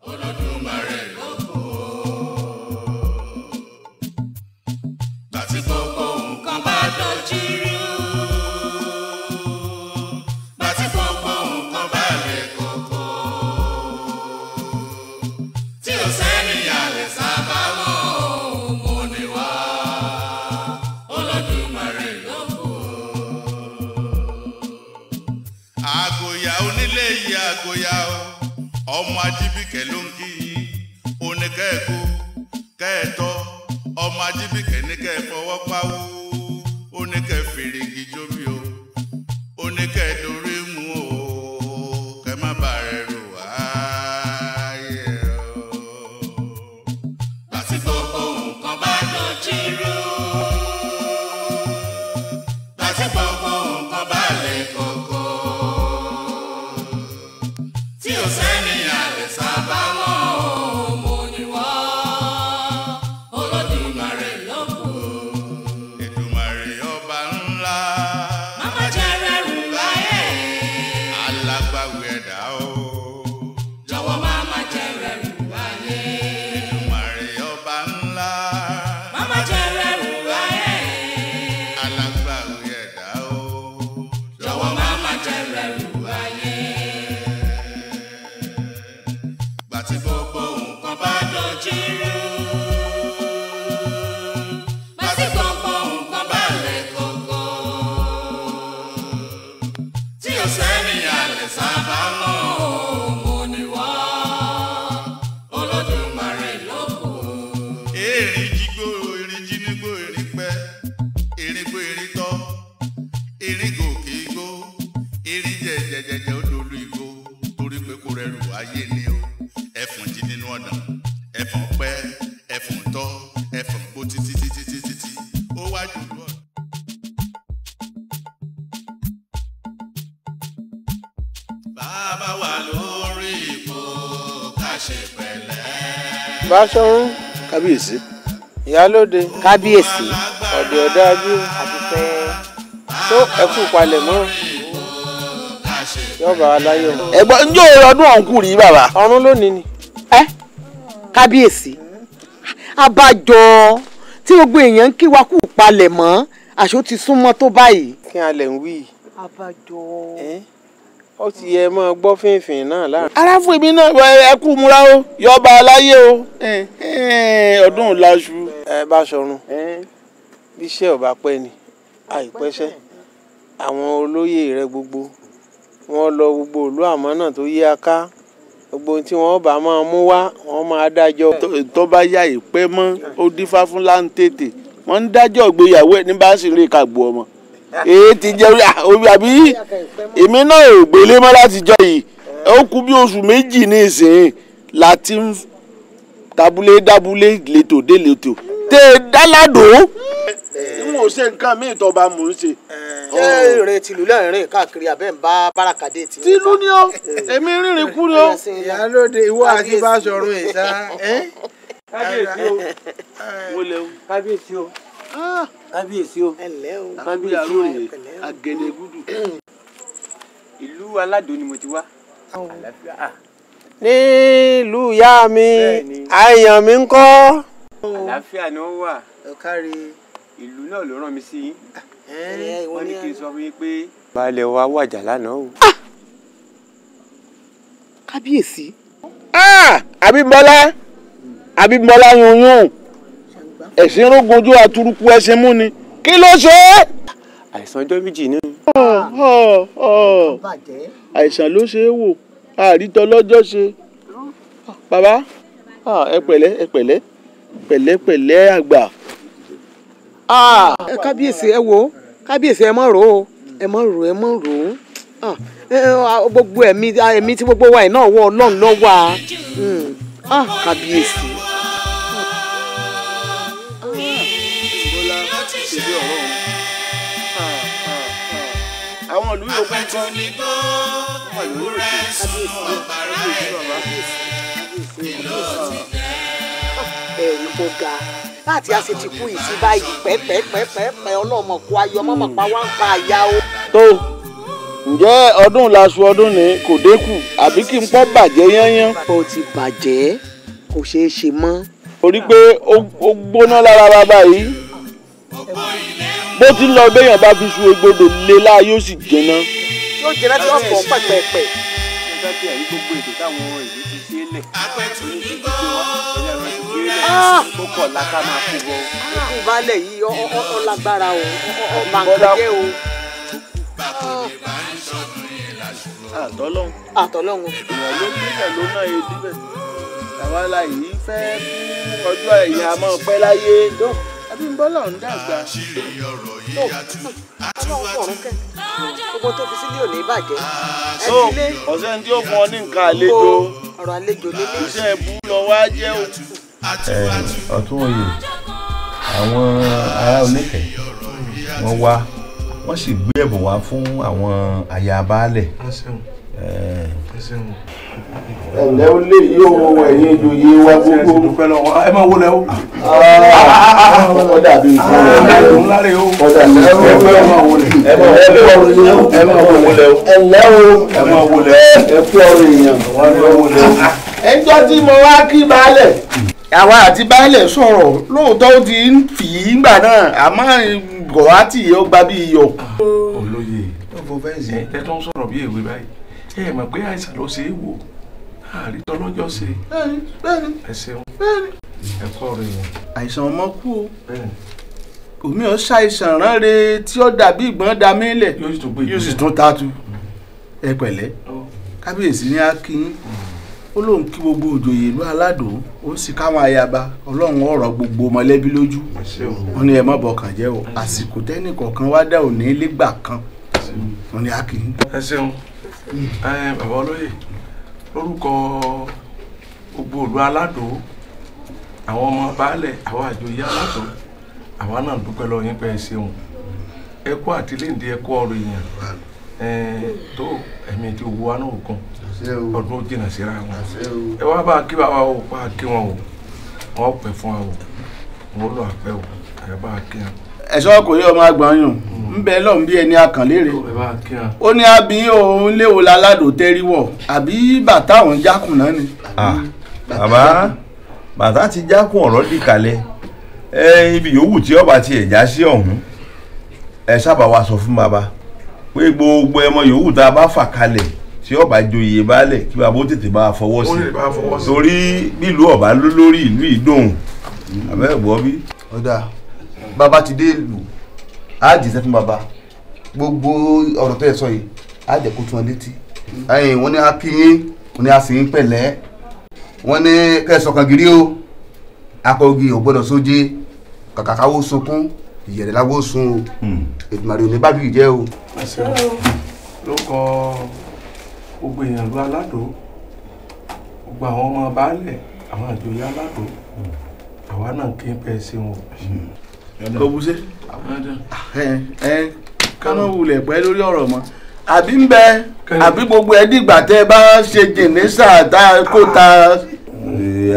Olódùmarè. fáṣọrun kábíyèsí ìyálóde kábíyèsí ọ̀dẹ̀ ọ̀dájú àdúpẹ́ tó ẹkú palẹ̀mọ́ yọba aláyọ̀. ẹ̀gbọ́n njó ọdún ọ̀hún kù rí bàbá. ọ̀run lónìí ni. ẹ kábíyèsí abájọ tí gbogbo èèyàn ń kí wa kú palẹ̀mọ́ àṣọ ti súnmọ́ tó báyìí. kí alẹ̀ ń wí. abájọ. Eh? ó ti yẹ mọ́ gbọ́ fínfín náà láàrin. aráfún ibi náà ẹ kú múra o yọba aláyé o ọdún làṣù. ẹ bá sọrun bí iṣẹ́ ọba pẹ́ ni àìpẹ́sẹ́ àwọn olóyè rẹ gbogbo wọn lọ gbogbo òlú àmọ́ náà tó yí aká gbogbo tí wọn bá máa mú wá wọn máa dájọ́. tó bá yá ìpẹ́ mọ́ ó dífá fún láǹtètè wọ́n ń dájọ́ ìgbéyàwó ẹ̀ ní bá sì rí ìkàgbọ́ ọmọ èyí ti jẹ́ orí àbí èmi náà ò gbélé mọ́ látijọ́ yìí ó kú bí oṣù méjì ní ìsìn láti ń tabulé dábulé létò dé létò tẹ dáládò. n ò ṣe nǹkan míì tó bá mò ń ṣe. ṣé ìrìn tìlú lẹ́rìn káàkiri àbẹ́ ń bá báràkà dé tì. tìlú ni ó èmi rìnrìn kú ni ó. ìyálóde ìwọ àti bá sọ̀rọ̀ ìta. kábíyèsí o. kábíyèsí o. Ah! kábíyèsí o kábíyèsí òye agẹ̀dẹ̀ gúdù ìlú aládò ni mo ti wá. Ah! nílùú ìyá mi àyàn mi ń kọ́. àlàáfíà ni ó wà ìlú náà ló rán mi sí yín eh, wọ́n ní kí n sọ fún yín pé. baálé wa wàjà lánàá o. Ah! kábíyèsí. àbímbọ́lá àbímbọ́lá hmm. yunyun ẹ̀sìn rógun ojú àtúrúkú ẹṣin mú ni kí ló ṣe é. àìsàn ọjọ́ méjì ni. àìsàn ló ṣe é wò àrítọ́ lọ́jọ́ ṣe bàbá ẹ pẹ̀lẹ́ ẹ pẹ̀lẹ́ pẹ̀lẹ́pẹ̀lẹ́ àgbà. ẹ kábíyèsí ẹ wo kábíyèsí ẹ má rò ó ẹ má rò ẹ má rò ó gbogbo ẹ̀mí tí gbogbo wa ẹ̀ náà wọ ọlọ́run lọ́wọ́ a hmm. kábíyèsí. òṣèré ọ̀rọ̀ o àwọn ìlú yòókù ń kọ́ ọmọ ìlú rẹ̀ sùn ọ̀bàrà ẹ̀ ẹ̀yìn kò ga láti àṣẹ ti kú ìsí báyìí pẹ́pẹ́pẹ́pẹ́ ọlọ́mọ kó ayọ̀ mọ́mọ́ pa wá ń pa àyà o. tó ǹjẹ́ ọdún laṣu ọdún ni kò dínkù àbí kí n pọ́ bàjẹ́ yányán. ó ti bàjẹ́ kò ṣeé ṣe mọ́. torí pé ó gbóná lára bàbá yìí bó ti ń lọ béèyàn bá fi su egbodò lé láà yóò sì jẹná. yóò jẹ́ láti wọ́n fọ́ pẹ̀pẹ̀pẹ̀. kókò yìí ọlágbára o ọ̀bàǹkẹ́jẹ́ o. àtọ́lọ́hún. àtọ́lọ́hún. ìwà ló ń bílẹ̀ ló náà yé bíbẹ̀. àwa la fẹ́ ọjọ́ ẹ̀yìn àmọ́ pẹ́ láyé bí n bọ́lá ń dàgbà. àṣírí ọ̀rọ̀ yìí àtú àtú àtú. gbogbo tó fi sílé ò ní bàjẹ́. so ọ̀sẹ̀ ní ó fún ọ ní nǹkan àlejò. ọ̀rọ̀ àlejò nílé. iṣẹ́ ìbú wá jẹ́ o. ọ̀tún oyè àwọn ará oníkẹ̀ wọ́n wá wọ́n sì gbé ẹ̀bùn wá fún àwọn àyà baálẹ̀ ẹ̀lẹ́ ó lè yí owó ẹ̀yìn ìjòyè wa gbogbo ẹ máa wọlé o. Ah, ọ̀dà bíi ìfún rẹ̀ ọ̀dà bíi ìfún rẹ̀ ẹ máa wọlé ẹ máa wọlé o ẹ máa wọlé o ẹ̀lẹ́ o ẹ máa wọlé o ẹ kú ọ̀rọ̀ èèyàn ẹjọ́ tí mo wá kí baálẹ̀ àwa àti baálẹ̀ sọ̀rọ̀ lóòótọ́ ó ti ń fì í gbà náà àmọ́ gọ̀wá tì í ó gba bí iyọ̀. olóye tó fọ fẹ́ǹsì tẹ́tọ́ ń sọ̀rọ̀ bí èwe báyìí ṣé ẹ mọ̀ pé àìsàn ló ṣe é wò láàrin tọ́lọ́jọ́ ṣe. bẹ́ẹ̀ni bẹ́ẹ̀ni ẹ ṣeun bẹ́ẹ̀ni ẹ kọ́ rẹ yẹn. àìsàn ọmọ kú o omi ò ṣàìsàn ránre tí ó dàbí ìgbọ́n da mílẹ̀ yóò sì tún tatu mm. ẹ pẹ̀lẹ́ kábíyèsí ní akínyín mm. ó lóun kí gbogbo òjòyè ìlú aládùn ó sì káwọn ayaba ọlọ́run ọ̀rọ̀ gbogbo mọ̀lẹ́bí lójú wọn ni ẹ má bọkàn jẹ́ o àsìkò tẹ́nìkọ̀ọ̀kan wá dá òní lẹ́gbà kan wọn ni akínyín. ẹ ṣeun bàbá olóyè lórúkọ gbogbo òlu aládò àwọn ọmọ baálẹ̀ àwọn àjòyè aládò àwa náà dúpẹ́ lọ yín pé ẹ ṣeun ẹ kú àtìléǹde ẹ kú ọrọ̀ èèyàn tó ẹ̀mí tí owó wa náà kún ọdún ó jìnnà síra wọn ẹ wá bá kí o bá kí wọn o wọn pẹ fún wa o wọn lọ àpẹ o ẹ bá kí wọn. kò yí ọmọ ń bẹ lọ́n bí ẹni akànlére ó ní àbí òun léwo láládò tẹ́ríwọ̀ àbí bàtà òun jákùn náà ni. bàbá bàtà ti jákùn ọ̀rọ̀ dì kalẹ̀ ibi yòówù tí ọba ti ẹ̀já sí ọ̀hún ẹ sábà wa sọ fún bàbá pé gbogbo ẹmọ yòówù tá a bá fà kalẹ̀ tí ọba joyè baálẹ̀ kí bàbá ó tètè bá a fọwọ́ sí torí bílùú ọba lórí ìlú ìdóhùn àbẹ́ ẹ̀gbọ́ bí. ọ̀dà bàbá ti dé ìlú á jẹ́sẹ́ fún baba gbogbo ọ̀rọ̀ tó yẹ sọ yìí á jẹ́ kó tún ọ létí wọ́n ní á kí yín wọ́n ní á sì yín pẹ̀lẹ́ wọ́n ní kẹ́sọ̀ kan gírí o akọ̀gì ò gbọ́dọ̀ sóje kàkàkáwó sunkún ìyẹ̀rẹ̀ láwó sun o hmm. ètùmọ̀rẹ́ òní bá bìí jẹ́ o. ló kọ gbogbo èèyàn lu aládùn gbogbo àwọn ọmọ baálẹ̀ àwọn àjòyè aládùn hmm. àwa náà kí n pẹ́ sí wọn. Hmm. kọ́ bú sẹ́ káná wulẹ̀ pẹ́ lórí ọ̀rọ̀ mọ́ àbí ń bẹ àbí gbogbo ẹ dìgbà tẹ bá ṣe jìnnìṣà tá a kó ta.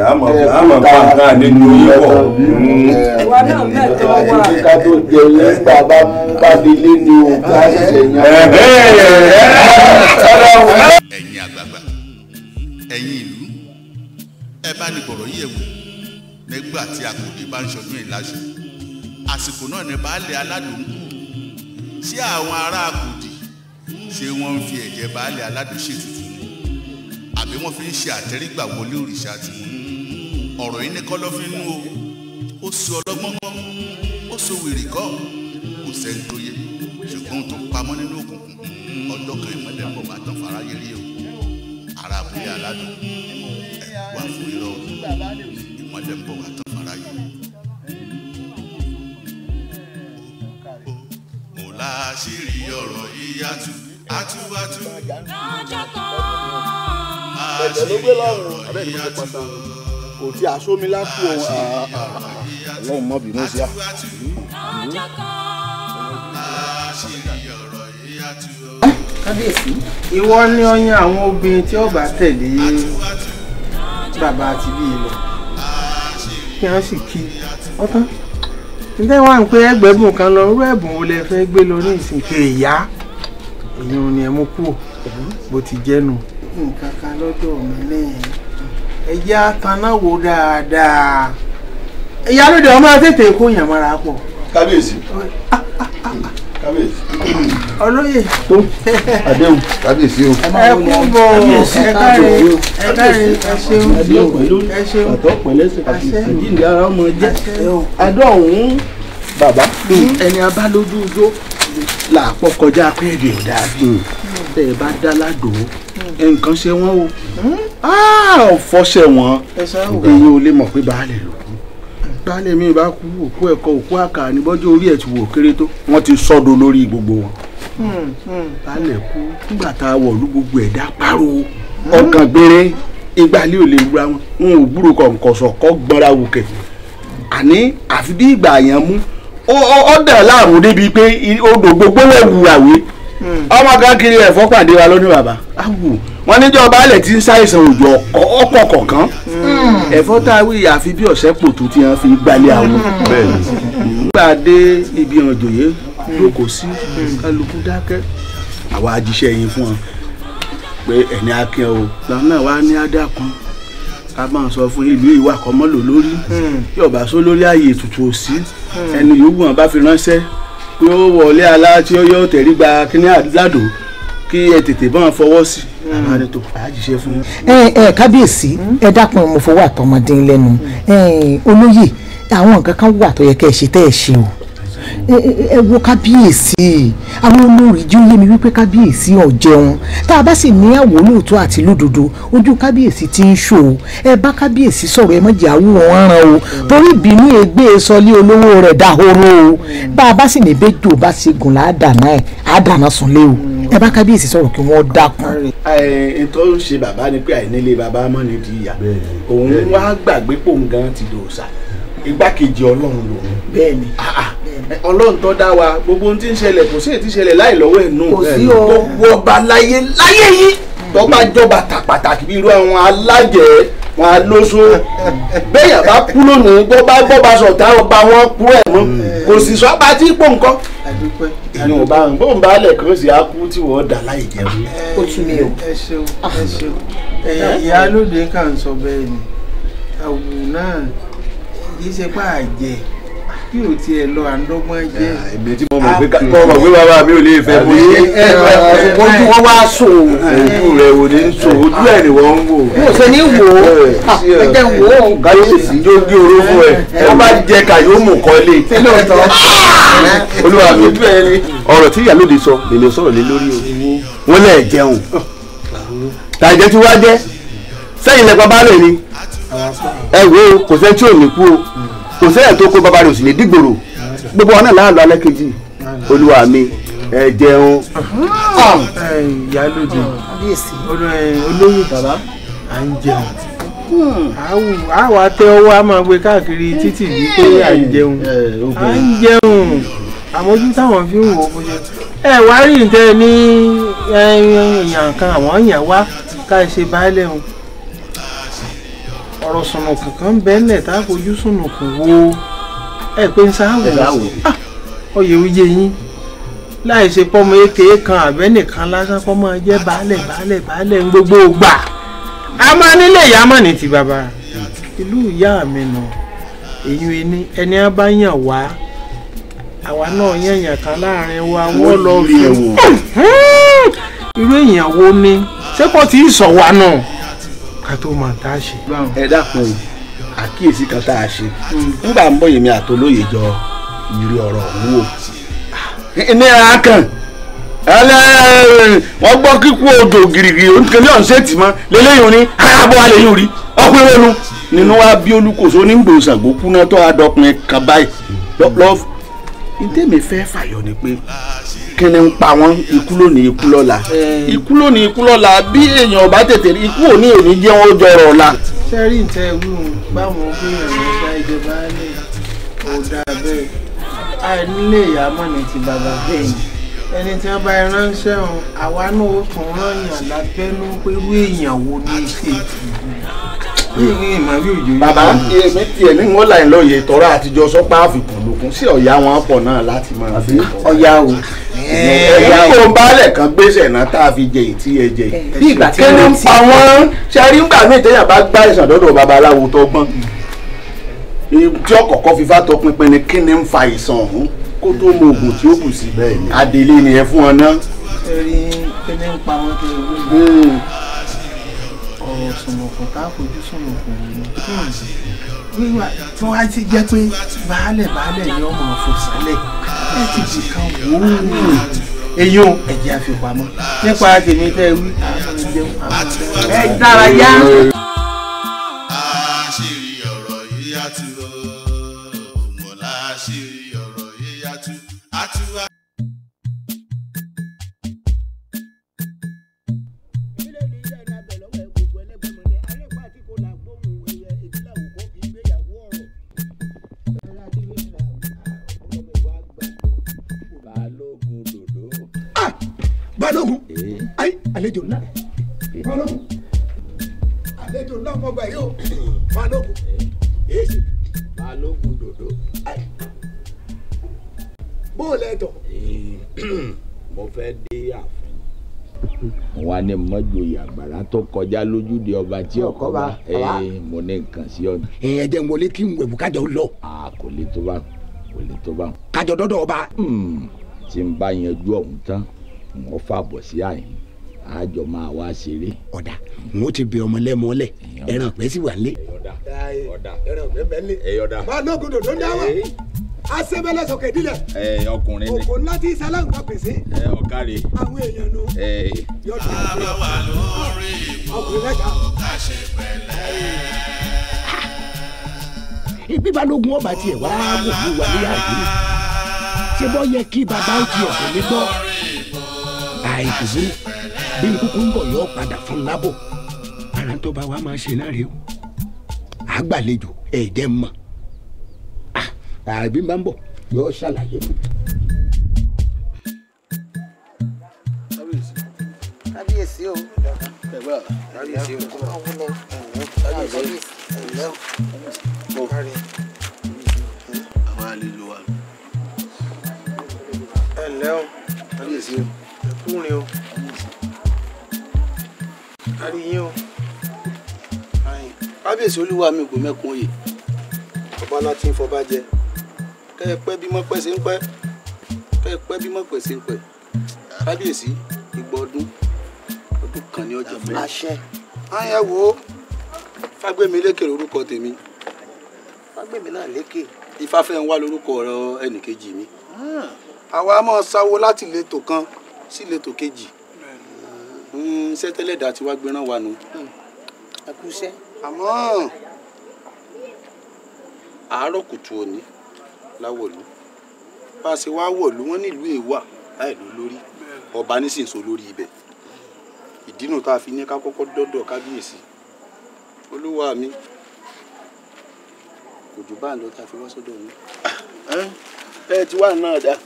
àmọ̀ àmọ̀ pàǹkà nínú yíwọ̀. ìwà náà mẹ́tọ́ wà. ká tó jẹ lẹ́sítà bá mú bábílì ni o ká ṣe yàn. ẹ̀yin àgbààgbà ẹ̀yin ìlú ẹ bá ní bọ̀rọ̀ yẹ̀wò nígbà tí akóde bá ń ṣọdún ìlàjù àsìkò náà ní baálé aládùúgbò sí àwọn ará àkùdì ṣé wọ́n ń fi ẹ̀jẹ̀ baálé aládùn ṣètùtù ni àbí wọ́n fi ń ṣe àtẹ́rígbà wọlé òrìṣà tiwọn ọ̀rọ̀ yìí ní kọ́lọ́fín nú o ó sọ ọlọ́gbọ́n kọ́ ó sọ wèrè kọ́ kò sẹ́ni ṣùgbọ́n tó pamọ́ nínú òkùnkùn ọjọ́ kan ìmọ̀lẹ́ bọ̀ bá tán fara yẹrí o ara àbúlé aládùn ẹ̀ wá fún irọ́ bọ̀ bá tán fara yẹrí. láṣìírí ọ̀rọ̀ ìyá tu àtúwàtú. lọ́jọ́ kan. láṣìírí ọ̀rọ̀ ìyá tu. kò tí aṣọ mi lápò ọlọ́run mọ́ bínú sí à. lọ́jọ́ kan. láṣìírí ọ̀rọ̀ ìyá kábíyèsí ìwọ ni ọyàn àwọn obìnrin tí ó bá tẹ̀lé bàbá àti bíi lọ kí wọ́n sì kí ọtán. ǹjẹ́ wà ń pé ẹgbẹ̀bùn kan lọ irú ẹ̀bùn wo lẹ fẹ́ gbé lọ ní ìsìnkú ìyá ni ẹ mú bó ti jẹ́nu. nǹkan kan lọ́dọ̀ mi lẹ́yìn ẹ̀yà tanáwó dáadáa ìyá lóde ọmọ tètè kó yàn mọ́ra pọ̀. kábíyèsí. Ah, ah, ah, olóyè tó àdéhùn kábíyèsí o. ẹ kú bọ ẹ káre ẹ káre ẹ ṣeun ẹ ṣeun àtọ pẹlẹsẹ àti ìdílé ara ọmọ jẹ adó ọhún bàbá hmm. ẹni abálójú ojó làápọ̀ kọjá pé èdè ò dàbí hmm. tẹ́ ẹ bá dá ládòó hmm. nǹkan ṣe wọ́n o ọ̀fọ̀ ṣẹ̀ wọ́n èyí ò lè mọ̀ pé baálé lò tálẹ̀ mi bá kú òkú ẹ̀kọ́ òkú àkàrà ní bọ́jú orí ẹ̀ ti wò kéré tó wọ́n ti sọ́dọ̀ lórí gbogbo wọn. Hmm, hmm. tálẹ̀ kú nígbà tá a wọ̀lú gbogbo ẹ̀dá párò ọkàn gbére ìgbàlẹ̀ ò lè wura wọn n ò gbúrò kọ̀ǹkọ̀sọ̀ kọ́ gbọ́nra wùkẹ́ àní àfi bí ìgbà yẹn mú ó dẹ̀ láàmú débi pé odò gbogbo wẹ̀ wùràwé hmm. ọmọ kan kiri ẹ̀fọ́ pàdé wa lónìí bàbá wọ́n níjọba alẹ̀ ti ń ṣàìsàn òjò ọkọ̀ kọ̀ọ̀kan. Mm. Hmm. ẹ̀fọ́ tá a wí àfi bí ọ̀sẹ̀ pòtù tí wọ́n fi gbalẹ̀ àwọn. Hmm. nígbà dé ibi ọ̀jọ̀yé lóko sí kálukú dákẹ́ àwa ajíṣẹ́ yín fún ọ pé ẹ̀ní akẹ́ o làwọn náà wá ní adákun ká máa sọ fún ìlú ìwà kọmọlò lórí yọba hmm. só lórí ààyè ètùtù òsì ẹni yòówù wọn bá fi ránṣẹ́ pé ó wọlé aláàtí ó yọ tẹ̀rí gba kíní àdúgbò kí ẹ tètè bá wọn fọwọ́ sí àmàlẹ́ mm. tó àjíṣe fún yín. ẹ ẹ kábíyèsí ẹ dákun mo fọwọ́ àtọmọdé lẹ́nu olóyè àwọn nǹkan kan wà tó yẹ kẹ́ ẹ ṣe tẹ́ ẹ ṣe o ẹ wo kábíyèsí àwọn olórí jí ó yé mi wípé kábíyèsí ọ̀jẹun tá a bá sì ní àwòlóòtọ́ àti lódodo ojú kábíyèsí ti ń ṣò ẹ bá kábíyèsí sọ̀rọ̀ ẹ má jẹ́ àwòrán ọ̀ràn o torí ìbínú ègbé e sọlé olówó rẹ̀ dahoro o bá a bá sì ní bẹ́jọ́ bá ṣe gùn láàdàná ẹ̀ àdàná sùn lé o ẹ bá kábíyèsí sọ̀rọ̀ kí wọ́n dákun. ẹ tó ń ṣe bàbá ni pé àìnílé bàbá mọ́ni di ìyá òun wá gbàgbé pòǹgàn ti dòòṣà igbákejì ọlọ́run lòun. bẹ́ẹ̀ni ah, ah. ọlọ́run tó dá wa gbogbo ohun tí ń ṣẹlẹ̀ kò sí èyí tí ń ṣẹlẹ̀ láì lọ́wọ́ ẹ̀ nù. kò sí o gbogbo ọba láyé láyé yìí tó bá jọba ta pàtàkì bí irú àwọn alájẹ wọn alóso bẹ́ẹ̀ bá kú lónìí bó bá gbọ́ bá sọ̀tà ọba wọn kú ẹ̀ mọ́ hmm. kò sì sọ abá tí pò nǹkan. inú ọba bóun bá lẹ̀ kàn sí akú tí wọ́n dà láì jẹun. ó tún mi o. ẹ ṣeun ẹ ah. ṣeun ìyá lóde kà ń sọ bẹ́ẹ̀ ni àwùjọ náà kì í ṣe pa àjẹ kí o tiẹ̀ lọ àndọ́gbọ́n jẹ́. Ah, èmi tí mo mọ̀ pé kọ́ mọ̀ pé bàbá mi ò lè fẹ́ mo yé ojú wọn wá sò ojú rẹ ò ní sò ojú ẹ̀ ni wọ́n ń wò. mo ṣe ní wò ó eh, ah, ẹ jẹ́ wò ó. káyọ̀sí yóò gé oró fún ẹ ẹ eh, eh. bá jẹ kàyọ́mù kọ́lé. Ah! olúwa mi ọ̀rọ̀ tí ìyálóde sọ lèlè sọ̀rọ̀ lé lórí o wọ́n lẹ̀ jẹun tàjẹ́ tí wá jẹ́ sẹ́yìn lẹ́pàá bá rẹ̀ ni ẹ wo kò sẹ́ni tí ò ní kú o kò sẹ́yà tó kó bàbá rẹ̀ ò sì ní dìgbòrò gbogbo wọn náà láàlú alẹ́ kejì olúwa mi ẹ jẹun. Ah! ìyálòjì olóyè bàbá à ń jẹun àwọn hmm. àtẹ ọwọ́ a máa gbé káàkiri títì bíi pé à ń jẹun à ń jẹun àmójú táwọn fi ń wò ó bó ṣe ẹ wá rí ǹjẹ́ ní èèyàn kan àwọn èèyàn wá ká ṣe baálé wọn ọ̀rọ̀ sọ̀nùkùn kan bẹ́ẹ̀lẹ̀ tá a fojú sọ̀nùkùn wo ẹ pé ń sáwò ah, oyè oyè yín láì ṣe pọ́mọ èké kan àbẹ́nìkan lásán pọ́mọ jẹ́ baálẹ̀ baálẹ̀ baálẹ̀ ń gbogbo gbà a máa nílé ìyá mọ̀ ní ti bàbá ìlú ìyá mi nà èyí ẹni ẹni á bá yàn wá àwa náà yẹ̀yàn kan láàrin wa wọ́n lọ fi hmm, hmm. irú èèyàn wo ni ṣé kò tí ì sọ wa náà ká tó máa tá a ṣe. ẹ dákun àkíyèsí kan tá a ṣe nígbà ń bọ̀ yèmí àtolóye jọ ìrírí ọ̀rọ̀ òun wò. ní ara wọ́n gbọ́ kíkú odò gírígírí oníkan ní ọ̀sẹ̀ tì mọ́ lélẹ́yìn oní àbọ̀ alẹ́ yìí rí ọkùnrin lónú nínú wa bí olùkóso onígbòsàn gbókúná tó adọ́kùnrin kan báyìí lọ́ọ́ ní tèmi fẹ́ fàyọ ni pé kíni ń pa wọ́n ikú lónìí ikú lọ́la. Eh. ikú lónìí ikú lọ́la bí èèyàn bá tètè rí ikú òní òní jẹ́ wọ́n jọrọ̀ ọ̀la. sẹ́rí ìtẹ́ wíwù báwọn gbìyànjú bá ìjọba lè ọ̀dà bẹ́ẹ̀ àìnílé ìyàmọ̀ ní ti bàbá bẹ́ẹ̀ ẹni tí wọ́n bá ránṣẹ́ hàn àwa náà ó tún rán yàn lábẹ́nú pé irú wo ni ṣe ìtìjú bàbá èmi tiẹ̀ ní ńlá ẹ̀ lọ́yẹ̀ tọ́ra àtijọ́ sọ́pá àfikún lókun sí ọ̀yà wọn pọ̀ náà láti máa fi ọ̀yà o ẹ̀yà tó ń bálẹ̀ kan gbèsè náà tá a fi jẹ ìtí ẹ jẹ bí ìgbà tí wọ́n ń pa wọ́n ṣẹ́rí ńgbà míì téèyàn bá gbá ìsàn dọ́dọ̀ babaláwo tó gbọ́n tí ọkọ̀ọ̀kọ́ fífa tọpinpin ni kí ni ń fa ìsàn ọ̀hún kó tó mọ oògùn tí ó kù sí adelé ni ẹ fún ọ náà sùnmọ̀kùn tá a fojú sùnmọ̀kùn yìí nígbà tí wọ́n á ti jẹ́ pé baálẹ̀ baálẹ̀ ni ọmọ ọ̀fọ̀sálẹ̀ ẹ̀ ti di kan wòó èyí ò ẹ̀jẹ̀ àfipamọ́ nípa tèmi tẹ́ wí àwọn ọmọ ìjẹun àwọn ọmọ ẹ̀ dára yá. àlejò ńlá balógun àlejò ńlá ọmọ ọgbà yìí o balógun èyí balógun dòdò bóòlù ẹ̀tọ́. mo fẹ́ dé ààfin wọn ni mọ́jòyè àgbàrá tó kọjá lójúde ọba tí ọkọ bá mo ní nǹkan sí ọ̀nà. ẹ jẹ́ n wọlé kí n wẹ̀bù kájọ lọ. a kò lè tó bá kò lè tó bá. kájọ dọ́dọ̀ ọba. Hmm, tí n bá yanjú ọ̀hún tán n fàbọ̀ sí àyìn àjọ máa wá ṣeré. ọ̀dà n ó ti bẹ ọmọ lẹ́mọ́lẹ̀ ẹran ọ̀pẹ sì wà nílé. ọ̀dà ẹran ọ̀pẹ bẹ́ẹ̀ lé. ẹ̀yọ̀ dà. bá a náà gbọdọ̀ tó ń dá wa asebele sọkè dilẹ. ẹ ọkùnrin ni. òkò ńlá tí sálá ń gbà pèsè. ẹ ọ̀ká rè. àwọn èèyàn nù. ẹ yọjú àti. àbá wà lórí ìbò ká ṣe pẹ̀lẹ́. ibi balógun ọba tiẹ̀ wá wò ní wà ní àgbẹ̀ bí kúkú ń bọ̀ yọ padà fún lábọ̀ ara tó bá wa máa ṣe náà rèé o àgbàlejò ẹ̀jẹ̀ mọ̀ ah, àbí máa ń bọ̀ yọ ṣàlàyé. kábíyèsí o kábíyèsí o kábíyèsí o máa lè lo wa. ẹ ǹlẹ́ o kábíyèsí kúrin o àrí yín o kábíyèsí olúwa mi ògùn mẹ́kun oyè ọba láti ń fọba jẹ kẹ́ ẹ pẹ́ bí mọ́ pẹ́ sí ń pẹ́ kẹ́ ẹ pẹ́ bí mọ́ pẹ́ sí ń pẹ́ kábíyèsí ìgbọ́ ọdún ọdún kan ni ọjà fún mi. àṣẹ. ayẹ wo fagbemi lékè lórúkọ tèmi fagbemi náà lékè. ifáfẹ́ ń wá lórúkọ ọ̀rọ̀ ẹnìkejì mi ah. àwa máa sáwó láti ìletò kan sí ìletò kejì. Si iṣẹ́ hmm, tẹ́lẹ̀dá tí wàá gbéra wa nù. Hmm. ẹ kú iṣẹ́. àmọ́ àárọ̀ kùtù òní la wọ̀lú bá a ṣe wá wọ̀lú wọn nílùú èèwà láì ló lórí ọba nísìnyí lórí ibẹ̀ ìdínà tá a fi ní ká kọ́kọ́ dọ́dọ̀ kábíyèsí olúwa mi kò jù báà lọ tá a fi wá sọ́dọ̀ mi. ẹ ti wá náà dáa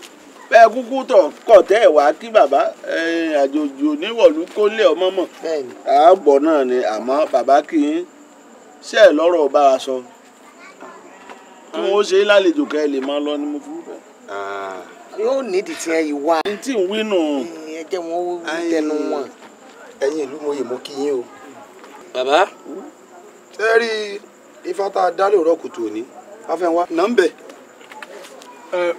bẹ́ẹ̀ kúkú tọ̀ kọ̀ tẹ́ ẹ̀ wá kí bàbá àjòjì oníwọ̀lú kó lé ọmọ mọ̀ à ń bọ̀ náà ni àmọ́ bàbá kì í ṣe ẹ̀ lọ́rọ̀ bá a sọ kí wọ́n ṣe lálejò kẹ́ ẹ lè máa lọ ni mo fi rúbẹ̀. Ah. yóò nídìí tí ẹ yìí wá. n tí ń wí nù. ẹ jẹ́ wọn ó tẹnu wọn. ẹ̀yin ìlú mo yè mo kí yín o. bàbá. ṣé rí ifá tá a dá lóòrọ̀ kùtù òní. a fẹ́ nà ń bẹ̀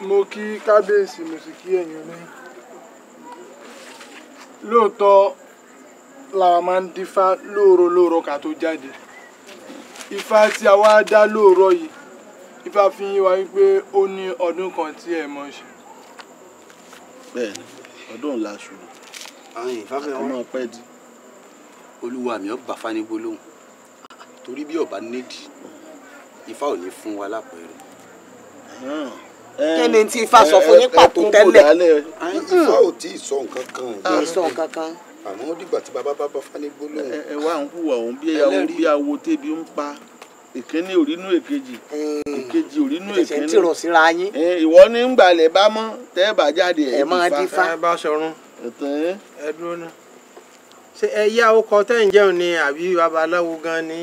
mo kí kábíyèsí mo sì kí ẹ̀yin olóyìn lóòótọ́ làwa máa ń dífá lóòrò lóòrò ká tó jáde ifá tí a wá dá lóòrò yìí ifá fi yín wá wípé ó ní ọdún kan tí ẹ mọ̀ ṣe. bẹ́ẹ̀ni ọdún ọ̀la ṣùgbọ́n àyìn ìfáfẹ́ wọn náà pẹ́ di. olúwa mi ọba fanigbó torí bí ọba nídìí ifá ò ní fún wa lápẹẹrẹ kí ni tí ifá sọ fún yín pàtó tẹ́lẹ̀. ifá ò tí ì sọ nǹkan kan. ì sọ nǹkan kan. àmọ́ ó dìgbà tí bàbá bàbá fani gbólóhùn. ẹ wá ń hùwà òun bí àwọn bí awo tẹ́bi ń pa ìkíní òrínú èkejì èkejì mm. òrínú èkíní. ìṣẹ̀ ń tìrọ̀ síra yín. ìwọ ní ń gbalẹ̀ bá mọ́ tẹ́ ẹ bá jáde ẹ̀ máa di fa. ẹ bá sọrun ẹ dúró náà. ṣé ẹ yá ọkọ tẹ́ ń jẹun ni àbí babaláwo gan ni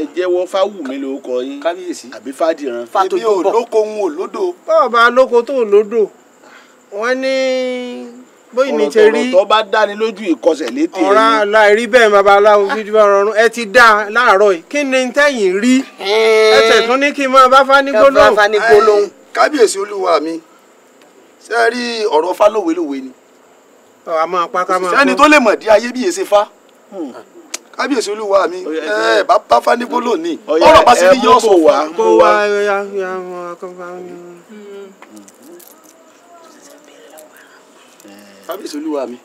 ẹ jẹ́wọ́ fáwùmí lórúkọ yín kábíyèsí àbí fàdìran. èmi ò lóko ń wò lódò. bọ́ọ̀bà lóko tó lódò wọ́n ní bóyá ní ṣe rí ọ̀rọ̀ tó bá dáni lójú ìkọsẹ̀ létí ẹ̀yìn. ọ̀rá láìrí bẹ́ẹ̀ babaláwo ah. fíjú bá rọrùn ẹ ti dá a láàárọ̀ yìí kí ni tẹ́yìn rí eh. ẹsẹ̀ tún ní kí n máa bá fani gbólóhùn. Eh, kábíyèsí olúwa mi ṣe rí ọ̀rọ̀ fálówelówe ni. ọ̀ àmọ́ apá ká máa kó. sẹ́ni tó lè mọ̀ dí ayé bí èsè fá kábíyèsí olúwa mi ẹ bá bá fanigbó lónìí ọ̀rọ̀ bá sì ní yọ sọ wá. kó wá ya ya wọn kó bá wọn. kábíyèsí olúwa mi.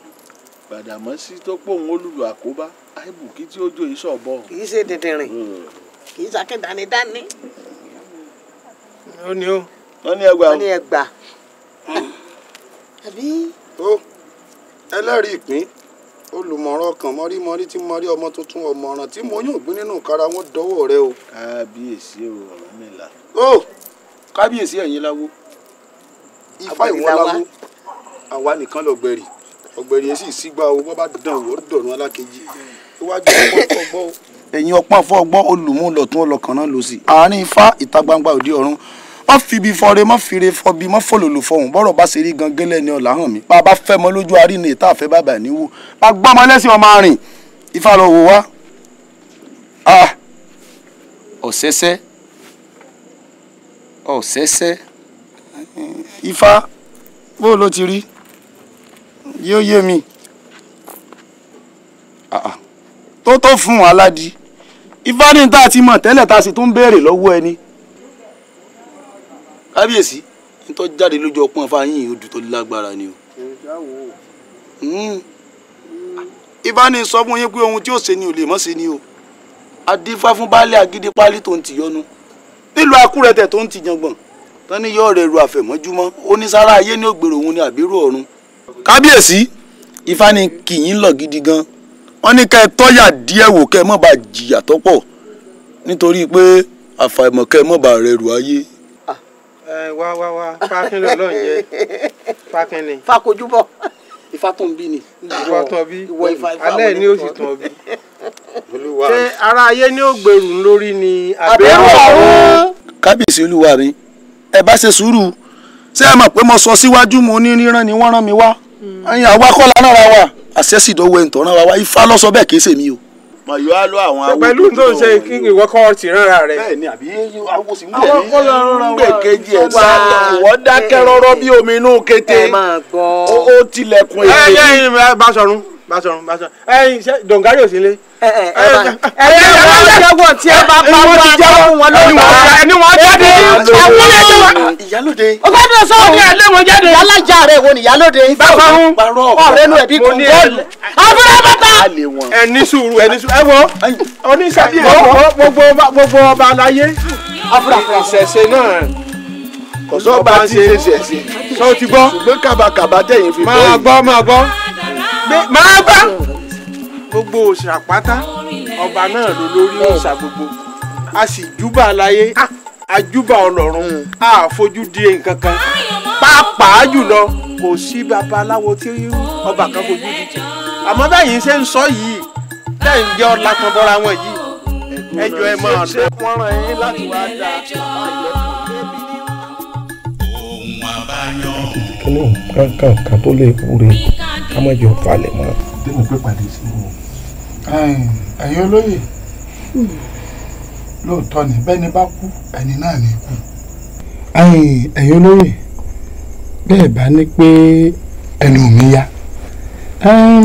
Gbàdàmọ́sí tó pòun olùlù àkóbá àìbùkí tí ó jó iṣẹ́ ọ̀bọ. kì í ṣe dìndìnrín hmm. kì í ṣàkè dánidání. ó ní o. wọ́n ní ẹgbàá. wọ́n ní ẹgbàá. Hmm. àbí. ó oh, ẹlẹ́rìí ìpín olùmọ̀ràn kan mọ́rímọ́rí tí mọ́rí ọmọ tuntun ọmọràn tí mo yàn gbé nínú kára wọn dọ́wọ́ rẹ o. kábíyèsí o Ọ̀rúnmìlà. o kábíyèsí ẹ̀yin láwo ifá ìwọ́n láwo àwa nìkan lọ́gbẹ̀rì ọ̀gbẹ̀rì yẹn sì sígbà o wọ́n bá dàn wọ́n dọ̀rùn alákejì iwájú ọpọ́n fọgbọ́ ẹ̀yin ọpọ́n fọgbọ́ olùmúlọ̀tún ọlọ́kànrán lòsì àárín ifá ìta gbangba òde ọ̀run mọ́ fibi fọre mọ́ fire fọbi mọ́ fòlòlò fọhùn bọ́rọ̀ bá ṣe rí gan gẹ́lẹ́ ni ọ̀la hàn mí bá a bá fẹ́ mọ́ lójú arí ni ìta àfẹ́ bàbà níwò bá a gbọ́ ọmọ ẹlẹ́sìn ọmọ arìn ifá lọ wò wá ọ̀sẹ́sẹ́ ọ̀sẹ́sẹ́ ifá bó ló ti rí yóò yé mi ah, ah. tó tó fún aládìí ifá ní ta ti mọ̀ tẹ́lẹ̀ ta sì tún béèrè lọ́wọ́ ẹni kábíyèsí nítọ́ jáde lójú ọpọ́n fáyín odù tó lágbára ni o. Hmm. ibà ni sọ fún yín pé ohun tí ó ṣe ni ò lè mọ́ ṣe ni o adífá fún baálé agídí pálí tó ń ti yọnu nílùú akúrẹ́tẹ̀ tó ń ti jàngbọ̀n tán ní yọ rẹ̀ ru àfẹ̀mọ́júmọ́ onísàrá ayé ni ó gbèrò òun ni àbírò ọ̀run. kábíyèsí ifá ni kìyìn lọ gidi gan wọn ní kẹ tọ́yà díẹ̀ wò kẹ mọ́ bá jìyà tọ́pọ̀ nítorí pé àfàìmọ̀ kẹ mọ́ bá rẹ̀ ru ayé. ẹ wá wá wá fákínlẹ Ọlọ́run jẹ fakojúbọ ifá tó ń bí ni. ìwọ tán bí alẹ́ ni o sì tán bí. ṣé ara ayé ní ó lórí ni. àbẹ̀rù ọ̀hún. kábíyèsí olúwa mi ẹ bá ṣe sùúrù ṣé ẹ mọ̀ pé mo sọ síwájú mo ní ríran ni wọ́n rán mi wá. Hmm. àyìn àwa kọ́ ra wa àṣẹ sì dọ́wọ́ ẹ̀ ń wa ifá ló bẹ́ẹ̀ kì í ṣèmi o. mọ yóò á lọ àwọn awo. pẹ̀lú tó ń ṣe ìwọ kọ́ ti rán rẹ. bẹ́ẹ̀ni àbí awo sì ń gbè ní gbè kejì ẹ sá lọ ìwọ dákẹ́ bí omi inú kété ó tilẹ̀kùn èdè. ẹ ẹ ẹ bá sọrun. Basọ̀run Basọ̀run ẹyin ṣe dọ̀ngárì ò sí lé. ẹyin ẹyin ẹlẹ́wọ̀ tí ẹ bá pa wá fún wọn ló bá ẹni wọn jáde àwọn ìyálòde. o bá dùn sọ wọn ẹni wọn jáde. yálàjà rẹ wo ni ìyálòde. bàbá ń ọ̀rẹ́ nu ẹbí kún bọ́ọ̀lù. àbúrò bàtà. ẹni sùúrù ẹni sùúrù ẹ wọ oníṣàbí ẹ wọ gbogbo ọba aláyé. àbúrò àfẹsẹsẹ náà kò sọ́ọ́ bá ń ṣe é ṣe é ṣe sọ́ọ́ ti gbọ́ ṣùgbọ́n kàbàkàbà tẹ̀yìn fi bọ́ yìí. máa gbọ́ máa gbọ́ máa gbá gbogbo òṣà pátá ọba náà ló lórí òṣà gbogbo a sì júbà láyé àjúbà ọlọ́run a fojú di nǹkan kan pàápàá jùlọ kò sí babaláwo tí ọba kan fojú di àmọ́ báyìí ṣe ń sọ yìí lẹ́yìn jẹ́ ọ̀la kan bọ́ra wọn yìí ẹjọ́ ẹ máa dán. wọ́n ràn yín láti wá da ohun àbáyọ. kí ló ń ká kàkà tó lè wúre ká mọ̀ jọ falẹ̀ mọ́. bí mo pẹ́ pàdé sí wọn. ẹ̀yin olóyè lóòótọ́ ni bẹ́ni bá kú ẹni náà ní kú. ẹ̀yin olóyè bẹ́ẹ̀ bá ní pé ẹnu mi yá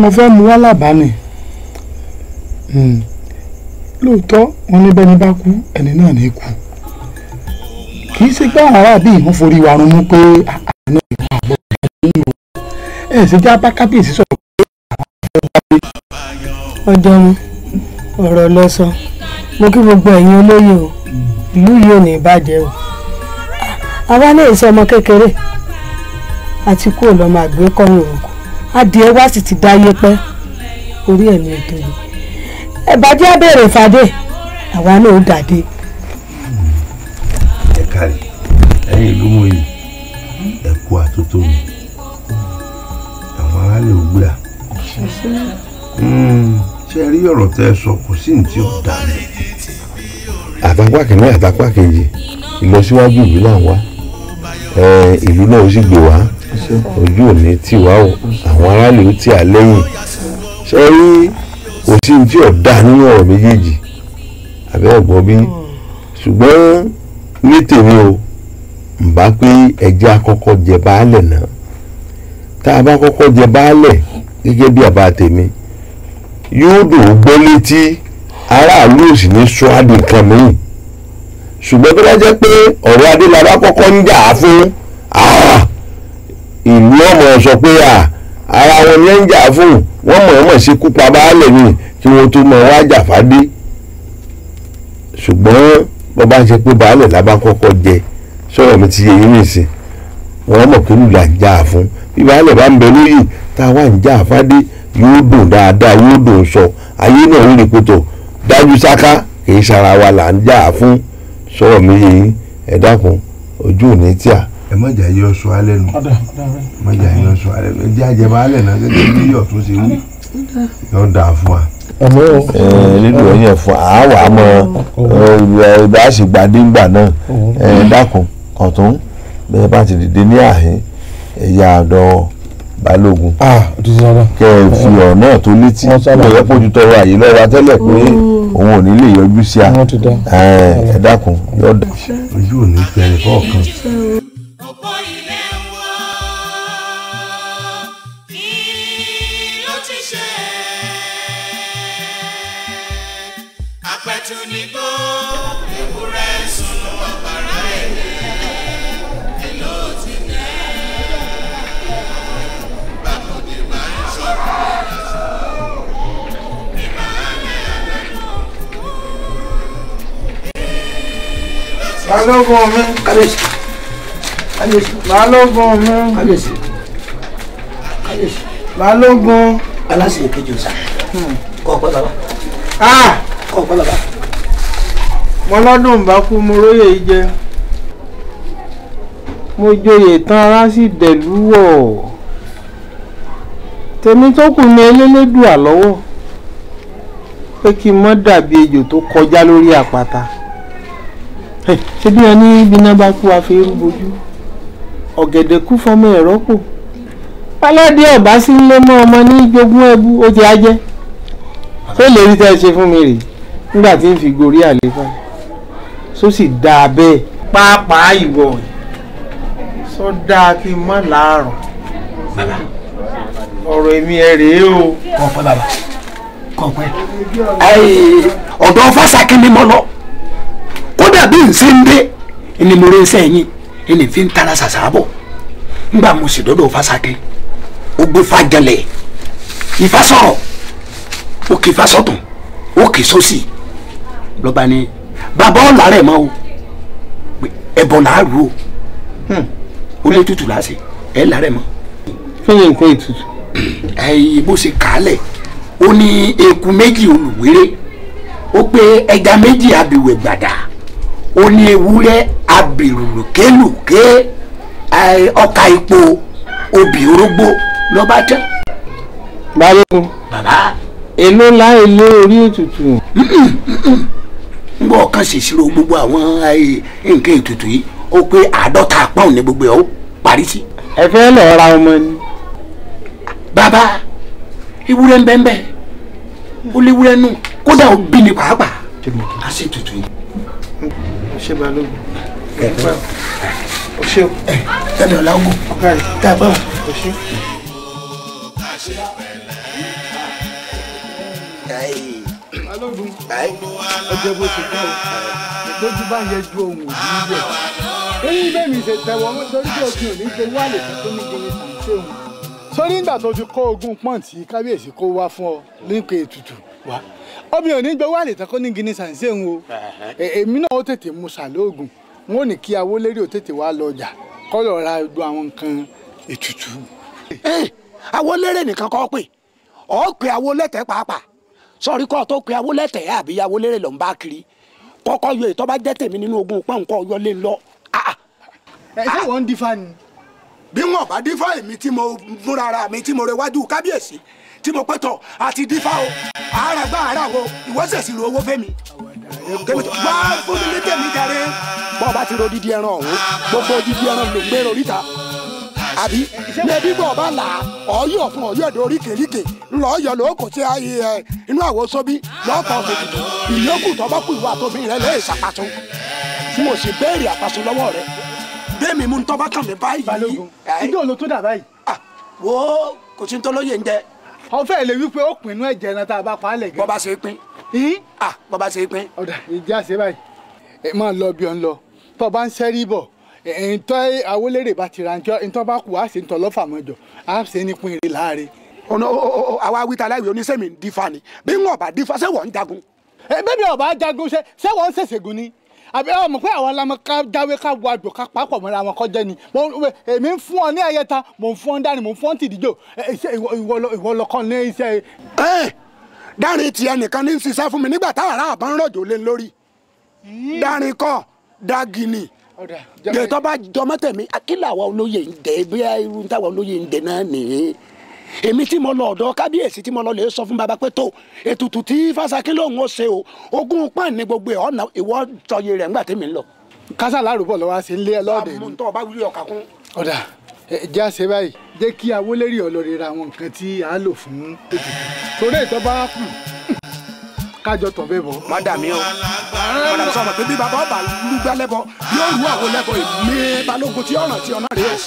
mo fẹ́ mu wá lábàání lóòótọ́ wọn ní bẹ́ni bá kú ẹni náà ní kú kì í ṣe pé àwọn aráàbí ìmúforí wa rún mú pé àná ìlú ẹ sì já bá kábíyèsí sọ̀rọ̀ pé àwọn ọ̀rọ̀ lọ sọ mo kí gbogbo ẹ̀yin olóyè o ìlú yìí ò ní o àwa náà ọmọ kékeré àti kó lọ máa gbé òrùkù adìẹ wá sì ti yé pẹ́ orí ẹ̀mí ètò yìí ẹ̀bàjẹ́ abẹ́rẹ́ Fadé. àwa náà ó dàdé. àwọn aráàlú ò hmm. rí ọ̀rọ̀ tẹ́ sọ kò sí ní tí ó dà lẹ̀. àtàkùn àkìní àtàkùn àkejì ìlọsíwájú ìlú là wá ìlú náà ó sì gbé wá ojú òní tì wá o àwọn aráàlú ó tì á lẹ́yìn ṣé rí kò sí ní tí ó dà nínú ọ̀rọ̀ méjèèjì àbẹ́ ẹ̀gbọ́n bí ṣùgbọ́n ní tèmi o ǹ bá pé ẹja kọ́kọ́ jẹ baálẹ̀ náà tá a bá kọ́kọ́ jẹ baálẹ̀ gẹ́gẹ́ bí àbá tèmi yóò dùn ó gbọ́ létí aráàlú ò sì ní sọ adì mìíràn ṣùgbọ́n tó bá jẹ́ pé ọ̀rọ̀ adé la bá kọ́kọ́ ń jà á fún ìlú ọmọ sọ pé ara wọn ni ẹ ń jà á fún wọn mọ̀ọ́mọ̀ sí kúpa baálẹ̀ ni kí wọ́n tó mọ̀ wá jà fádé ṣùgbọ́n bọ́ bá ń ṣe pé baálẹ̀ la kọ́kọ́ jẹ sọ̀rọ̀ mi ti yẹ yín nìsín wọ́n mọ̀ pé lùlà ń jà fún ìbálẹ̀ bá ń bẹ lóyè tá a wà ń jà fádé yóò dùn dáadáa yóò dùn sọ ayé náà ń rìn kótó dájú sáká kì í sara wa là ń jà fún sọ̀rọ̀ mi yìí ẹ dákun ojú òní tí a. ẹ mọ̀jà yí ọ̀ṣọ́ alẹ́ nu mọ̀jà yí ọ̀ṣọ́ alẹ́ nu ẹjẹ́ àjẹmọ́ alẹ́ náà gẹ́gẹ́ bí yọ̀ tó ṣe wú yọ̀ dáa fún wa lílo ẹyìn ẹ̀fọ́ àá wà á mọ ìbáṣegbàdégbà náà dákun kọ̀tún bẹ́ẹ̀ bá ti dìde ní àhín ẹ̀yà àdọ́ balógun kẹ́ ẹ fi ọ̀nà tó létí ìrẹ́ pójú tọrọ àyè lọ́wọ́ tẹ́lẹ̀ pé òun ò ní lè yọjú sí a ẹ dákun yọ̀ọ̀dà. ojú ò ní pẹ́ẹ́rẹ́ fọ́ọ̀kan. balógun mi. kábíyèsí. kábíyèsí. balógun mi. kábíyèsí. kábíyèsí. balógun. aláṣẹ ìkejì ọ̀sà. Hmm. kọ́ ọ̀pẹ bàbá. Ah! kọ́ ọ̀pẹ bàbá. mo lọ́dún bá kú mo róye yìí jẹ mo joyè tán ara sì dẹ̀lú wọ̀ tèmi tó kù ní elélédùà lọ́wọ́ pé kí n mọ́ dàbí ejò tó kọjá lórí àpáta ṣé bí wọn ní bíná bá kú àfẹ́rú bojú ọ̀gẹ̀dẹ̀ kú fọmọ ẹ̀rọ pò pálọ́dé ọ̀bá sí ń lé mọ́ ọmọ ní jogún ẹbú ó ti á jẹ́ tó lè rí tẹ́ ẹ ṣe fún mi rèé nígbà tí ń fi gorí àléfà só sì dáa bẹ́ẹ̀ pàápàá ìwọ sọ dáa kí n má láàrọ̀ ọ̀rọ̀ èmi ẹ rèé o. kọ̀ọ̀pẹ́ bàbá kọ̀ọ̀pẹ́ ọ̀dọ̀ fásakí ni mo lọ kódà bí n ṣe ń dé ẹni mo rí iṣẹ́ yín ẹni fi ń tara ṣàṣà bọ̀ ńgbà mo sì dọ́dọ̀ fásakẹ́ ó gbé fàjẹlẹ̀ ìfà sọ̀rọ̀ ó kì í fà sọ̀tún ó kì í sọ́sì lọ́ba ni bàbá ọ̀la rẹ̀ mọ́ o ẹ̀bọ̀n là á rú o ó lé tutù láṣẹ ẹ̀ là rẹ̀ mọ́. kí nǹkan ètùtù. ẹyìn bó ṣe kàálẹ̀ ó ní eku méjì olùwérè ó pé ẹja méjì abìwẹ̀ gbàdà ó ní ewúrẹ́ abìrùlùkélùké ọkà ipò obì orógbó lọ́ba tán. balógun bàbá. èló ńlá èlé orí ètùtù. nbọ kan ṣèṣirò gbogbo àwọn nǹkan ètùtù yìí ó pé àádọ́ta pọ́ùn ní gbogbo ẹ̀ ó parí sí. ẹ fẹ́ lọ ra ọmọ ni. bàbá ewúrẹ́ ń bẹ́ẹ̀ bẹ́ẹ̀ ó léwúrẹ́ nù kódà ó bí ni pàápàá. a ṣètùtù yìí ṣé balógun ẹ̀fọ́ o ṣé o. tẹ̀lé ọ̀la ogun tá a bá wà. o ṣé. ọjọ́ bó ti kọ́ o lójú bá yẹ ju ohun òní yẹ. torí bẹ́ẹ̀ mi ṣe tẹ̀wọ́ torí bí òfin òní ṣe wà lè tó ní gbogbo ìtàn ṣéun. sórí ìgbà tó fi kó ogún pọ́ǹtì kábíyèsí kó wá fún ọ nípe ètùtù wá omi ò ní gbé wá àlètàn kó ní gini sànṣẹ́ ń o e, èmi náà ó tètè mu ṣàlóògùn wọn ò ní kí awó lérí ò tètè wá lọ ọjà kọ́ lọ ra gbogbo àwọn nǹkan ètùtù. awó lérè nìkan kọ́ pé ọ̀ pé awó lẹ́tẹ̀ẹ́ pàápàá sọ̀rí kọ́ tó pé awó lẹ́tẹ̀ẹ́ àbí awó lérè lọ́n bá kiri kọ́kọ́ yọ ètò bá jẹ́ tèmi nínú ogun pọ́n kọ́ yọ lé lọ. Ah, ah. ẹ ṣé wọ́n ń dífá ni. bí wọn bá dífá èmi tí mo múra ara mi tí mo rewájú kábíyèsí tí mo pẹ́tọ̀ àti dífá o àárà gbá àárà wo ìwọ́sẹ̀ sì ro owó fẹ́mi wá fún mi ní tèmi jàre bọ́ọ̀ bá ti ro dídí ẹran ọ̀hún gbogbo dídí ẹran ló gbé roríta àbí lẹbi bọ ọba là ọyọ fún ọyọ èdè oríkèéríkèé lọọyọ lóko tí a yẹ ẹ inú àwo sóbí lọkọ òkùnkùn ìyókù tọbọkù ìwà tóbi rẹ lè ṣàpàtó tí mo sì béèrè àpàtó lọ́wọ́ rẹ bẹ́ẹ̀ mi ń tọ́ bá kàn mí báyìí. balógun ìjọ ló tó dà báyìí. wo kò sí ń tọ́lóye ń jẹ ọ fẹ́ lè wípé ó pinnu ẹ̀jẹ̀ náà tá a bá pa á lẹ̀ gẹ́. bọ́ba ṣe pín. ah bọ́ba ṣe pín. ọ̀dà ìjà ṣe báyìí ẹ máa lọ bí ọ ń lọ tó o bá ń ṣẹ́rí bọ̀ ntọ́ awolérè bá ti ra ntọ́ ntọ́ bá kù á sì ń tọ́ lọ́fà mọ́jọ á sì ní pin ìrè láàre. ọ̀nà àwa wíta aláìwé oníṣẹ́mi ń dífá ni bí wọn ò bá dífá ṣé wọ́n ń jagun. ẹ bẹ́ẹ̀ ni ọba jagun ṣe ṣé wọ́n ń ṣèṣègùn ni àbí ọmọ pé àwa la mọ ká jáwé ká wo àjò ká papọ̀ mọ́ra wọn kọjá ni èmi ń fún ọ ní ẹyẹ ta mò ń fún ọ dání mò ń fún ọ tìdíjọ ìwọ lọkọ ní iṣẹ́. ẹ dárin tiẹ̀ nìkan ní ṣiṣẹ́ fún mi nígbà táwọn aráàbá ń rọ̀jò lé lórí hmm. dárin kọ́ dagini dètò bá jọmọ tẹ̀mí akílà àwa olóye ń dẹ̀ bí irú táwa olóye ń dẹ̀ náà nìyẹn èmi tí mo lọ ọ̀dọ̀ kábíyèsí tí mo lọ lè sọ fún baba pé tó ètùtù tí fásakí lòun ó ṣe o ogún pan ní gbogbo ẹ̀ ọ̀nà ìwọ tọyẹ rẹ̀ ńgbà tèmi ń lọ. kásá lárúbọ̀ lọ́wọ́ a sì ń lé ẹ lọ́ọ̀dẹ̀ ni. àmúntọ́ ọba wílé ọ̀ka kún. ọ̀dà jẹ́ àṣẹ báyìí jẹ́ kí awolẹ́rì ọlọ́rẹ̀ ra àwọn nǹkan tí a lò fún ètùtù torí ìtọ́ bá kù kájọ tàn bẹ́ẹ̀ bọ̀. má dà mí o má dà mí sọ̀rọ̀ pé bí bàbá ọba lúgbà lẹ́bọ yóò rú àwọn lẹ́bọ ìlé balógun tí ọ̀ràn tí ọ̀nà rẹ̀ o.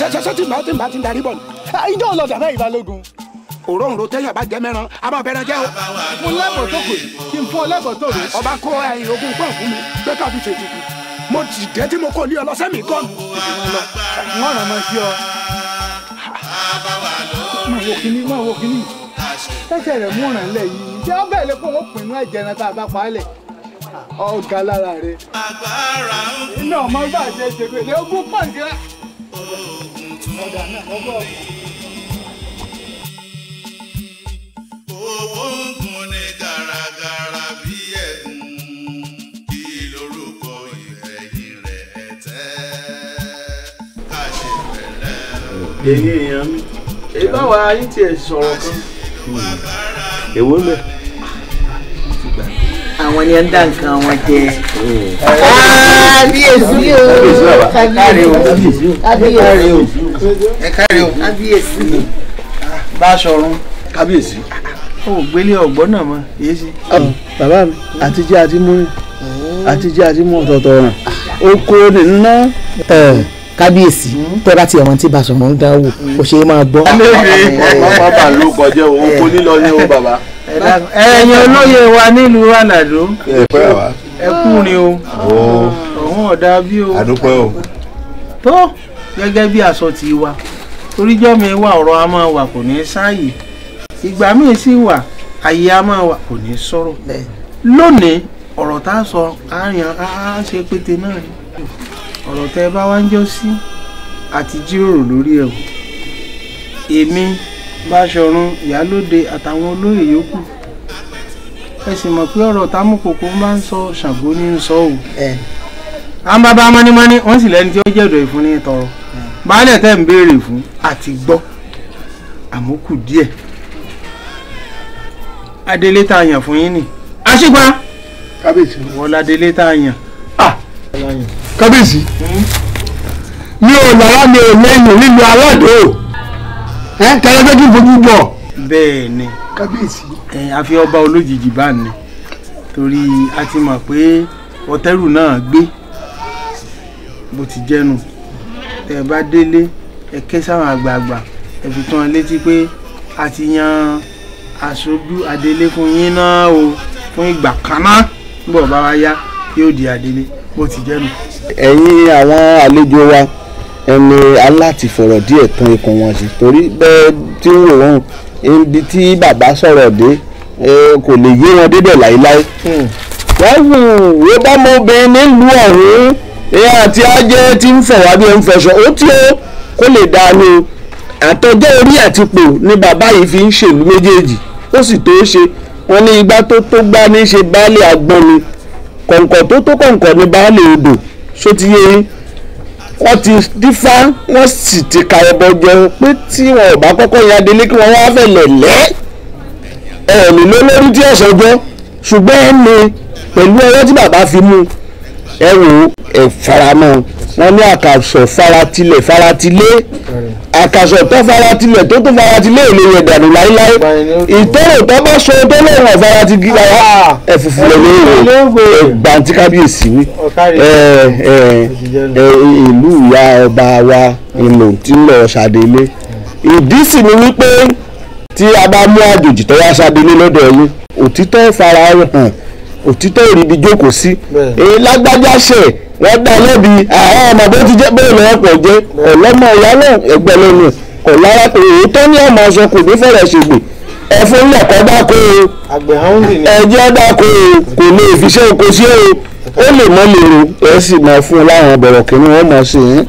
ṣẹṣẹṣẹ tí màá tí màá ti darí bọ̀ ni. ìjọ lọ sí abẹ́ ìbalógun. òró ń ro téèyàn bá mẹ́ran a máa bẹ̀rẹ̀ jẹ́ o. mo lẹ́bọ̀ tó pè kí n fún ọ lẹ́bọ̀ tó rè. ọba kó ẹyin ogun fún ọ tẹ́sẹ̀ rẹ̀ múràn lẹ̀ yìí ṣé ó bẹ̀rẹ̀ kó wọ́n pinnu ẹ̀jẹ̀ náà tá a bá pa á lẹ̀ ọ̀gá lára rẹ̀. agbára ń bọ̀ iná ọmọ bá ṣe ṣe pé ogún pàǹkì rẹ̀. oògùn tún bí owó ń gun ní gàràgàrà bí ẹ̀gún. èyí èèyàn mi èyí báwa yín tiẹ̀ sọ̀rọ̀ kan èwo ń bẹ. àwọn ni ẹ ń dá nǹkan wọn jẹ. kábíyèsí o kábíyèsí o kábíyèsí o ẹ káre o kábíyèsí o bá aṣọ ọrùn kábíyèsí. o ò gbélé ọgbọ́n náà mọ èyí sí. bàbá mi àtijọ́ àti mú àtijọ́ àti mú ọ̀tọ̀ọ̀tọ̀ ọ̀ràn ó kó nínú náà kábíyèsí hmm. tẹ́ bá ti ọmọ tí bá sọ̀rọ̀ ń dán wò ó ṣe é máa gbọ́. ọmọ bá ló kọjá òun kò ní lọ ní o bàbá. ẹ̀yin olóyè wa nílùú àlàdó ẹ kú ni o ọ̀hún ọ̀dà bí o àdúpẹ́ o tó gẹ́gẹ́ bí aṣọ ti wa oríjọ́ mi wà ọ̀rọ̀ a máa wà kò ní sáàyè ìgbà míì sì wà àyè a máa wà kò ní sọ̀rọ̀ lónìí ọ̀rọ̀ tá a sọ àárín a ṣe pété náà ni ọ̀rọ̀ tẹ́ ẹ bá wá ń jọ sí àti jíròrò lórí ẹ̀ wò èmi Báṣọ̀run Ìyálóde àtàwọn olóyè yòókù ẹ sì mọ̀ pé ọ̀rọ̀ Támúkòkò máa ń sọ Ṣàngó ní sọ ò. à ń bábá mọ́nímọ́ní wọ́n sì lẹ́ni tí ó jẹ̀dọ̀ ìfún ní tọrọ baálẹ̀ tẹ́ ń béèrè fún àti gbọ́ àmọ́ díẹ̀ adélé a yàn fún yín nì. àṣìgbà kábíyèsí wọlé yàn kábíyèsí mi ò lára mi ò lẹ́yìn nílùú aládò ẹ tẹ́lẹ́fẹ́ kí n fojú bọ̀. bẹ́ẹ̀ ni kábíyèsí. ẹ àfi ọba olójijì bá ní torí a ti mọ̀ pé ọ̀tẹ́rù náà gbé bó ti jẹ́nu tẹ́ bá délé ẹ ké sáwọn àgbààgbà ẹ fi tán létí pé a ti yan aṣojú adélé fún yín náà o fún ìgbà kan náà bọ̀ bá wa yá yóò di adélé bó ti jẹ́nu ẹ̀yin àwọn àlejò wa ẹni aláti fọ̀rọ̀ díẹ̀ tán ikùn wọn sí torí bẹ́ẹ̀ tí ń wò ibi tí bàbá sọ̀rọ̀ dé kò lè yé wọn débẹ̀ láéláé. Hmm. wọ́n wù bá mo bẹ̀rẹ̀ nílùú ọ̀hún ìyá àti ajé tí ń fọ̀wá bí ń fẹsọ̀ ó tí ó kó lè dá ní àtọjọ́ orí àtipò ni bàbá yìí fi ń ṣèlú méjèèjì ó sì tó ṣe wọ́n ní igbá tó tó gbá ní ṣe baálé agbọ́n ni kọ̀ǹkọ̀ tó tó kọ̀ǹkọ̀ ni baálé odò ṣó ti yé yín wọ́n ti dífá wọ́n sì ti ka ẹbọ jẹun pé tí wọn ò bá kọ́kọ́ ya délé kí wọ́n wá fẹ̀lẹ̀ lẹ́ ẹ̀mí lólórí tí ọ̀sán jẹ́ ṣùgbọ́n ẹni pẹ̀lú ọwọ́ tí bàbá fi mú ẹ wò ẹ faramọ́ wọ́n ní àkàsọ̀ faratilẹ̀ faratilé àkàsọ̀ tó faratilẹ̀ tó tó faratilé ò lè yẹ dànù láéláé ìtọ́rọ̀ tó bá sọ tó lọ́wọ́ faratilé ah, ah. ẹ̀fùfù lọ́wọ́ ẹ̀gbàntí kábíyèsí wí ìlú ìyá ọba wa ìlú tí ń lọ ṣàdélé ìdí sì ni wípé tí a bá mú àjòjì tó wá ṣàdélé lọ́dọ̀ yín òtítọ́ fara hàn òtítọ́ ìrìbí jókòó sí èyí lágbájá ṣẹ̀ wọ́n dá lẹ́bi àwọn ọmọ bó ti jẹ́ bẹ́ẹ̀ lọ́wọ́ pọ̀ jẹ́ ọ̀lọ́mọ ìyá náà ẹgbẹ́ lẹ́nu kò lára pé èyí tó ní ọmọ aṣọ kò ní fẹ̀rẹ̀ ṣègbè ẹ̀fún náà kọ́ dáko o ẹ̀jẹ̀ dáko o kò lè fi ṣe oko sí o ó lè mọ́ lèrò ẹ̀ sì máa fún un láwọn bọ̀rọ̀ kìíní wọ́n máa ṣe yín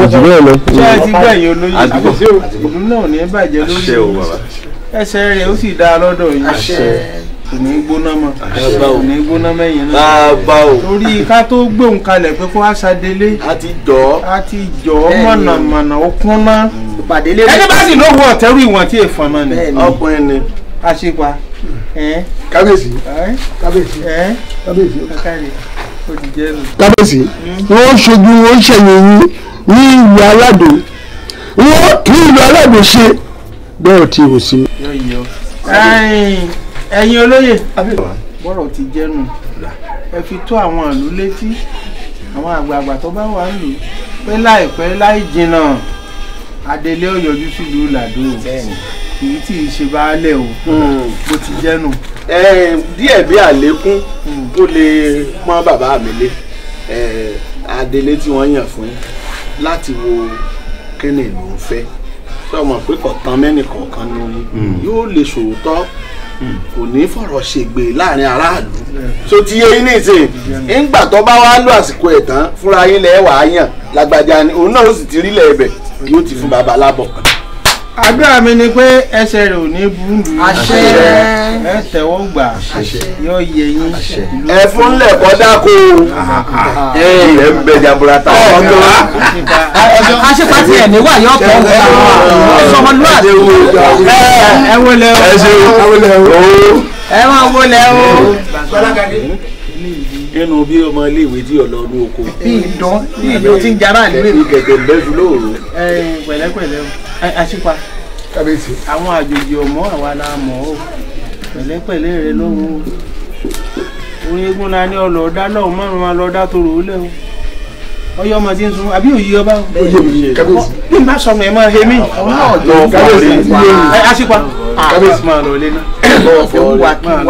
òjì bẹ́ẹ̀ lọ. ṣé ẹ ti gbẹ̀yìn olóyè àgbẹ̀sẹ̀ òun náà ní bàjẹ́ lórí ẹsẹ̀ rẹ̀ ó sì dáa lọ́dọ̀ yìí kò ní gbóná mọ́ kò ní gbóná mẹ́yìn náà torí ká tó gbóhùn kalẹ̀ pé kó aṣadélé àti jọ àti jọ mọ̀nàmọ̀nà ó kúnná ẹni bá sì lówó ọ̀tẹ́rù ìwọ̀n tí èèfàn mọ́ ni ọkùnrin ni àṣepa kábíyèsí kábíyèsí kábíyèsí kábíyèsí hmm? wọ́n ṣojú wọ́n ṣẹ̀yìn yín ní ìlú aládò wọ́n tún ìlú aládò ṣe bẹ́ẹ̀ tí o ẹ̀yin olóyè bọ́rọ̀ ti jẹ́nu ẹ fi tó àwọn ìlú létí àwọn àgbààgbà tó bá wà ń lò pé láìpẹ́ láì jìnnà adelé ó yọjú sílùú làdó kì í tì í ṣe baálẹ̀ o hmm. bó ti jẹ́nu. díẹ̀ bí àlékún kó hmm. lè pọ́n bàbá mi lé adelé tí wọ́n yàn fún láti wo kíni ló ń fẹ́ sọ ma pé kọ̀ọ̀tàn mẹ́nìkọ̀ọ̀kan ni hmm. yóò lè sòótọ́ kò ní fọ̀rọ̀ ṣègbè láàrin aráàlú so ti yé yín nìsín ńgbà tó bá wá lò àsìkò ẹ̀ tán fúnra yín lẹ́ẹ̀ wàá yàn lágbájá ni òun náà ó sì ti rí lẹ́ẹ̀bẹ̀ yóò ti fún baba lábọ̀ àdúrà mi ni pé ẹsẹ̀ rẹ̀ ò ní burú mi àṣẹ ẹ tẹ̀wọ́ gbà yóò yẹ yín. ẹ fún lẹ̀kọ́ dáko ilẹ̀ ń bẹ jamburata. aṣípa tí ẹ̀ níwà yóò pọ̀ wọ́n sọmọlúwàbí. ẹ ẹ wọlé o ẹ máa wọlé o nínú bí ọmọ iléèwé tí ọ̀lọ́ ọdún oko. bí ìdán bí ìdán ti ń jara àlè. ẹ̀yin kẹ̀kẹ́ ń bẹ́sù lóòrò. ẹ pẹ̀lẹ́pẹ̀lẹ́ o. aṣípa kábíyèsí àwọn àjòjì ọmọ àwa la mọ̀ ọ́ pẹ̀lẹ́pẹ̀lẹ́ rẹ lọ́wọ́ orin eégún ní ọlọ́ọ̀dá lọ́wọ́ márùn-ún alọ́ọ̀dá tó rò ó ọyọ ọmọ ti ń sun àbí òye ọba òye mi kábíyèsí bí n bá sọnù ẹ máa he mí. ọ̀nà kábíyèsí ẹ aṣípa kábíyèsí máa lọ lé náà kò ní hùwà kíwà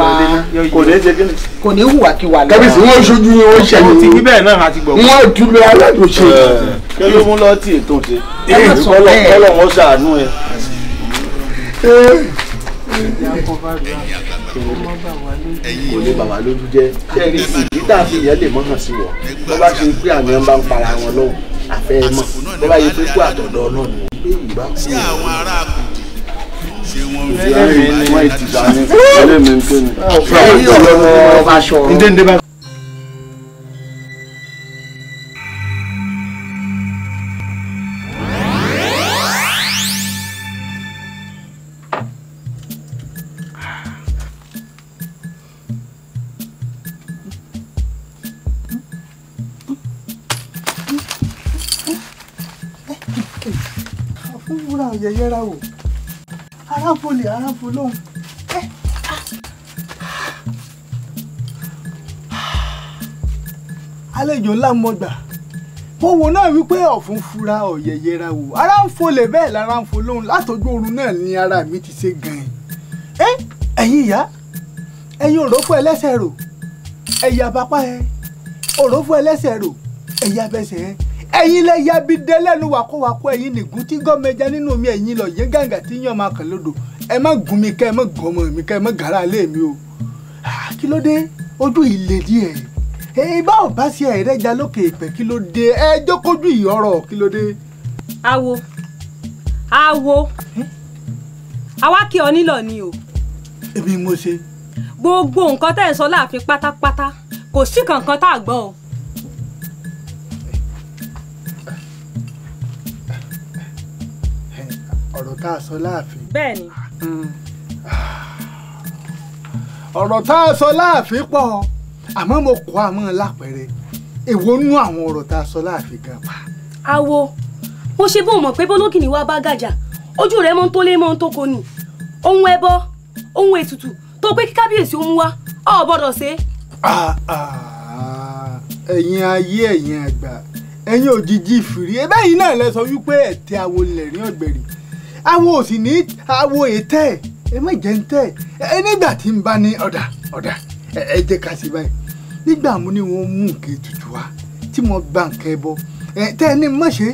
kò ní ṣe kíni. kò ní hùwà kíwà lọ. kábíyèsí wọn ṣojú ni wọn ṣe yìí. ti bẹ́ẹ̀ náà àti gbọ̀. wọn dúró alájọṣe. kí ló mú lọ tí ètò ṣe. kọ́lọ̀ wọn ṣàánú ẹ. ẹ̀yà kọ́ bá rí wa kò lè bàbá lójú jẹ́ kẹ́rì ìdí tààfin yẹn lè mọ́nà sí wọ̀ bó bá ṣe pé àmì ọba ń para wọn lọ́wọ́ àfẹ́ mọ̀ bó bá yẹ pé kó àtọ̀dọ̀ náà ni pé ìgbà kú ìdí àmì wọn ti dání ẹlẹ́mìí ń pè ní. ọ̀pọ̀ ìdí ọ̀rọ̀ ọba aṣọ. yẹyẹ ra wò aráfolè aráfolóhùn ẹ ah. àlejò ńlá mọ gbà mo wò náà wípé ọ̀fun fura ọ̀yẹ̀yẹ̀ ra wò ara ń folè bẹ́ẹ̀ lára ń folóhùn látọjú oorun náà ni ara mi ti ṣe gan-an ẹ ẹ̀yin ìyá ẹ̀yin òrófó ẹlẹ́sẹ̀ rò ẹ̀yà bàpá ẹ òrófó ẹlẹ́sẹ̀ rò ẹ̀yà bẹsẹ̀ ẹ ẹ̀yin lẹ yabi délẹ̀ ló wà kó wà kó ẹ̀yin nìgún tí gọ́mẹja nínú mi ẹ̀yin lọ yẹn gàǹgà tí yàn máa kàn lódò ẹ má gún mi ká ẹ má gàn ọmọ mi ká ẹ má gàrà lé mi o ah, kí ló dé ojú ilé díẹ̀ ìbá ò bá ṣe ẹ̀rẹ́jà lókè ìpẹ́ kí ló dé ẹ jókòójú ìyọ̀rọ̀ kí ló dé. awo awo hm? àwa kí ọ nílò ni o. èmi mo ṣe. gbogbo nǹkan tẹ́ ẹ sọ láàfin pátápátá kò sí kankan tá a gbọ́ o. tá a sọ láàfin. bẹ́ẹ̀ni. Hmm. ọ̀rọ̀ tá a sọ láàfin pọ̀ àmọ́ mo kọ́ àmọ́ lápẹ̀rẹ̀ èwo nú àwọn ọ̀rọ̀ tá a sọ láàfin gan pa. awo mo ṣe bóun mọ̀ pé bólókìní wa bá gàjà ojú rẹ̀ mọ́ ń tó lé mọ́ ń tó kò ní ohun ẹbọ ohun ètùtù tó pé kí kábíyèsí ó mú wá ọ gbọ́dọ̀ ṣe. ẹ̀yin ayé ẹ̀yin àgbà ẹ̀yin òjijì fìrí ẹ báyìí náà lẹ sọ wípé ẹ̀tẹ́ awo lẹ̀rín ọ̀gbẹ̀rì àwọn ò sì ní àwo ètẹ́ ẹ má jẹ́ ń tẹ́ ẹ nígbà tí n bá ní ọ̀dà ọ̀dà ẹ jẹ́ ká sí báyìí nígbà mo ní wọn mú nǹkan tutù wá tí mo gba nǹkan ẹbọ ẹ tẹ́ ẹ ní mọ̀ ṣe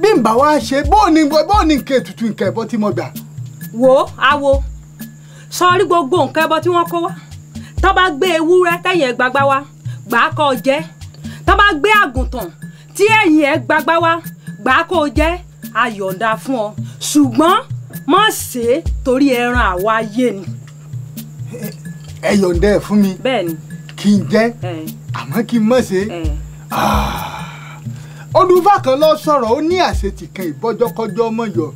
bí n bá wá ṣe bóòní bóòní nǹkan tutù nǹkan ẹbọ tí mo gbà. wo awo sọrí gbogbo nǹkan ẹbọ tí wọ́n kó wá tó bá gbé ewúrẹ́ tẹ̀yìn ẹ̀ gbagbá wá gbà á kọ́ jẹ́ tó bá gbé àgùntàn tí ẹ̀yìn ẹ̀ gbagbá wá gbà á kọ́ jẹ́ a yọ̀ǹda fún ọ ṣùgbọ́n má ṣe é torí ẹran àwa ayé ni. ẹ yọ̀ǹda ẹ̀ fún mi kí n jẹ́ àmọ́ kí n má ṣe é olùfà lọ sọ̀rọ̀ ó ní àṣetìkan ìbọ́jọ́kọ́jọ́ ọmọ yọ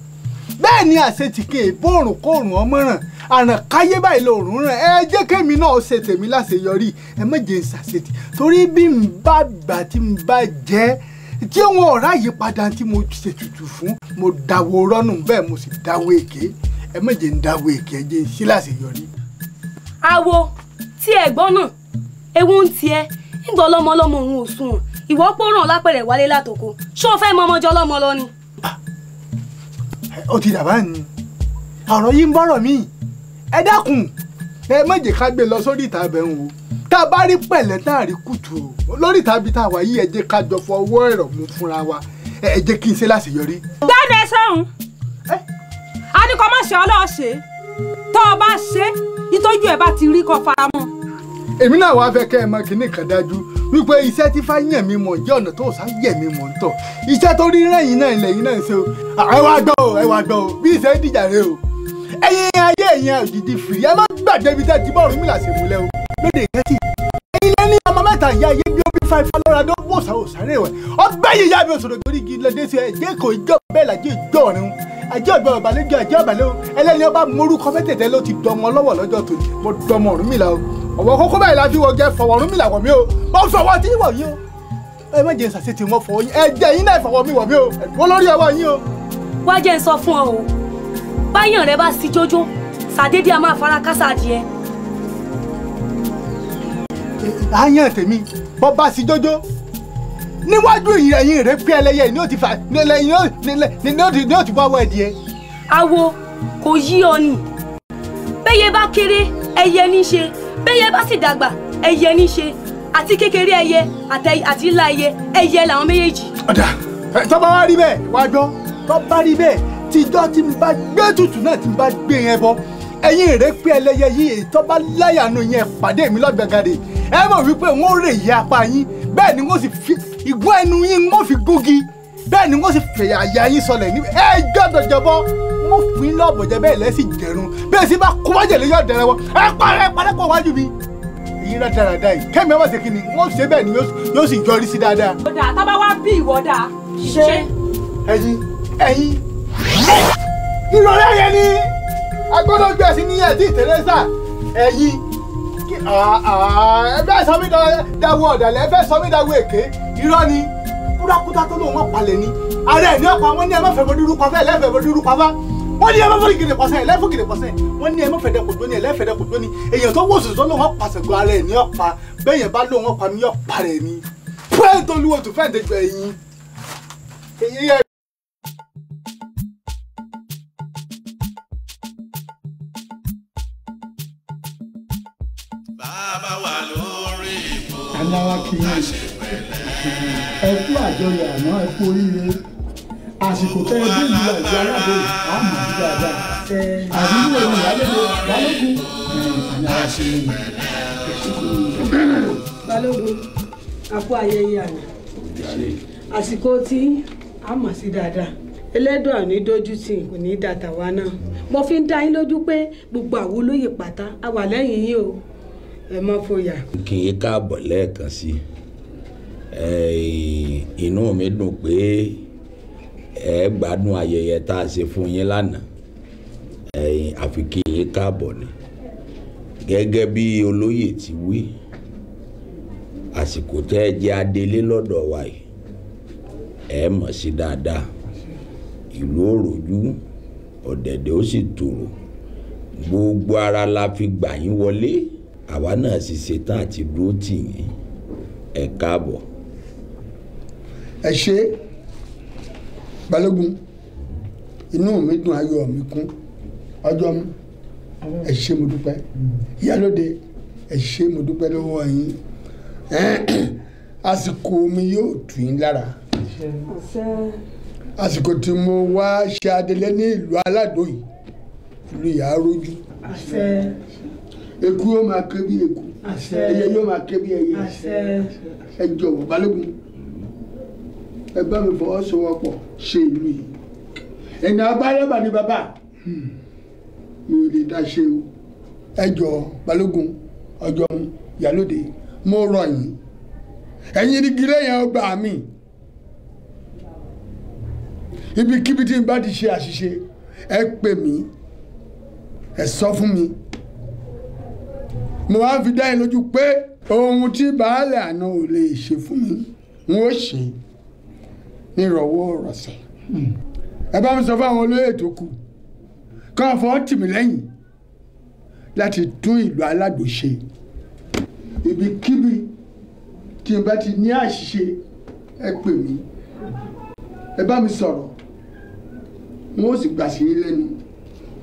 bẹ́ẹ̀ ni àṣetìkan ìbòrùn kòrùn ọmọ ràn àràn káyé báyìí lòrùn ràn ẹ jẹ́ kémi náà ṣe tèmi láṣeyọrí ẹ má jẹ́ ń ṣàṣetì torí bí n bá gbà tí n bá jẹ́ ẹ́ tí wọn ọ̀rá yìí padà tí mo ṣètùtù fún mo dàwọ̀ rọ́nù bẹ́ẹ̀ mo sì dàwọ̀ èké ẹ má jẹ́ ń dàwọ̀ èké ẹ jẹ́ ń sí láṣeyọrí. awo tí ẹ gbọ́ náà ewu ń tiẹ̀ ńgbọ́ lọ́mọlọ́mọ òun ò sùn ìwọ pọ́nrán lápẹ̀rẹ̀ wálé látòkò ṣé o fẹ́ mọ ọmọjọ́ lọ́mọ lọ ni. Ah, ó ti dàbá ni ọ̀rọ̀ yìí ń bọ̀rọ̀ mi ẹ dákun ẹ má jẹ́ ká gbé lọ sórí ìta bẹ̀ ń wo tá a bá rí pẹ̀lẹ́ tá a rí kùtù o lórí ìta bí tá a wà yí ẹ jẹ́ ká jọ fọwọ́ ẹ̀rọ̀ mu fúnra wa ẹ jẹ́ kí n ṣe láṣeyọrí. gbẹ́nu ẹ sọ́hun a ní kó má ṣe ọlọ́ọ̀ṣẹ́ tó o bá ṣe ìtọ́jú ẹ̀ bá ti rí kó fara èmi náà wàá fẹ́ kẹ́ ẹ mọ kinní kan dájú wípé iṣẹ́ tí fáyẹ̀ mọ̀ jẹ́ ọ̀nà tó sá yẹ̀ mọ̀ ń tọ̀ iṣẹ́ tó rí rẹ́yìn náà ilẹ̀ yìí náà ṣe ẹ wá gbọ́ ẹ wá gbọ́ bí ìṣe dìjà rẹ o ẹ̀yin ayé èèyàn òjijì fìrí ẹ má gbàgbé ibi tẹ́ ti bọ́ọ̀rù mi làṣẹ ìmúlẹ̀ o lóde ìkẹ́tì ẹ̀yin lẹ́ni ọmọ mẹ́ta ìyá ayé bí ó bí fáifá lọ́ra dó wòsàn òsàrè wẹ̀ ọgbẹ́ yìí yá mi òṣòro torí igi lọ́dẹ sí ẹ̀jẹ̀ kò ìjọ bẹ́ẹ̀ làjẹ́ ìjọ ọ̀run àjẹ́ ọ̀gbẹ́ ọ̀bà lẹ́jọ́ àjẹ́ ọ̀bà lẹ́wọ̀n ẹlẹ́ni ọba morúkọ mẹ́tẹ̀ẹ̀tẹ̀ ló ti dọmọ lọ́wọ́ lọ́jọ́ tòní mo dọmọ Ọ̀rúnmìlà o ọ̀wọ́ kókó báyìí la fi jẹ́ fọwọ́ Ọ̀rúnmìlà wọ̀ mí o mo fọwọ́ tí wọ̀ yín o ẹ má jẹ́ sàṣetì wọn fọwọ́ yín ẹ jẹ́ yín náà fọwọ́ mi wọ̀ mí o wọ́n lórí ọwọ́ yín o. wá jẹ́ sọ fún ọ o báyàn rẹ bá sí jójó sàdédé a máa fara kásá adìẹ. àyàn tèmi bọ́ bá sí jójó níwájú ẹ̀yìn rẹ pé ẹlẹ́yẹ ni ó ti fà ni ó ti bọ́ ọwọ́ ẹ̀dìẹ. awo kò yí ọ nì bẹ́yẹ bá kéré ẹyẹ ní ṣe bẹ́yẹ bá sì dàgbà ẹyẹ ní ṣe àti kékeré ẹyẹ àti ńlá ẹyẹ ẹyẹ làwọn méjèèjì. ọ̀dà tó bá wá rí bẹ́ẹ̀ wá gbọ́ tó rí bẹ́ẹ̀ tìjọ́ tí mi bá gbé tutù náà tí mi bá gbé yẹn bọ́ ẹ̀yin rẹ̀ ẹlẹ́yẹ yìí ètò bá láyàánú yẹn pàdé mi lọ́gbàgàdè ẹ mọ̀ wípé wọ́n rè yí apá yín bẹ́ẹ̀ ni wọ́n sì fi ìgbọ́n ẹnu yín wọ́n fi gúngi bẹ́ẹ̀ ni wọ́n sì fẹ̀yà àyà yín sọlẹ̀ ní ẹ gbọ́dọ̀ wọ́n fún yín lọ́bọ̀jẹ́ bẹ́ẹ̀ lẹ́sìn jẹ̀rún bẹ́ẹ̀ sì bá kó májèlé yọ̀ dẹ̀rẹ̀ wọ ẹ parẹ́ parẹ́ pọ̀ wájú mi èyí rẹ̀ dáradára yìí kẹ́mi ẹ má ṣe kíni wọ́n ṣe bẹ́ẹ̀ ni yóò sì yọrí sí dáadáa. ọ̀dà tábà wá bí ìwọ́dà ṣe. ẹyin ẹyin ìrọ̀lẹ́ yẹn ni agbọ́dọ̀ gbé ẹ̀sìn ní ẹ̀dí tẹ̀lẹ́sà ẹ̀yìn ẹ fẹ́ sọ mí dáwọ́ ọ̀dàlẹ̀ ẹ fẹ́ sọ mí dáwọ́ èké irọ́ ni kúrakúta tó lóun ọ̀pàlẹ̀ ni ara ẹ̀ ní ọ̀pá wọn ní ẹ má fẹ́ mọ́dúrú pàfẹ́ ẹ̀lẹ́fẹ́ mọ́dúrú pàfá wọ́n ní ẹ má fẹ́ gèdè pọ̀sẹ̀ ẹ̀lẹ́fẹ́ gèdè pọ̀sẹ̀ wọ́n ní ẹ má fẹ́ dẹ́kun tó ní ẹ̀lẹ́fẹ́ dẹ́kun tó ní èèyàn tó wọ̀sùn tó lóun ọ̀pàṣẹ̀ gan ara ẹ̀ ní ọ̀pá bẹ́ẹ̀yẹn bá lóun ọ̀pá ní ọ̀pá rẹ̀ ni pẹ́ẹ́ntolúwo tó fẹ́ẹ́ ńlá wa kì í ẹ kú àjọyọ̀ àná ẹ kú oríire àsìkò tẹ ẹbí ìlú àti aláàbò àmọ́ àti dáadáa àdúgbò ìlú ìyálẹ́gbẹ́ balógun àmì ara ṣe é mi. balógun àpò ayẹyẹ àná àsìkò tí a mọ̀ sí dáadáa ẹlẹ́dùn àní dojú tì kò ní í da náà mo fi ń dá yín lójú pé gbogbo àwọn olóyè pátá a wà lẹ́yìn yín o ẹ má fòyà. kì í káàbọ̀ lẹ́ẹ̀kan sí inú mi dùn pé ẹ gbádùn ayẹyẹ tá a ṣe fún yín lánàá àfi kí í káàbọ̀ ni gẹ́gẹ́ bí olóyè ti wí àsìkò tẹ́ ẹ jẹ́ adelé lọ́dọ̀ wa yìí ẹ mọ̀ sí dáadáa ìlú òròjú ọ̀dẹ̀dẹ̀ ó sì tòrò gbogbo ara la fi gbà yín wọlé àwa náà sì ṣetán àti dúró tì yín ẹ káàbọ̀. ẹ ṣe balógun inú mi dùn ayọ̀ mi kún ọjọ́ mu ẹ ṣe mo dúpẹ́ ìyálóde ẹ ṣe mo dúpẹ́ lọ́wọ́ yín àsìkò mi yóò tù yín lára àsìkò tí mo wá ṣe adelé ní ìlú aládò ìlú ìyá arójú eku yóò máa ké bí eku ẹyẹ yóò máa ké bí ẹyẹ ẹ jọ̀wọ́ balógun ẹ bá mi fọwọ́sowọ́pọ̀ ṣe ìlú yìí ẹni abáyọ̀bà ni bàbá hmm. mi ò lè dá ṣe o ẹ jọ balógun ọjọ́ yàlóde mo rọ̀ yín ẹ̀yin igi lẹ́yìn ọgbà mi ibikíbi tí n bá ti ṣe àṣìṣe ẹ pè mí ẹ sọ fún mi mo wá fi dá yín lójú pé ohun tí baálé àná ò lè ṣe fún mi n ó ṣe nírọ̀wọ́ rọ̀sẹ̀ hmm. ẹ bá mi sọ fún àwọn olóyè tó kù kán fọ́ tì mí lẹ́yìn láti tún ìlú aládò ṣe ibikíbi tí n bá ti ní àṣìṣe ẹ pè mí ẹ bá mi sọ̀rọ̀ n ó sì gbà sí yín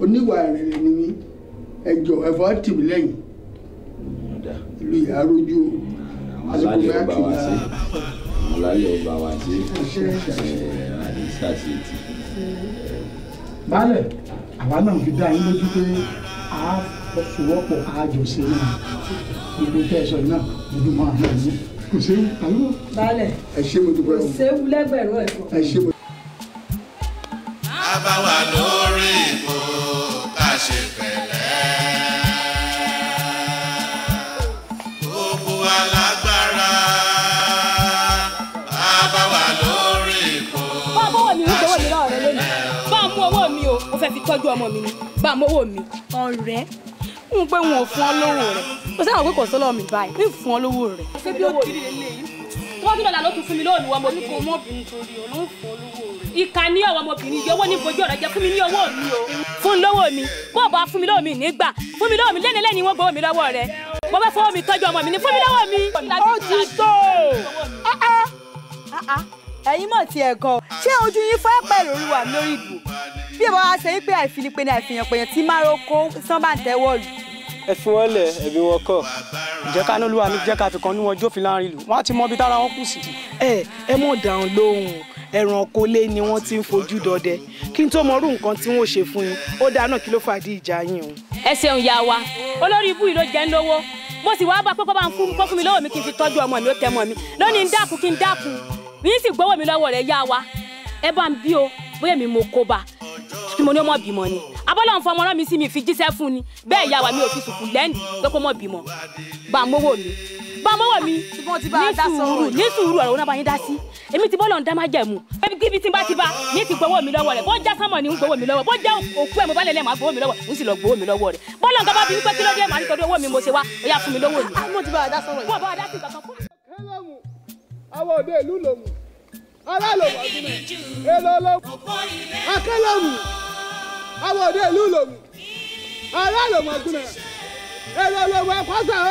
oníwà ìrẹ̀lẹ̀ ni mí ẹ jọ̀ọ́ ẹ fọ́ tì mí lẹ́yìn bí arójú àsìkò mẹ́tì náà. ọ̀làlẹ̀ ọba wa sí àdìsá sí eh, ti. baálẹ̀ àwa náà fi dá yín lójú pé a fọwọ́pọ̀ àjọṣe náà gbogbo tẹ̀sán náà gbogbo máa ń lọ yín kò séwu àlọ́. baálẹ̀ kò séwu lẹ́gbẹ̀rún ẹ̀kọ́. tọ́jú ọmọ mi ni bá a mọ́wọ́ mi. ọ̀rẹ́ n pé wọn ò fún ọ lówó rẹ kò sẹ́wọ̀n pé kò sọ́lọ́ mi báyìí n fún ọ lówó rẹ. ṣé bí ó kiri eléyìí. wọ́n tún lọ́la ló tún fún mi lónìí wọ́n mọ̀bìnrin. kò mọ̀bìnrin torí o fún olówó rẹ. ìka ní ọwọ́ ọmọbìnrin yìí owó ní bojú ọ̀rọ̀ jẹ́ fún mi ní owó mi o. fún lówó mi bó o bá fún mi lówó mi nígbà fún mi lówó mi lẹ́ni lẹ́ni wọ́n gbowó mi lọ́wọ́ rẹ mo fẹ́ fọwọ́ mi tọ́jú ọmọ mi ní fún mi lọ́wọ́ mi. ó ti tó ẹ̀yin mọ̀ ti ẹ̀kọ́ ṣé ojú yín fẹ́ pẹ̀lú olúwa lórí ìbò bí ìbọn wa ṣe wípé àìfilipe ni àìfihàn pèèyàn tí márokó sán bá ń tẹ́wọ́ lù. ẹ fi wọn lẹ ẹbí wọn kọ. ǹjẹ́ ká ní olúwa mi jẹ́ ká fi kan ní wọn jófin láàrin ìlú wọ́n á ti mọ ibi tára wọn kù sí. ẹ ẹ mọ̀ dáhùn lóhùn ẹranko lé ni wọ́n ti ń fojú dọdẹ kí n tó mọrú nǹkan tí wọ́n ṣe fún yín ó dáa náà kí ló fàdí ìjà yín o. ẹ ṣeun ya wa olórí ibú yìí ló jẹ́ ń lówó mo sì wá bá pé kó bá ń fún mi lọ́wọ́ mi kí n fi tọ́jú ọmọ mi ó tẹ́ ọmọ mi lónìí ń dákun kí n dákun bí n sì gbọ́wọ́ mi lọ́wọ́ rẹ̀ yá wa ẹ bá ń bí o bóyá mi mo kó ba tí mo ní ọmọ bímọ ni abọ́lá ń fọ ọmọ rán mi sí mi fi jíṣẹ́ fún ni bẹ́ẹ̀ yá wa mi ò fi sùkùn lẹ́nu pé kó mọ̀ bímọ bá a mówó mi bá a mówó mi ní sùúrù ní sùúrù ọ̀rọ̀ náà bá yín dá sí èmi ti bọ́lọ̀ ń dá má jẹ̀mú ibi tí n bá ti bá ní ti gbowó mi lọ́wọ́ rẹ̀ bó jẹ́ sánmọ̀ ni ń gbowó mi lọ́wọ́ bó jẹ́ òkú ẹ̀ mo bá lẹ̀ lẹ́ẹ̀ máa gbowó mi lọ́wọ́ n sì lọ gbowó mi lọ́wọ́ rẹ̀ bọ́lọ̀ nǹkan bá fi wípé kí ló dé màá nítorí owó mi mo ṣe wá ó yá fún mi lówó mi. mo ti bá a dá sọ̀rọ̀ yìí. bó o bá a dá sí nǹkan kan fún mi àwọn òde ìlú lòmù ará lòmù ọdún náà èlò lòmù akẹ́ lòmù àwọn òde ìlú lòmù ará lòmù ọdún náà èlò lòmù ẹ̀kọ́ sàn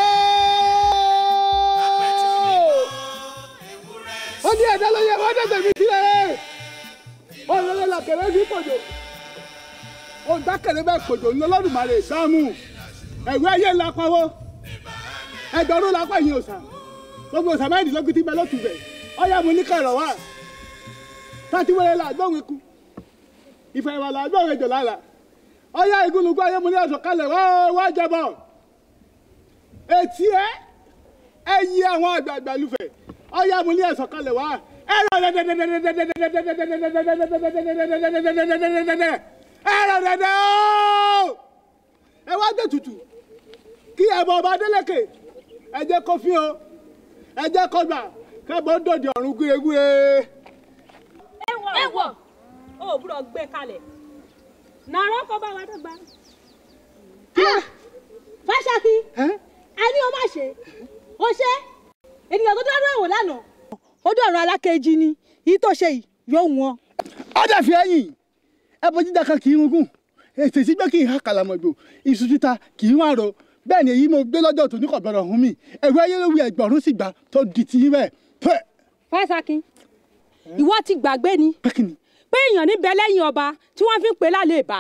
ó ní ẹ̀dá ló yẹ wọ́n mi sílẹ̀ ọ̀rẹ́rẹ́ la kẹ̀lẹ́ ní pòjò bẹ́ẹ̀ pòjò ńlọ́lọ́dún màlẹ̀ ẹ̀wẹ́ ayé ńlá pawọ́ ẹgbẹ̀rún lápá ìyẹn òsàn. gbogbo sami lọ́gùn ti bẹ lọ́tù bẹ̀ ọ̀yà mo ní kẹrọ̀ wá tàti wẹ́rẹ́ la gbọ́n eku ìfẹ́ ìwà la gbọ́n ejò lára ọ̀yà ìgúnlùkú ayé mo ní ẹ̀sọ̀ kalẹ̀ wá etí ẹ ẹyí àwọn àgbààgbà lùfẹ̀ ọ̀yà mo ní kalẹ̀ wá ẹ̀rọ ọba ẹ jẹ́ kó gbà kẹ́bọ̀ ń dòde ọ̀run gúregúre. ẹ wọ o ò gbúdọ̀ gbé kalẹ̀ nàárọ̀ kọ́ bá wa dọ́gba. Ah, a ní o má ṣe o ṣe ènìyàn tó dọ́rọ̀ ẹ̀wò lánàá ó dọ̀rọ̀ alákejì ni yìí tó ṣe yìí yóò wọ́n. ó dẹ̀ fi kì í ètè sígbẹ́ kì í ha kàlàmọ̀gbò kì í àrò bẹ́ẹ̀ ni èyí mo gbé lọ́jọ́ tó ní kò gbọ́dọ̀ hun mi ẹ̀rú ayé ló wí ẹ̀gbọ̀rún sì gbà tó di ti yín bẹ́ẹ̀. fásakin ìwọ ti gbàgbé ni pé èèyàn níbẹ̀ lẹ́yìn ọba tí wọ́n fi ń pè lálẹ́ ìbá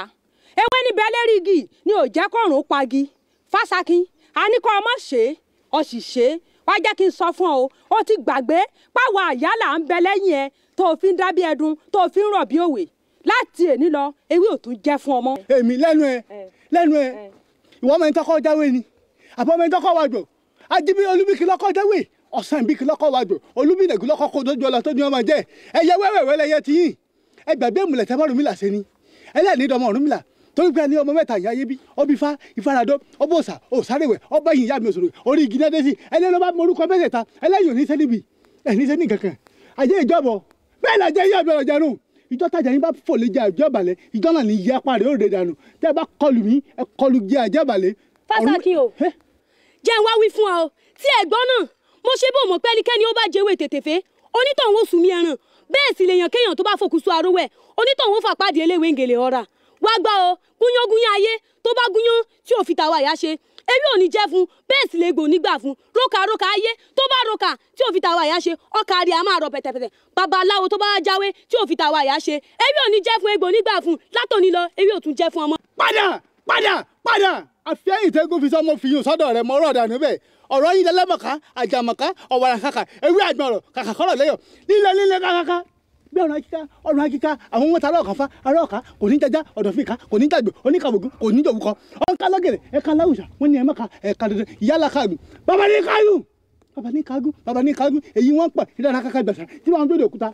ewé níbẹ̀ lérí igi ni ò jẹ́ kọ́rùn ó pagi fásakin a ní kọ́ ọmọ ṣe ọ sì ṣe wá jẹ́ kí n sọ fún ọ o ti gbàgbé páwọn àyálà ń bẹ lẹ́yìn ẹ tó fi ń dábí ẹdun tó fi ń rọ̀ bí òwe láti èní lọ ewé ò tún jẹ́ fún ọmọ. èmi lẹ́nu ẹ lẹ́nu ẹ ìwọ́n mẹ́ni tọ́kọ́ jáwé ni àbọ̀ mẹ́ni tọ́kọ́ wàjò ajibi olúbíkì lọ́kọ́ jáwé ọ̀sán ìbíkì lọ́kọ́ wàjò olúbínẹ̀gì lọ́kọ́ kó dojú ọlọ tó ní ọmọ jẹ́ ẹyẹ wẹ́wẹ́wẹ́ lẹyẹ ti yín ẹ gbàgbé ìmùlẹ̀ tẹ́ mọ́rùmílà ṣe ni ẹlẹ́ni dọmọ Ọ̀rúnmìlà torí pé ẹni ọmọ mẹ́ta ìyá yé bí ọbí fa ìfaradọ ọbọ òsà òsàrèwẹ ọbọ ẹ̀yìn ìyá mi òṣòro orí igi náà dé sí ẹni ló bá morúkọ mẹ́tẹ̀ẹ̀ta ẹlẹ́yìn òní sẹ́ni bì ẹ̀ní sẹ́ni kankan àjẹ́ ìjọ́bọ̀ bẹ́ẹ̀ lajẹ́ yí ọ̀bẹ̀rọ̀ jẹun ìjọ tájà yín bá fò lè jẹ àjẹbàlẹ̀ ìjọ náà ní yẹpa rẹ̀ ó rè dànù tẹ́ ẹ bá kọlù mí ẹ kọlù jẹ àjẹbàlẹ̀. fásakì o jẹ́ ń wá wí fún ọ tí ẹ̀gbọ́n náà mo ṣe bó mọ̀ pé ẹnikẹ́ni ó bá jẹ́wé tètèfé onítọ̀hún ó sùn mí ẹran bẹ́ẹ̀ sì lèèyàn kéèyàn tó bá fokùsù arówẹ̀ onítọ̀hún ó eléwé ń gèlè ọ̀ra wá gbá o gúnyán gúnyán ayé tó bá gúnyán tí ò fi tàwa àyà ṣe ewé ò ní jẹ́ fún bẹ́ẹ̀ sì lè gbò nígbà fún roka roka ayé tó bá roka tí ò fi tàwa àyà ṣe ọkà rí a máa rọ pẹ̀tẹ̀pẹ̀tẹ̀ babaláwo tó bá jáwé tí ò fi tàwa àyà ṣe ewé ò ní jẹ́ fún egbò nígbà fún látòní lọ ewé ò tún jẹ́ fún ọmọ. padà padà padà àfihàn ìtẹ́gùn fi sọmọ fìyàn sọ́dọ̀ rẹ̀ mọ́rọ̀ dànù bẹ́ẹ̀ ọ̀rọ̀ yìí lẹ́lẹ́mọ̀ká àjàmọ̀ká ọ̀wàrà ewé àgbọ̀rọ̀ kàkà kọ́rọ̀ lẹ́yọ̀ lílẹ̀ kàkàkà bí ọ̀ràn akíká ọ̀ràn akíká àwọn ohun tààrà ọ̀kan fa ará ọ̀ka kò ní jajá ọ̀dọ̀fínka kò ní jàgbé oníkàwògùn kò ní jòwúkọ ọ̀nká lọ́gẹ̀rẹ̀ ẹ̀ka láwùjá wọ́n ní ẹ̀mẹ́ka ẹ̀ka dandan ìyálà kagùn bàbá ní kagùn bàbá ní kagùn bàbá ní kagùn èyí wọ́n pọ̀ ìdára kaka gbàsà tí wọ́n dóde òkúta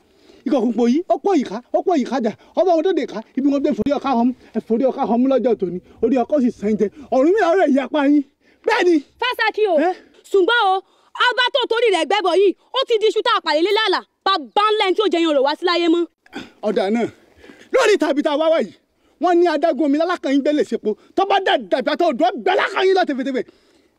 ikọ̀ kúnpọ̀ yìí ọ̀pọ̀ yìí ká ọ̀pọ̀ yìí ká jà ọba àwọn dóde ká ibi wọn gbé forí ọ̀ká hàn forí ọ̀ká hàn lọ́jọ́ tòní orí ọkọ̀ sì sàn jẹ ọ̀rùn mi àwọn èyí apá yín bẹ́ẹ̀ ni. fásakí o ṣùgbọ́n o ọba tó torí rẹ̀ gbẹ́bọ̀ yìí ó ti di iṣu tá a pàlélé lálà bàbá ńlá ẹni tí ó jẹ yan rò wá sí láyé mọ́. ọ̀dà náà lórí tàbí tá a wá wá yìí wọ́n ní adágún omi lálákan yín gbẹ́lẹ̀ sepo tọ́ba dàgbà tó dùn bẹ́ẹ̀ lákan yín lọ tẹ̀fẹ̀tẹ̀fẹ̀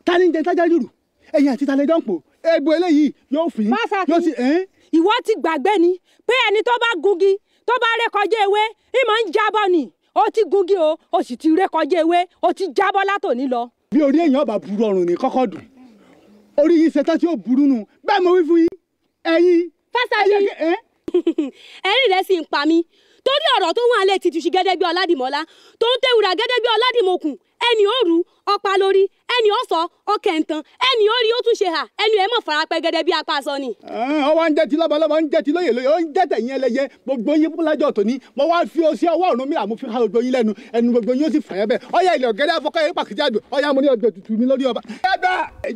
ta ni ń jẹ tájà yìí rù ẹ̀yìn àti talẹ̀ dánpọ̀ egbò eléyìí yóò fín yóò sì ẹ́. ìwọ ti gbàgbé ni pé ẹni tó bá gungi tó bá rékọjá ewé ìmọ̀ ń jábọ̀ ni ó ti gungi o ó sì ti rékọjá ewé ó ti jábọ̀ látòní lọ. bí orí èèyàn bá burú ọrùn ní kọ́kọ́ dùn orí yìí ṣetán tí ó burú nù bẹ́ẹ̀ mo wí fún yín ẹ̀yin. fásitì ẹ̀rín rẹ̀ sì ń pa mí torí ọ̀rọ̀ tó wọ́n alẹ́ ti tùṣì gẹ́dẹ́gbẹ́ ọ̀làdìmọ́lá tó ń tẹ̀wúrà gẹ́dẹ́gbẹ́ ọ̀làdìmọ́kùn ẹni ó rú ọ̀pá lórí ẹni ó sọ ọkẹ̀ ntàn ẹni ó rí ó tún ṣe hà ẹni ẹ̀ mọ̀ farapẹ́ gẹ́dẹ́ bí apá sọ ni. ọwọ́ ń jẹ́ ti lọ́balọ́ba ń jẹ́ ti lóye lóye ó ń jẹ́ tẹ̀yìn ẹlẹ́yẹ gbogbo yín lájọ tòní mo wá fi oṣù ọwọ́ ọ̀run mi àmúfi ha gbogbo yín lẹ́nu ẹnu gbogbo yín ó sì fàyẹ́ bẹ́ẹ̀ ọyá ilẹ̀ ọ̀gẹ́dẹ́ afọ́kọ́ yẹn pàkìtì àgbẹ̀ ọyá mo ní ọgbẹ́ tutù mi lórí ọba. ẹ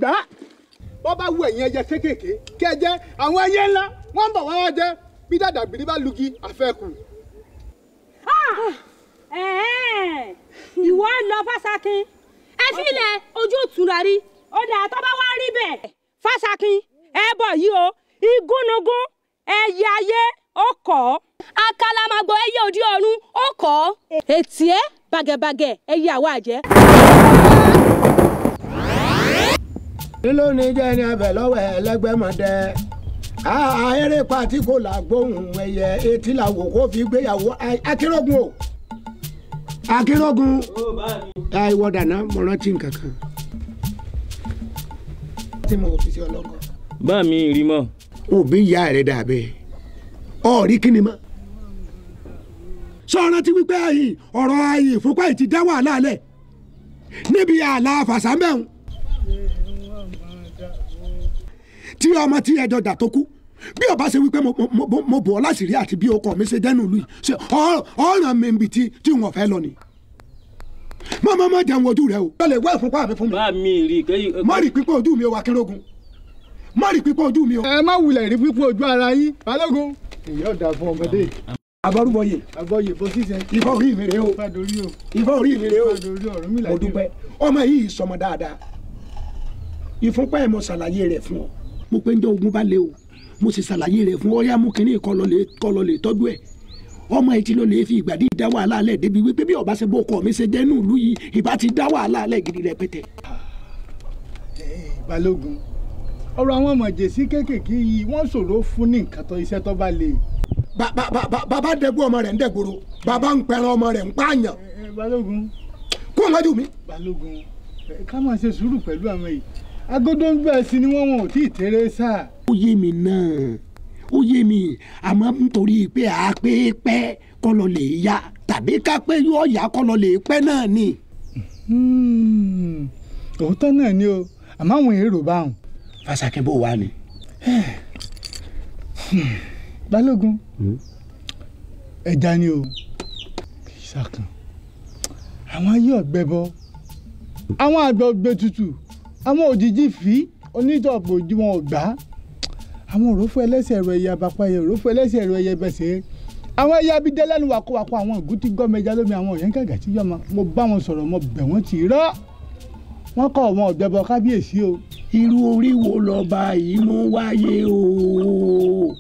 bọ́ bá wù ẹ̀yin ẹyẹ kéékèèké kẹ́ jẹ àwọn ẹyẹ ńlá wọ́n ń bọ̀ wọ́n wá jẹ bí dàdàgbìrì bá lugi àfẹ́kù. Ah! ìwọ lọ fásakin ẹ filẹ̀ ojú ìtura rí ó dà tó bá wá rí bẹ́ẹ̀ fásakin ẹ bọ̀ yìí o igúnnugún ẹyẹ ayé ó kọ́ àkàlàmàgbò ẹyẹ òdi ọ̀run ó kọ́ ètí ẹ bàgẹ̀bàgẹ̀ ẹyẹ àwọ̀ àjẹ́. nílòní jẹ́ ní ẹbẹ̀ lọ́wọ́ ẹlẹ́gbẹ́mọdé ahéré pati kò là ẹyẹ etí làwò kó fi gbéyàwó akérògùn o akérògùn ìwọ dàná mo tí mo fi bá mi rí mọ. òbí ya rẹ̀ dàbẹ̀ ọ̀rí kí ni sọ̀rọ̀ ti wípé ayì ọ̀rọ̀ ayì ìfúnpá yìí ti dá wàhálà tí ọmọ tí ẹjọ jà tó kú bí ọba ṣe wípé mo bọ̀ ọ́ láṣìírí àti bí ọkọ mi ṣe dẹ́nu ìlú yìí ṣe ọ̀ràn mi bì tí wọn fẹ́ lọ ni. má má má jẹun ojú rẹ o. yọ lè wá ìfúnpá mi fún mi. bá mi rí i. má rí pípọ́ ojú mi o wà kérògùn má rí pípọ́ ojú mi o. ẹ má wulẹ̀ rí pípọ́ ojú ara yín balógun. ìyá ọ̀dà fún ọmọdé. abọ́rúbọyè. abọ́yè bó ṣiṣẹ́. ifá orí mi rèé o. ifá orí mi rèé o. mo dúpẹ́ ọmọ yìí sọmọ dáadáa ìfúnpá ẹ̀ mọ̀ mo pé ń jẹ́ ogun bá lé o mo sì ṣàlàyé rẹ̀ fún ọ̀rẹ́ amúkínní kọlọ̀lẹ̀ tọ́jú ẹ̀ ọmọ etí ló lè fi ìgbà dí dá wàhálà alẹ́ débi wípé bí ọba ṣe bó ọkọ mi ṣe jẹ́nu ìlú yìí ìbá ti dá wàhálà alẹ́ gidi rẹpẹtẹ. balógun ọ̀rọ̀ àwọn mọ̀jẹ̀sí kéékèèké yìí wọ́n ṣòro fún ní nǹkan tó iṣẹ́ tó bá le. bàbá dẹgbó ọmọ rẹ̀ ń dẹ̀gbòrò bàbá ń pẹran ọmọ rẹ̀ ń pààyàn. balógun. kó o wájú mi. balógun ká máa ṣe sùúrù pẹ̀lú àwọn yìí agodo ń bẹ̀ sí ni wọ́n wọn ò tí ì tẹ́rẹ́ sá. ó yé mi náà ó yé mi àmọ́ nítorí pé a pé pẹ́ kọ́lọ̀ lè ya tàbí ká pé yóò yá kọ́lọ̀ lè pẹ́ náà ni. Hmm. òótọ́ náà ni o àmọ́ àwọn èrò bá wọn. fàṣàkẹ́ bó wà ni. Hmm. balógun hmm. ẹja ni o ìṣàkàn àwọn ayé ọ̀gbẹ́ bọ́ àwọn àgbà ọ̀gbẹ́ tutù àwọn òjijì fi onítọ̀pọ̀ ojú wọn ò gbà àwọn òrófó ẹlẹ́sẹ̀ ẹ̀rọ ẹ̀yà àbápá ẹ̀yà òrófó ẹlẹ́sẹ̀ ẹ̀rọ ẹ̀yà ẹ̀bẹ̀sẹ̀ àwọn ẹ̀yà abidẹ lẹ́nu wàkọ̀wàkọ àwọn ìgútí gọ́mẹja lómi àwọn ọ̀yẹ́ gàgà tí yọmọ mo bá wọn sọ̀rọ̀ mo bẹ̀ wọ́n ti rọ́ wọ́n kọ́ ọmọ ọ̀gbẹ́bọ kábíyèsí o. irú orí wo lọ́ba yìí mú wáyé o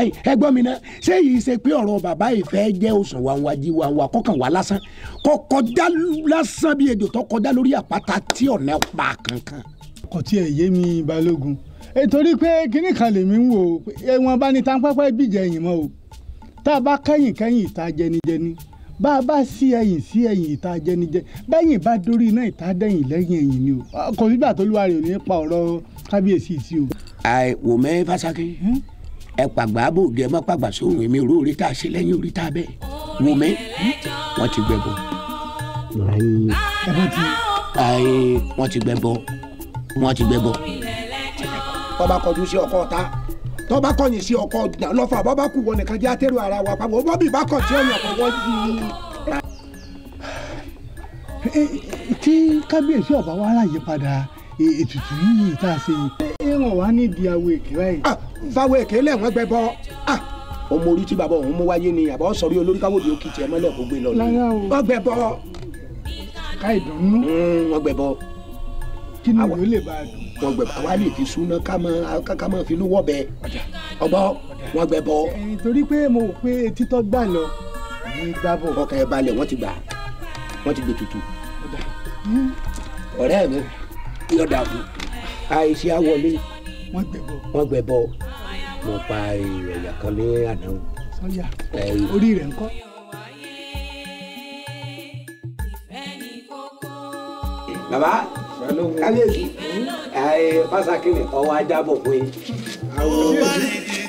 ẹ gbọ́ mi náà ṣé yìí ṣe pé ọ̀rọ̀ bàbá ìfẹ́ jẹ́ òsàn wàwájí wàwá kọkàn wá lásán kọkọjá lásán bí ejò tó kọjá lórí àpáta tí ọ̀nà pa kankan. kò tiẹ̀ yé mi balógun ètòrí pé kinní kan lèmi ń wò ó ẹ̀wọ̀n bá ní tanpẹ́pẹ́ bìjẹ́ ẹ̀yìn mọ́ o tá a bá kẹ́yìn kẹ́yìn ìta jẹnijẹni bá a bá sí ẹ̀yìn sí ẹ̀yìn ìta jẹnijẹ bẹ́yìn bá dórí iná ìta dẹ́yìn lẹ́yìn ẹ̀yìn ni o kò sígbà tó lúwa rè pa ọ̀rọ̀ kábíyèsí sí o. àìwò mẹ́ fásákì ẹ pàgbà àbòdì ẹ má pàgbà sóhun èmi rú orí tá a ṣe lẹ́yìn orí tá a bẹ́ẹ̀ wò mí hmm? wọ́n ti gbẹ bọ́. wọ́n ti gbẹ bọ́ wọ́n ti gbẹ bọ́. tọ́ba kọjú sí ọkọ ọ̀tá tọ́ba kọ̀yìn sí ọkọ ọ̀dùnà lọ́fà bọ́bá kù wọn nìkan jẹ́ àtẹ́rù ara wa pàbó bọ́bí bá kọ̀ tí ọ̀yàn kọ̀ wọ́n yìí tí kábíyèsí ọba wa ráyè padà ètùtù yìí tá a ṣe yìí. ẹ̀ràn wá nídìí àwọ̀ èké báyìí. Ah, fáwọn èké lẹ́wọ̀n gbẹ bọ́ ah, ọmọ orí tí bàbá òun mú wáyé ni àbọ̀ sọ̀rí olórí káwọ́dì ó kì í tiẹ̀ mọ́lẹ̀ kó gbé lọ ni. wọ́n gbẹ bọ́. ká ìdùnnú. Hmm, wọ́n gbẹ bọ́. kí ni ìwé lè bá a dùn. wọ́n gbẹ bọ́ àwa lè fi súná ká máa fi inú wọ̀ bẹ́ẹ̀. ọgbọ́ wọ́n gbẹ bọ́. torí pé mo rò pé etí tó gbà lọ ní gbàbọ̀. ọkàn ẹ̀ balẹ̀ wọ́n ti gbà wọ́n ti gbé tutù. ọ̀rẹ́ mi yóò dàbò àìsí àwọlé wọn gbẹbọ mo pa ìrọ̀yà kan ní àná. orí rẹ̀ ń kọ́. bàbá kábíyèsí pàṣàkì ni ọwọ́ ajá bọ̀ fún yín. àwọn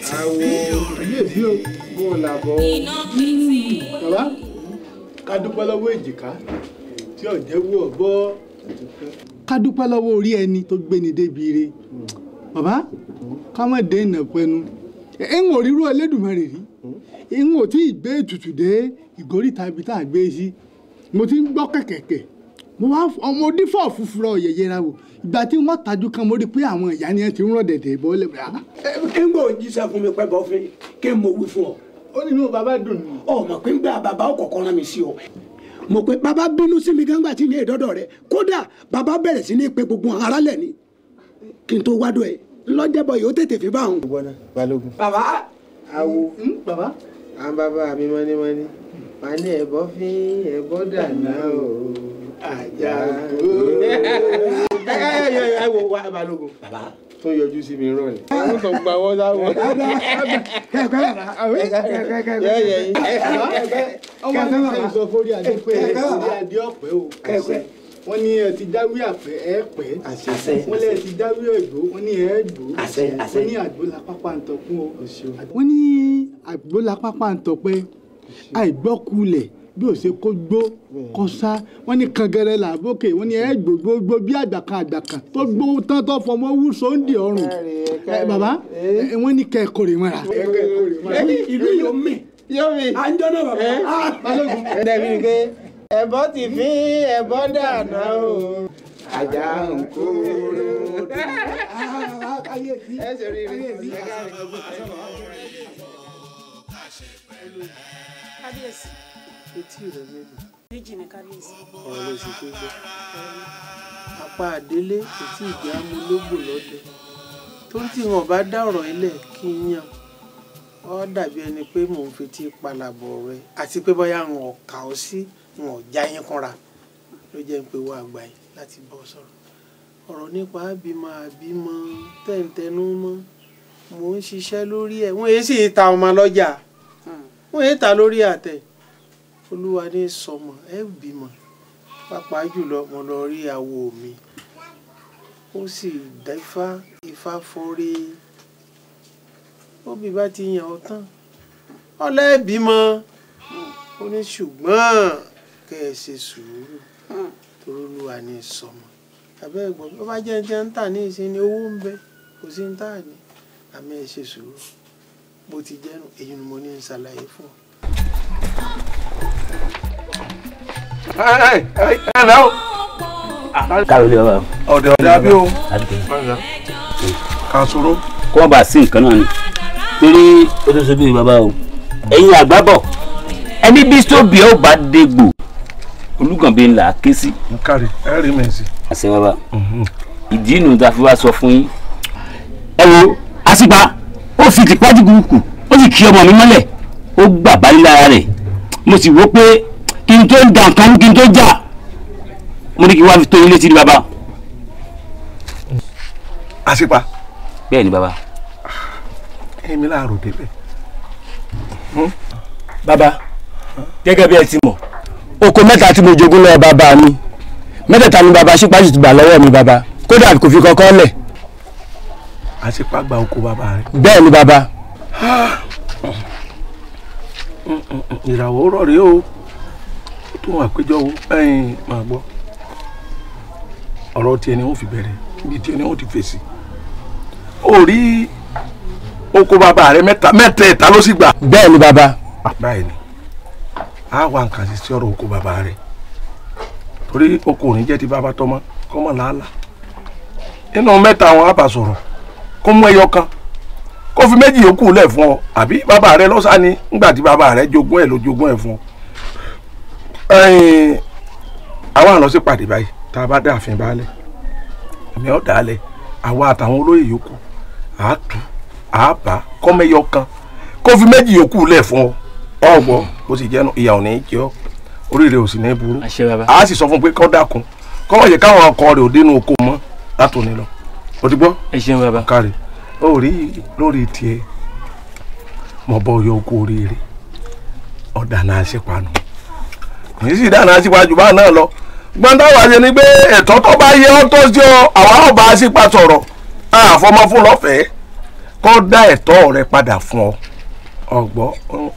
kábíyèsí o mo là bọ̀ ọ́. bàbá ká lọ́wọ́ èjìká tí ọ̀jẹ̀ wú ọ̀ bọ́ ká dúpẹ́ lọ́wọ́ orí ẹni tó gbé ni débi ire bàbá ká má dé ìnà pẹnu ń wò rírú Ẹlẹ́dùmarè rí ń wò tí ìgbé ètùtù dé ìgórí tàbí tá a gbé sí mo ti ń gbọ́ kẹ̀kẹ̀kẹ̀ mo wá ọmọ onífọ̀ fúfurọ̀ yẹ̀yẹ́ ra wò ìgbà tí wọ́n tajú kan mo rí i pé àwọn ìyá ni ẹ ti ń rọ̀ dẹ̀dẹ̀ bọ́ lẹ́bùrẹ́. kí n gbọ́ òjíṣẹ́ fún mi pẹ́ bọ́ fún kí n mọ̀ wí fún ọ. ó ní inú bàbá dùn. ọ̀ mọ̀ pé ń gbà bàbá ọkọ̀ kan rán mi sí ọ mọ̀ pé bàbá bínú sí mi gángbà tí ní ìdọ́dọ̀ rẹ kódà bàbá bẹ̀rẹ̀ sí ní pe gbogbo aráàlẹ̀ ni kí n tó wádùn ẹ̀ lọ́jẹ́bọ̀ yóò tètè fi bá òun. balógun. bàbá. awo bàbá. àwọn bàbá mi mọ́nímọ́ní màá ní ẹ̀bọ́ fi ẹ̀bọ́ dàná o àjà. ẹ ẹ ẹ ẹ wo wa balógun tó yọjú sí mi rán ni. mo kàn gba wọn sáwọn. kẹkẹ wọ́n ní ẹ ti dáwé àpẹ́ ẹ pẹ́ wọ́n lẹ́ ti dáwé ẹ̀gbó wọ́n ní ẹ gbó wọ́n ní àgbo pápá ń tọpẹ́ wọ́n ní àgbo pápá ń àìgbọ́kulẹ̀ bí ò ṣe kó gbó kó sá wọn ní kangẹrẹ là wọn ní ẹ gbogbogbò bí àgbàkan àgbàkan tó gbó tán fọmọ wú sóńdì ọrùn bàbá wọn ní kẹ kórè mọra. ìlú yóò mì yóò mì à ń jọ́nà bàbá. dẹ̀bi ni pé ẹ̀bọ́ ti fi ẹ̀bọ́ dànù o ajá ń kúrò. ẹ kábíyèsí etí rẹ mélòó. méjì ni kábíyèsí. ọ̀rọ̀ ló sì tó gbọ́. apá àdélé kò tí ì jẹ́ amúlógbò lọ́dẹ tó ń tí wọn bá dá ọ̀rọ̀ ilẹ̀ kí n yàn ó dàbí ẹni pé mò ń fetí palàbọ̀ rẹ àti pé bóyá wọn ò kà ó sí wọn ò já yín kúnra ló jẹ́ pé wọ́n àgbà yìí láti bọ́ sọ̀rọ̀ ọ̀rọ̀ nípa àbímọ àbímọ tẹ̀ǹtẹ̀nu mọ́ mò ń ṣiṣẹ́ lórí ẹ̀ wọ́n èé sì ta ọmọ lọ́jà hmm. wọ́n èé ta lórí àtẹ̀ olúwadé sọmọ ẹ bímọ pàápàá jùlọ mo lọ rí awo mi ó sì dáfá ifá forí óbí bá ti yàn ọ́ tán ọlẹ́ bímọ ó ní ṣùgbọ́n kẹ́ ẹ ṣe sùúrù torólúwa ní sọmọ abẹ́ ẹ̀gbọ́n bí wọ́n bá jẹ́ jẹ́ ń tà ní ìsìn ní owó ń bẹ kò sí ń tà ní àmì ẹ̀ ṣe sùúrù bó ti jẹ́nu èyí ni mo ní ń ṣàlàyé fún ọ ẹ ẹ ẹ lẹ o. káàró lè wá. ọ̀dẹ̀ ọ̀dẹ̀ abí o. kà sóró. kó wọn bá sí nǹkan náà ni torí ó tó sojú bàbá o ẹ̀yin àgbà bọ̀ ẹni bí sóbì ó bá dégbò olùgànbí ńlá ké sí. n kárí ẹ rí mi sí. àṣẹ bàbá mhm. ìdí inú ta fi wá sọ fún yín. ẹ wo àṣìpa ó fi tìpá jùgùn kù ó sì kí ọmọ mi mọ́lẹ̀ ó gbà báyìí lára rẹ̀ mo sì wò pé kí n tó da nǹkan kí n tó jà mo ní kí n wá fi tó yín létí ní baba. àṣepa. bẹ́ẹ̀ ni baba. èmi láàárọ̀ débẹ̀. Hmm? baba gẹ́gẹ́ bí ẹ ti mọ̀ oko mẹ́ta tí mo jogún lọ́wọ́ bàbá mi mẹ́tẹ̀ẹ̀ta ni bàbá ṣípàjù ti gbà lọ́wọ́ mi baba, kódà kò fi kọ́kọ́ lẹ̀. àṣepá gba oko bàbá rẹ. bẹ́ẹ̀ ni baba ìràwọ̀ ọ̀rọ̀ rèé o tó wọn àpéjọ wo ẹ̀yin máa gbọ́ ọ̀rọ̀ tiẹ̀ ni wọ́n fi bẹ̀rẹ̀ ibi tiẹ̀ ni wọ́n ti fèsì ó rí oko bàbá rẹ mẹ́ta mẹ́tẹ̀ẹ̀ta ló sì gbà. bẹ́ẹ̀ ni bàbá. Ah, báyìí ni a wà nǹkan sí ọ̀rọ̀ oko bàbá rẹ torí oko ò ní jẹ́ ti bàbá tọmọ kọ́mọ làálàá nínú mẹ́ta àwọn àbà sọ̀rọ̀ kó mú ẹyọ kan kó fi méjì yòókù lẹ̀ fún ọ àbí bàbá rẹ lọ́sà ni nígbà tí bàbá rẹ jogún ẹ̀ ló jogún ẹ̀ fún ọ. àwa àránṣẹ́ pàdé báyìí tá a bá dá àfin baálẹ̀ èmi ọ̀ dálẹ̀ àwa àtàwọn olóyè yòókù àátú àábà kọ́mẹ́yọ kan kó fi méjì yòókù lẹ̀ fún ọ ọgbọ bó ti jẹnu ìyà ò ní jẹ ọ oríire ò sì ní burú a sì sọ fún pé kọ́ dákun kọ́ wọ́n yẹ káwọn ọkọ rẹ̀ ò dénú oko mọ́ látòun ní lọ òdìgbọ́ ẹ ṣeun bàbá káre ó rí lórí tiẹ̀ mo bọ yọ oko oríire ọ̀dànà àṣepanu kì í sì dáná síwájú bá náà lọ gbọ́ndáwà ṣe ni pé ẹ̀tọ́ tó bá yẹ ọ́ tó sí ọ àwa ọba àṣepa sọ̀rọ̀ àfọmọ fún lọ́fẹ̀ẹ́ kó dá ẹ̀tọ́ rẹ padà fún ọ ọgbọ́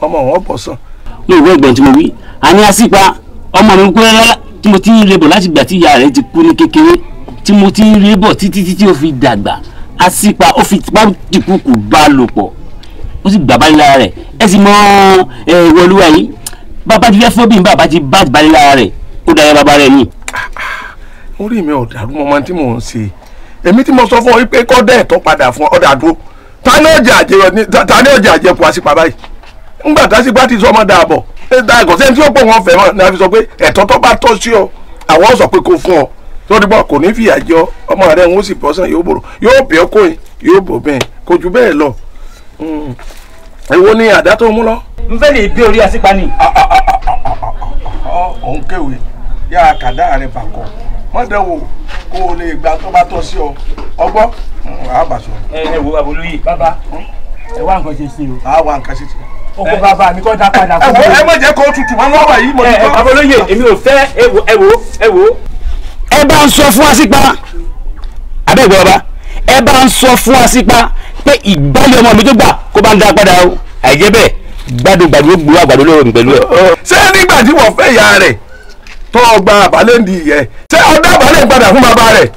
ọmọ wọn bọ̀ sàn. lóòrò ẹ̀gbọ́n tí mo wí àní àṣìpa ọmọ mi kú rárá tí mo ti ń rebọ̀ láti gbà tí ìyá rẹ̀ ti kú ní kékeré tí mo ti ń rebọ̀ títí títí ó fi dàgbà àṣìpa ó fi tipá dìkùkù bá a lò pọ̀ ó sì gbà báyìí lára rẹ̀ ẹ sì mọ ìwọlúwa yìí bàbá ti fẹ́ fún bíi bàbá ti bá báyìí lára rẹ̀ ó dára bàbá rẹ̀ ni. orí mi ò dàrú mọ́ máa tí mò ń ṣe èmi tí mo sọ fún ọ wípé kọ́ dẹ́ ẹ̀tọ́ padà fún ọ̀dà dúró ta ni ọjà àjẹyọ ni ta ni ọjà àjẹkù àṣìpa báyìí ńgbà tásìpa ti sọ ọmọ dàbọ̀ ẹ̀ta ẹ̀kọ́ sẹ́ni tí ó pọ̀ wọn fẹ́ mọ́ ni a fi sọ pé ẹ̀tọ́ tó bá tọ́ sí ọ àwọn sọ pé kó fún ọ tó dìbò kò ní fìyà jọ ọmọ rẹ ń ó sì bọ́ sàn yóò bòrò yóò bẹ́ kó yìí yóò bò bẹ́ẹ̀ kò jù bẹ́ẹ̀ lọ. Hmm. èwo ni àdá tó mú lọ. n fẹ́ lè gbé orí àsìpa ni. Ah, ah, ah, òun kéwì yá àkàdá rẹ bàkọ mọ́dẹ̀wò kó o lè gba tó bá tọ́ sí ọ ọgbọ́ àbàṣọ. Hmm, ẹ ẹ wo àbólóyè bàbá hmm? ẹ wá nǹkan ṣe sí o. a wá nǹkan ṣe sí o oko bàbá mi kọ́ da padà. ẹ wo ẹ má jẹ́ kó tutù wọn ẹ babolóye èmi ò fẹ́ ẹ wo ẹ wo ẹ bá ń sọ fún Asípa abẹ́gbẹ́ ọba ẹ bá ń sọ fún Asípa pé ìgbálẹ̀ ọmọ mi tó gbà kó bá ń dá padà o àìjẹ́ bẹ́ẹ̀ gbàdúgbàdú gbúwà gbàdú lóore mi pẹ̀lú ẹ̀. ṣé nígbà tí wọ́n fẹ́ ìyá rẹ̀ tó gba àbálẹ̀ ń di ìyẹn ṣé ọdún àbálẹ̀ ń padà fún bàbá rẹ̀.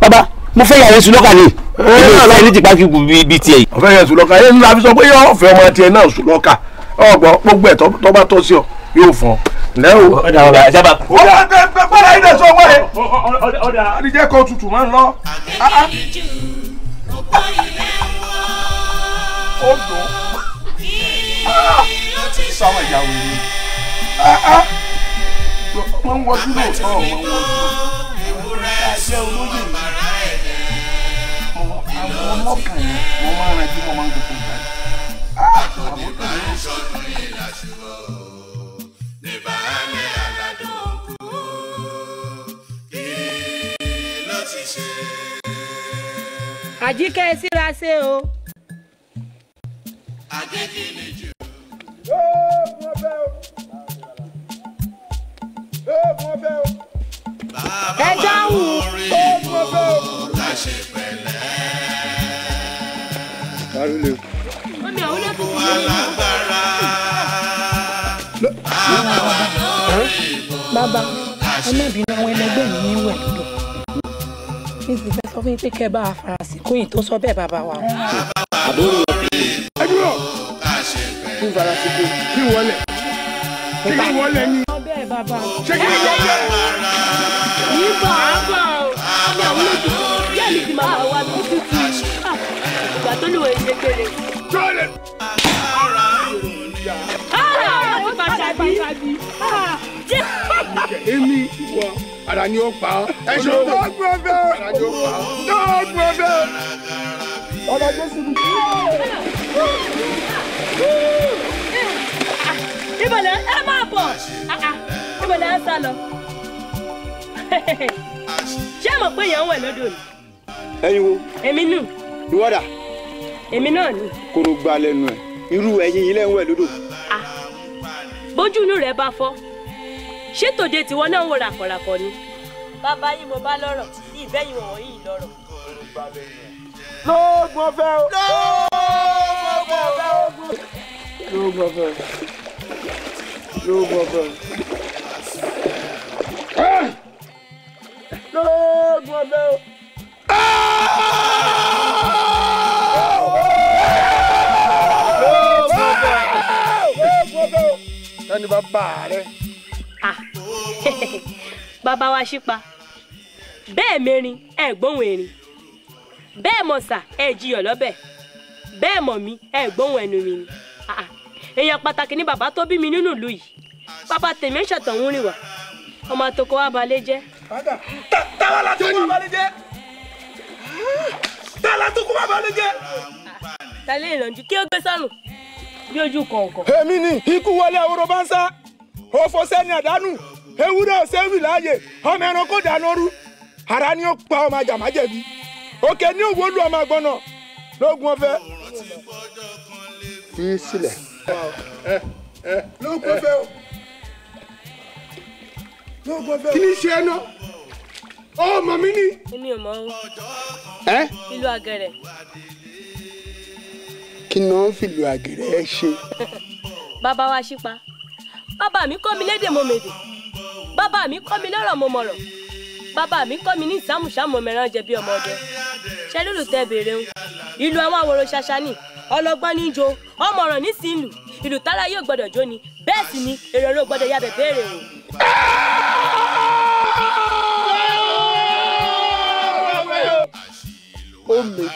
bàbá mo fẹ́ yàrá sùn lọ́kà ni ilé ìfẹ́ ní tipa kí bíi tiẹ̀ yìí. ọ̀fẹ́ yẹn sùn lọ́kà yẹn ńlá fi sọ pé yóò fẹ́ ọmọ tiẹ̀ náà sùn lọ́kà ọgbọ́n gbogbo ẹ̀ tó bá tọ́ sí ọ yóò fún ọ. lẹ́wọ̀ ọ̀dà ọ̀dà ẹ̀ sábà. ó yà á gbẹ́gbẹ́ gbọ́dọ̀ ayé dẹ̀ sọ ó ti jẹ́ kó tutù máa ń lọ. Ah, ah. ó dùn sáwọn ìyá wèrè wọ́n ń wọ́jú lóòótọ́ wọ́n ń wọ́jú àjẹ́ olóyè àwọn ọmọkàn yẹn máa ń rajú wọ́n máa ń gbogbo ìgbà ah, àjíkẹ́ síra ṣe o. àjèjì lè jù. yóò fún ọbẹ̀ o. yóò fún ọbẹ̀ o. bàbá wa lórí ìbò láṣẹ pẹ̀lẹ́. kárìlẹ̀. omi àwọn olókùn kò ní alágbára. bàbá wa lórí ìbò. bàbá ẹ má bínú àwọn ẹlẹgbẹ́ mi ní ìwẹ̀ lọ́dọ̀ fún yín pé kẹ́ bá a fara sí kún yìí tó sọ bẹ́ẹ̀ bàbá wa. àbúrò ẹ dúró kí fara sí kún kí wọlé kí n wọlé ni ṣé kí n wọlé. yíbọn àbọ̀ àbọ̀ àwọn olóòtú yẹ́nì ti máa wà ní títí ìgbà tó lùwẹ̀ ṣe kéré. jọ́lẹ̀. ara ẹ̀ ló ń bá èmi wà ara ni ó pa ọ́. ẹ ṣe owó dọ́gbù ọbẹ̀ dọ́gbù ọbẹ̀ ọba jésù ni. ìbọ̀lẹ̀ ẹ máa bọ̀ ah, ah. ìbọ̀lẹ̀ ẹ sá lọ ṣé ẹ mọ̀ pé èèyàn ń wẹ̀ lódò ni. ẹyin wo. èmi nù. ìwọ dà. èmi náà ni. koro gba lẹnu ẹ irú ẹyin yìí lẹ ń wẹ̀ lódò. Ah. bójú inú rẹ bá fọ́ ṣé tòde tiwọn náà ń wo ràkọ̀ràkọ̀ ni. bàbá yìí mo bá lọ́rọ̀ ìbẹ́ yìí wọ̀nyí yìí lọ́rọ̀. lóògùn ọ̀fẹ́ o. lóògùn ọ̀fẹ́ o. lóògùn ọ̀fẹ́ o. lóògùn ọ̀fẹ́ o. ẹni bá bá a rẹ. Ah. bàbá wa ṣípa bẹ́ẹ̀ mẹ́rin ẹ gbóhùn erin bẹ́ẹ̀ mọ̀sà ẹ jiyàn lọ́bẹ̀ bẹ́ẹ̀ mọ̀ mí ẹ gbóhùn ẹnu mi ni ah, ah. èèyàn pàtàkì ni bàbá tó bí mi nínú ìlú yìí bàbá tèmi ń ṣàtọ̀hún rìn wá ọmọ àtòkọ wa balẹ̀ jẹ́. táwa la tó kó wa balẹ̀ jẹ́ táwa la tó kó wa balẹ̀ jẹ́. tàlẹ́ ìrànjú kí ó gbé sọ́run bí ojú kọ̀ọ̀kan. èmi ni ikú wọlé àwòrán bá ń sá òfò sẹ́ni àdánù ewúrẹ́ sẹ́wì láàyè ọmọ ẹranko dáná rú ara ni ó pa ọmọ àjàmájẹ̀bi òkè ní òwò lu ọmọ àgbọ̀nà lóògùn ọ̀fẹ́. fi sílẹ̀. lóògùn ọ̀fẹ́ o lóògùn ọ̀fẹ́ o. kí ni ṣe ẹ náà ọmọ mi ni. èmi ò mọ o. ẹ. ìlú àgẹrẹ. kí ni wọ́n fi ìlú àgẹrẹ ṣe. bàbá wa ṣípa bàbá mi kọ́ mi lédè mo bàbá mi kọ́ mi lọ́rọ̀ mo mọ̀rọ̀ bàbá mi kọ́ mi ní ìsámùsámù mẹ́ràn jẹ bí ọmọ ọdẹ ṣe lùlù tẹ bèrè ń ìlú àwọn àwòrán ṣaṣa ni ọlọ́gbọ́n ní jo ọmọ ọ̀rọ̀ ní sí ìlú tára yóò gbọ́dọ̀ jó ni bẹ́ẹ̀ sì ni èrò ọ̀rọ̀ gbọ́dọ̀ yabẹ̀ béèrè o. ó mèdè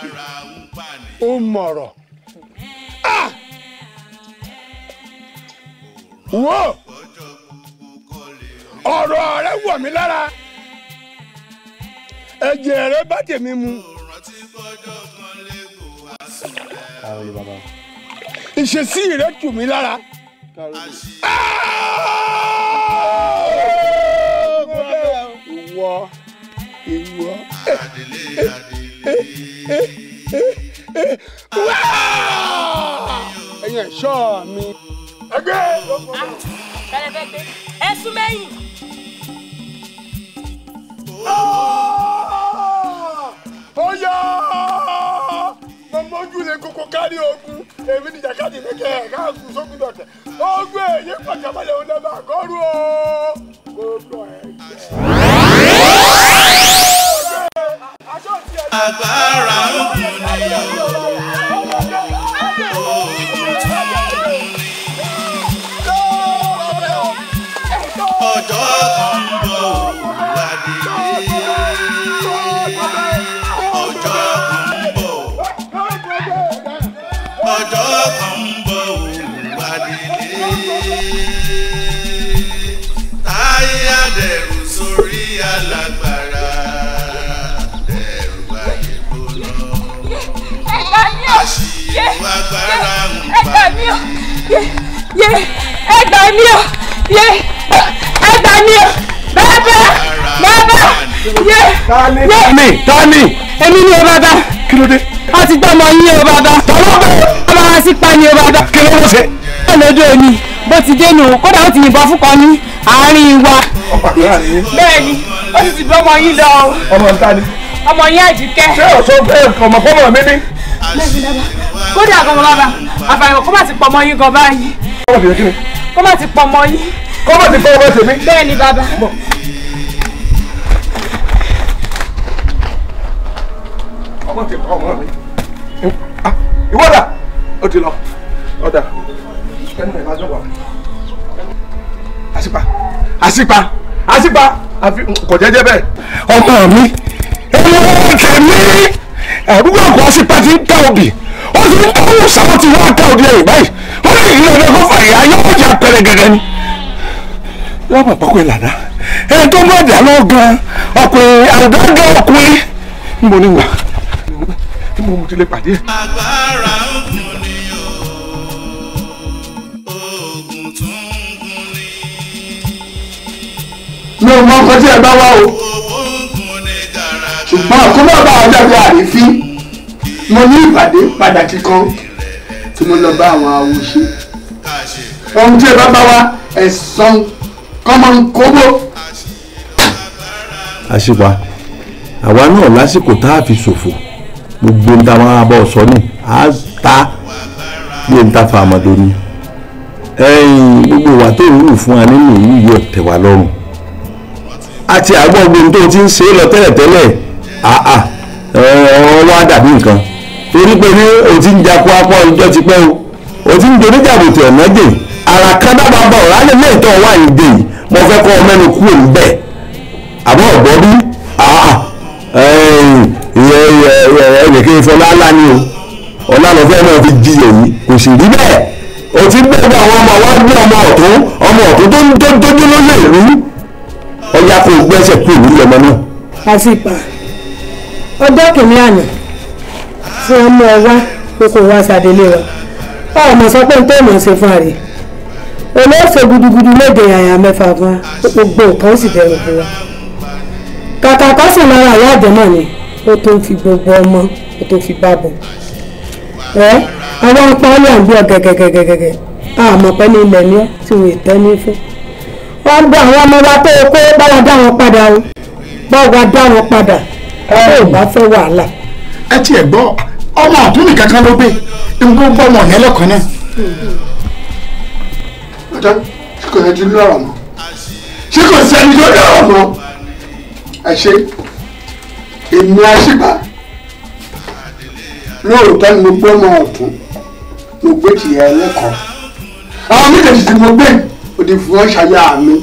ó mọ̀rọ̀. wò ọ̀rọ̀ rẹ wọ̀ mí lára ẹ̀jẹ̀ rẹ bá tèmi mu. ìṣesí rẹ tù mí lára. ìwọ ìwọ. ẹ̀yin ẹ̀ṣọ́ mi ẹgbẹ́. kẹlẹ fẹ gbé ẹsùn mẹyìn. ó yá mo mójú lè kókó kárí ogun èmi ni jàkadì lẹkẹ ẹka kù sókùn dọtẹ ogun èyí pàjáwálẹ onábà kọrù o gbogbo ẹgbẹ́. agbára ogun ni o. ẹgbà mi o yé ẹgbà mi o yé ẹgbà mi o bàbá bàbá yé. tani tani èmi ni o bàbá. kí ló dé. a ti gbọ́ ọmọ yín o bàbá. tọ́lọ́ bẹ́ẹ̀. ọmọ wa sì pa ni o bàbá. kí ló ń ṣe. bẹ́ẹ̀ lọ́jọ́ òní bó ti dé nù kódà ó ti yìnbọn fún kan ní àárín wa. bẹ́ẹ̀ni ó sì ti bọ́ ọmọ yín lọ. ọmọ ta ni. ọmọ yín àjíkẹ́. ṣé o sọ pé ọmọ fọmọ mi ni kódà gan bàbá àfàìmọ̀ kó má ti pọ̀ mọ́ yín gan báyìí. kó má ti pọ̀ mọ́ yín. kó má ti pọ̀ mọ́ tèmi. bẹ́ẹ̀ ni bàbá. ọmọ ti pọ̀ mọ́ mi. Ah, ìwọ dà ó ti lọ ọ̀dà kẹ́nu ẹ̀ máa dọ̀wà. àṣìpa àṣìpa àṣìpa kò jẹ́jẹ́ bẹ́ẹ̀. ọmọ mi ẹni ọmọ tèmi àbúrò àgbà àṣìpa ti ń dá obì ti ní kókó sábà ti wá ká òdi ẹ̀yìn báyìí wọ́n lè yí ọ̀dọ́ kó fà yà yọ̀ pẹ̀lẹ́ gẹ́gẹ́ ni. lọ́mọ àpapọ̀ ìlànà ẹni tó ń bá dà lọ́ọ́ ọkùnrin àrùdáńgá ọkùnrin níbo ni wà tí mo mú ti pàdé. agbára ogun ni o ogun tó ń gun ni. mi ò mọ ọkọ tí ẹ bá wá o ṣùgbọ́n àkóbá bá àjàgbé àrífín mo ní ìpàdé pàtàkì kan tí mo lọ bá àwọn awo ṣe ohun tí ẹ bá bá wa ẹ̀sán kọ́mọ́nkóbó. àṣìpa àwa náà lásìkò tá a fi ṣòfò gbogbo ń ta wọn abọ́ ọ̀sọ́ ni a ta bí n ta fa àmọ́dọ́ ni gbogbo wa tó rúrù fún wa nínú ìlú yóò tẹ̀ wá lọ́rùn àti àgbọ̀gbọ̀n tó ti ń ṣe é lọ tẹ́lẹ̀tẹ́lẹ̀ àà ọ̀rọ̀ wa dàbí nǹkan torí pé ní o ti ń jakú apọ ìjọ ti pẹ́ o o ti ń dorí jàbùtì ọ̀nà dè ara kan dábàá bọ̀ ráyè lè tọ́ wà ní dè yìí mo fẹ́ kọ́ ọ mẹ́nu kúrò níbẹ̀ àmọ́ ọ̀gbọ́ bí ẹnìkan ìfọlá ńlá ni o ọ̀la lọ́fẹ́ náà fi jiyàn yìí kò sì rí bẹ́ẹ̀ o ti ń bẹ̀rẹ̀ àwọn ọmọ wa ní ọmọ ọ̀tún ọmọ ọ̀tún tó ń tójú lóye ìlú ọjà kò gbẹ́sẹ̀ kúrò nílẹ̀ ọmọ náà. àṣìpà ọjọ́ kìnìún àná tí wá sàdélé wa sọ pé n tó mọ̀ ṣe fún àrè olóòfò gudugudu àyà mẹ́fà fún sì fún wa kàkà sì lára àyà ni tó fi gbogbo ọmọ ó tó fi bá bọ̀ ẹ apá pẹ́ ní ilẹ̀ ní ọ́ tí wọ́n tẹ́ ní fún wọ́n àwọn ọmọ wa tó kó báwa dá wọn padà o báwa dá wọn padà ẹ ò bá fẹ́ wàhálà. ẹ tiẹ̀ gbọ́ ọmọ ọ̀tún nìkan kan ló gbé nǹkan gbọ́ ọmọ yẹn lẹ́kọ̀ọ́ náà. ọjọ́ tí kò yẹ ti lọ́rọ̀ mọ́ tí kò sẹ́ni tó lọ́rọ̀ mọ́ àṣé èmi àṣìbá lóòótọ́ ni mo gbé ọmọ ọ̀tún mo gbé tìyẹ lẹ́kọ̀ọ́ àwọn méjèèjì tí mo gbé òdì fún ọ̀ṣàyà mi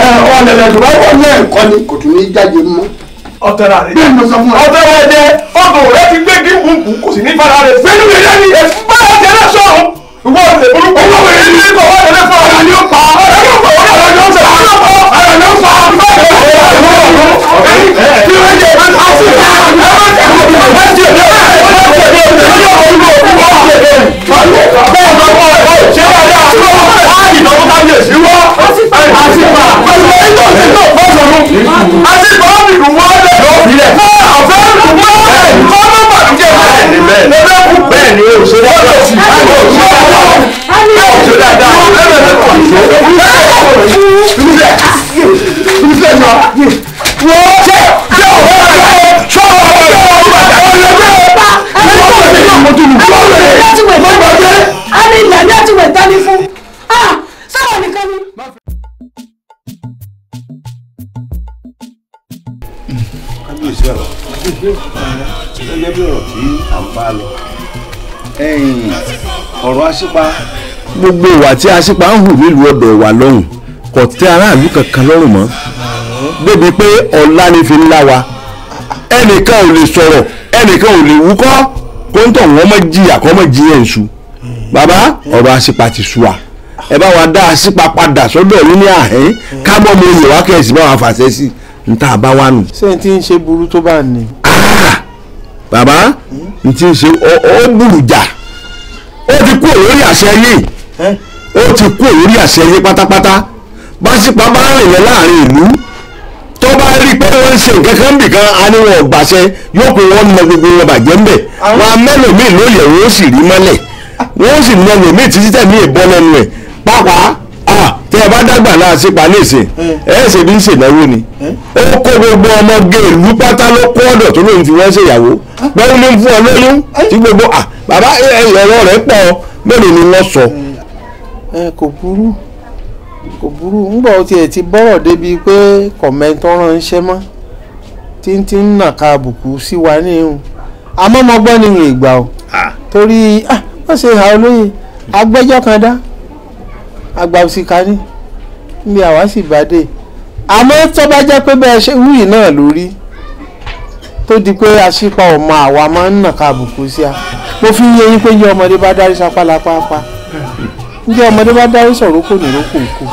ẹ̀ ọ̀lẹ̀lẹ̀ tó bá wọ̀ ní ẹ̀kọ́ ni kò tún ní jáde mọ́ ọ̀tọ̀ra rẹ̀ bẹ́ẹ̀ ni mo sọ fún ọ. ọ̀tọ̀ra ẹ̀jẹ̀ ọ̀tọ̀ rẹ̀ ti gbé gígùnkù kò sì ní fara rẹ̀. bẹ́ẹ̀ni mi ni èsì bá a jẹ́ lọ́sọ̀ ìwọ ọ̀sẹ̀ burúkú. owó mi yẹn ni kò wá tẹ̀lé fún ọ̀rọ̀ ni ó pa. ọ̀rọ̀ ni ó pa ọ̀rọ̀ ni ó pa ọ̀rọ̀ ni ó pa Àti bàbá mi wá sílẹ̀. ọ̀fẹ́ kò mọ́ bẹ́ẹ̀ ni kò mọ́ bàjẹ́ bẹ́ẹ̀ ni bẹ́ẹ̀ ni bẹ́ẹ̀ ni o ṣe dáadáa o ṣe dáadáa o ṣe dáadáa o ṣe dáadáa o ṣe dáadáa o ṣe dáadáa ìfẹ́ lọ wo ṣe ṣe ọ̀rọ̀ rẹ̀ ṣọ ọ̀rọ̀ rẹ̀ ọ̀rọ̀ rẹ̀ gẹ́gẹ́ bí ọ̀rọ̀ tí à ń bá lọ ọ̀rọ̀ aṣípa. gbogbo ìwà tí aṣípa ń hù nílùú ọ̀dọ̀ wa lọ́hùn kò tẹ́ aráàlú kankan lọ́rùn mọ́ débi pé ọ̀la ni fi ńlá wa ẹnìkan ò lè sọ̀rọ̀ ẹnìkan ò lè wúkọ́ kó ń tọ̀ wọ́n mọ́ jìyà kó mọ́ jìyà èṣù bàbá ọ̀rọ̀ aṣípa ti sú wa ẹ bá wa dá aṣípa padà sọ́dọ̀ yín ní àhín ká mọ́ mo yẹ̀ wá kẹ́sì bá wa fàṣẹ sí ní tá a bá wà nù. sẹ́yìn tí ń ṣe burú tó bá ní bàbá n ti ṣe o burújà ó ti kú lórí àṣẹ yìí ó ti kú lórí àṣẹ yìí pátápátá básípa bá rìn lọ láàrin ìlú tó bá rí pé wọ́n ń ṣe nǹkan kan bì kan aníwọ̀n ọ̀gbàṣẹ yóò kó wọn na gbogbo wọn bàjẹ́ ńbẹ̀ wọn mẹ́lòmíì lóye wọn ó sì rí mọ́lẹ̀ wọn ó sì na lòmíì títí tẹ̀mí ìbọn lẹ́nu ẹ̀ pàápàá tẹ ẹ bá dàgbà láàṣẹ palẹ̀ṣẹ̀ ẹ ṣe bí ń ṣèlọ́wọ́ ni ó kó gbogbo ọmọge ìlú pátá ló kó ọ̀dọ̀ tó lóun fi wọ́n ṣèyàwó báwo ni fún ọ lóyún tí gbogbo à ah, bàbá ọ̀rọ̀ rẹ̀ pọ̀ mélòó ni wọ́n sọ. ẹ kò burú kò burú ńgbà ó tiẹ̀ ti bọ́rọ̀ débi pé kọ̀mẹ́ntọ́ ránṣẹ́ mọ́ títí ń nà ká àbùkù sí wa ní ihun àmọ́ mo gbọ́ ìgbà o torí wọ́n ah, ṣe ha olóyè agbẹ́jọ́ kan dá àgbà òsìkà ní ní àwa sì bá dé àmọ́ tó bá jẹ́ pé bẹ́ẹ̀ ṣe wúyì náà lórí. tó di pé aṣípa ọmọ àwa máa ń nàka àbùkù sí a mo fi yé yín pé yé ọmọdé bá dárí sapá lápáapá ǹjẹ́ ọmọdé bá dárí sọ̀rọ̀ kò ní rókò kò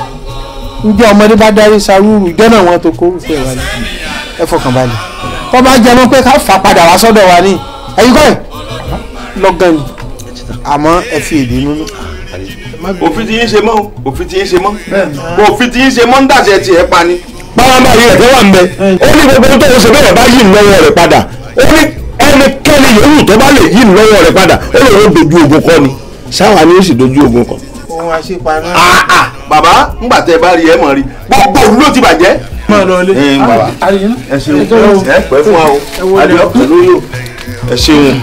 ǹjẹ́ ọmọdé bá dárí sarúurú ìjọ́nà wọn tó kó rúfẹ́ wa ni ẹ fọkàn balẹ̀ tó bá jẹ mọ́ pé ká fà padà wá sọ́dọ̀ wa ni ẹ̀yin kọ́ ẹ̀ lọ́gán ni àmọ́ ẹ fi èdè nínú. òfin ti yín ṣe mọ́ òfin ti yín ṣe mọ́ òfin ti yín ṣe mọ́ ń dàṣẹ tiẹ̀ pa ni pàrọ̀mà yìí rẹ̀ fẹ́ wà ń bẹ ó ní gbogbo tó ń ṣe bẹ́ẹ̀ bá yìí lọ́wọ́ rẹ̀ padà ó ní ẹnikẹ́ni yòówù tó bá lè yìí lọ́wọ́ rẹ̀ padà ó lè wọ́n dojú ogun kọ́ ni sáwà ni ó sì dojú ogun kọ́. ohun àṣepaná. bàbá ńgbà tẹ bá rí ẹ mọ̀ rí gbogbo òun ló ti bàjẹ́. ẹ ṣeun ẹ pẹ́ fún wa o adìyẹ pẹ̀lú yóò ẹ ṣeun.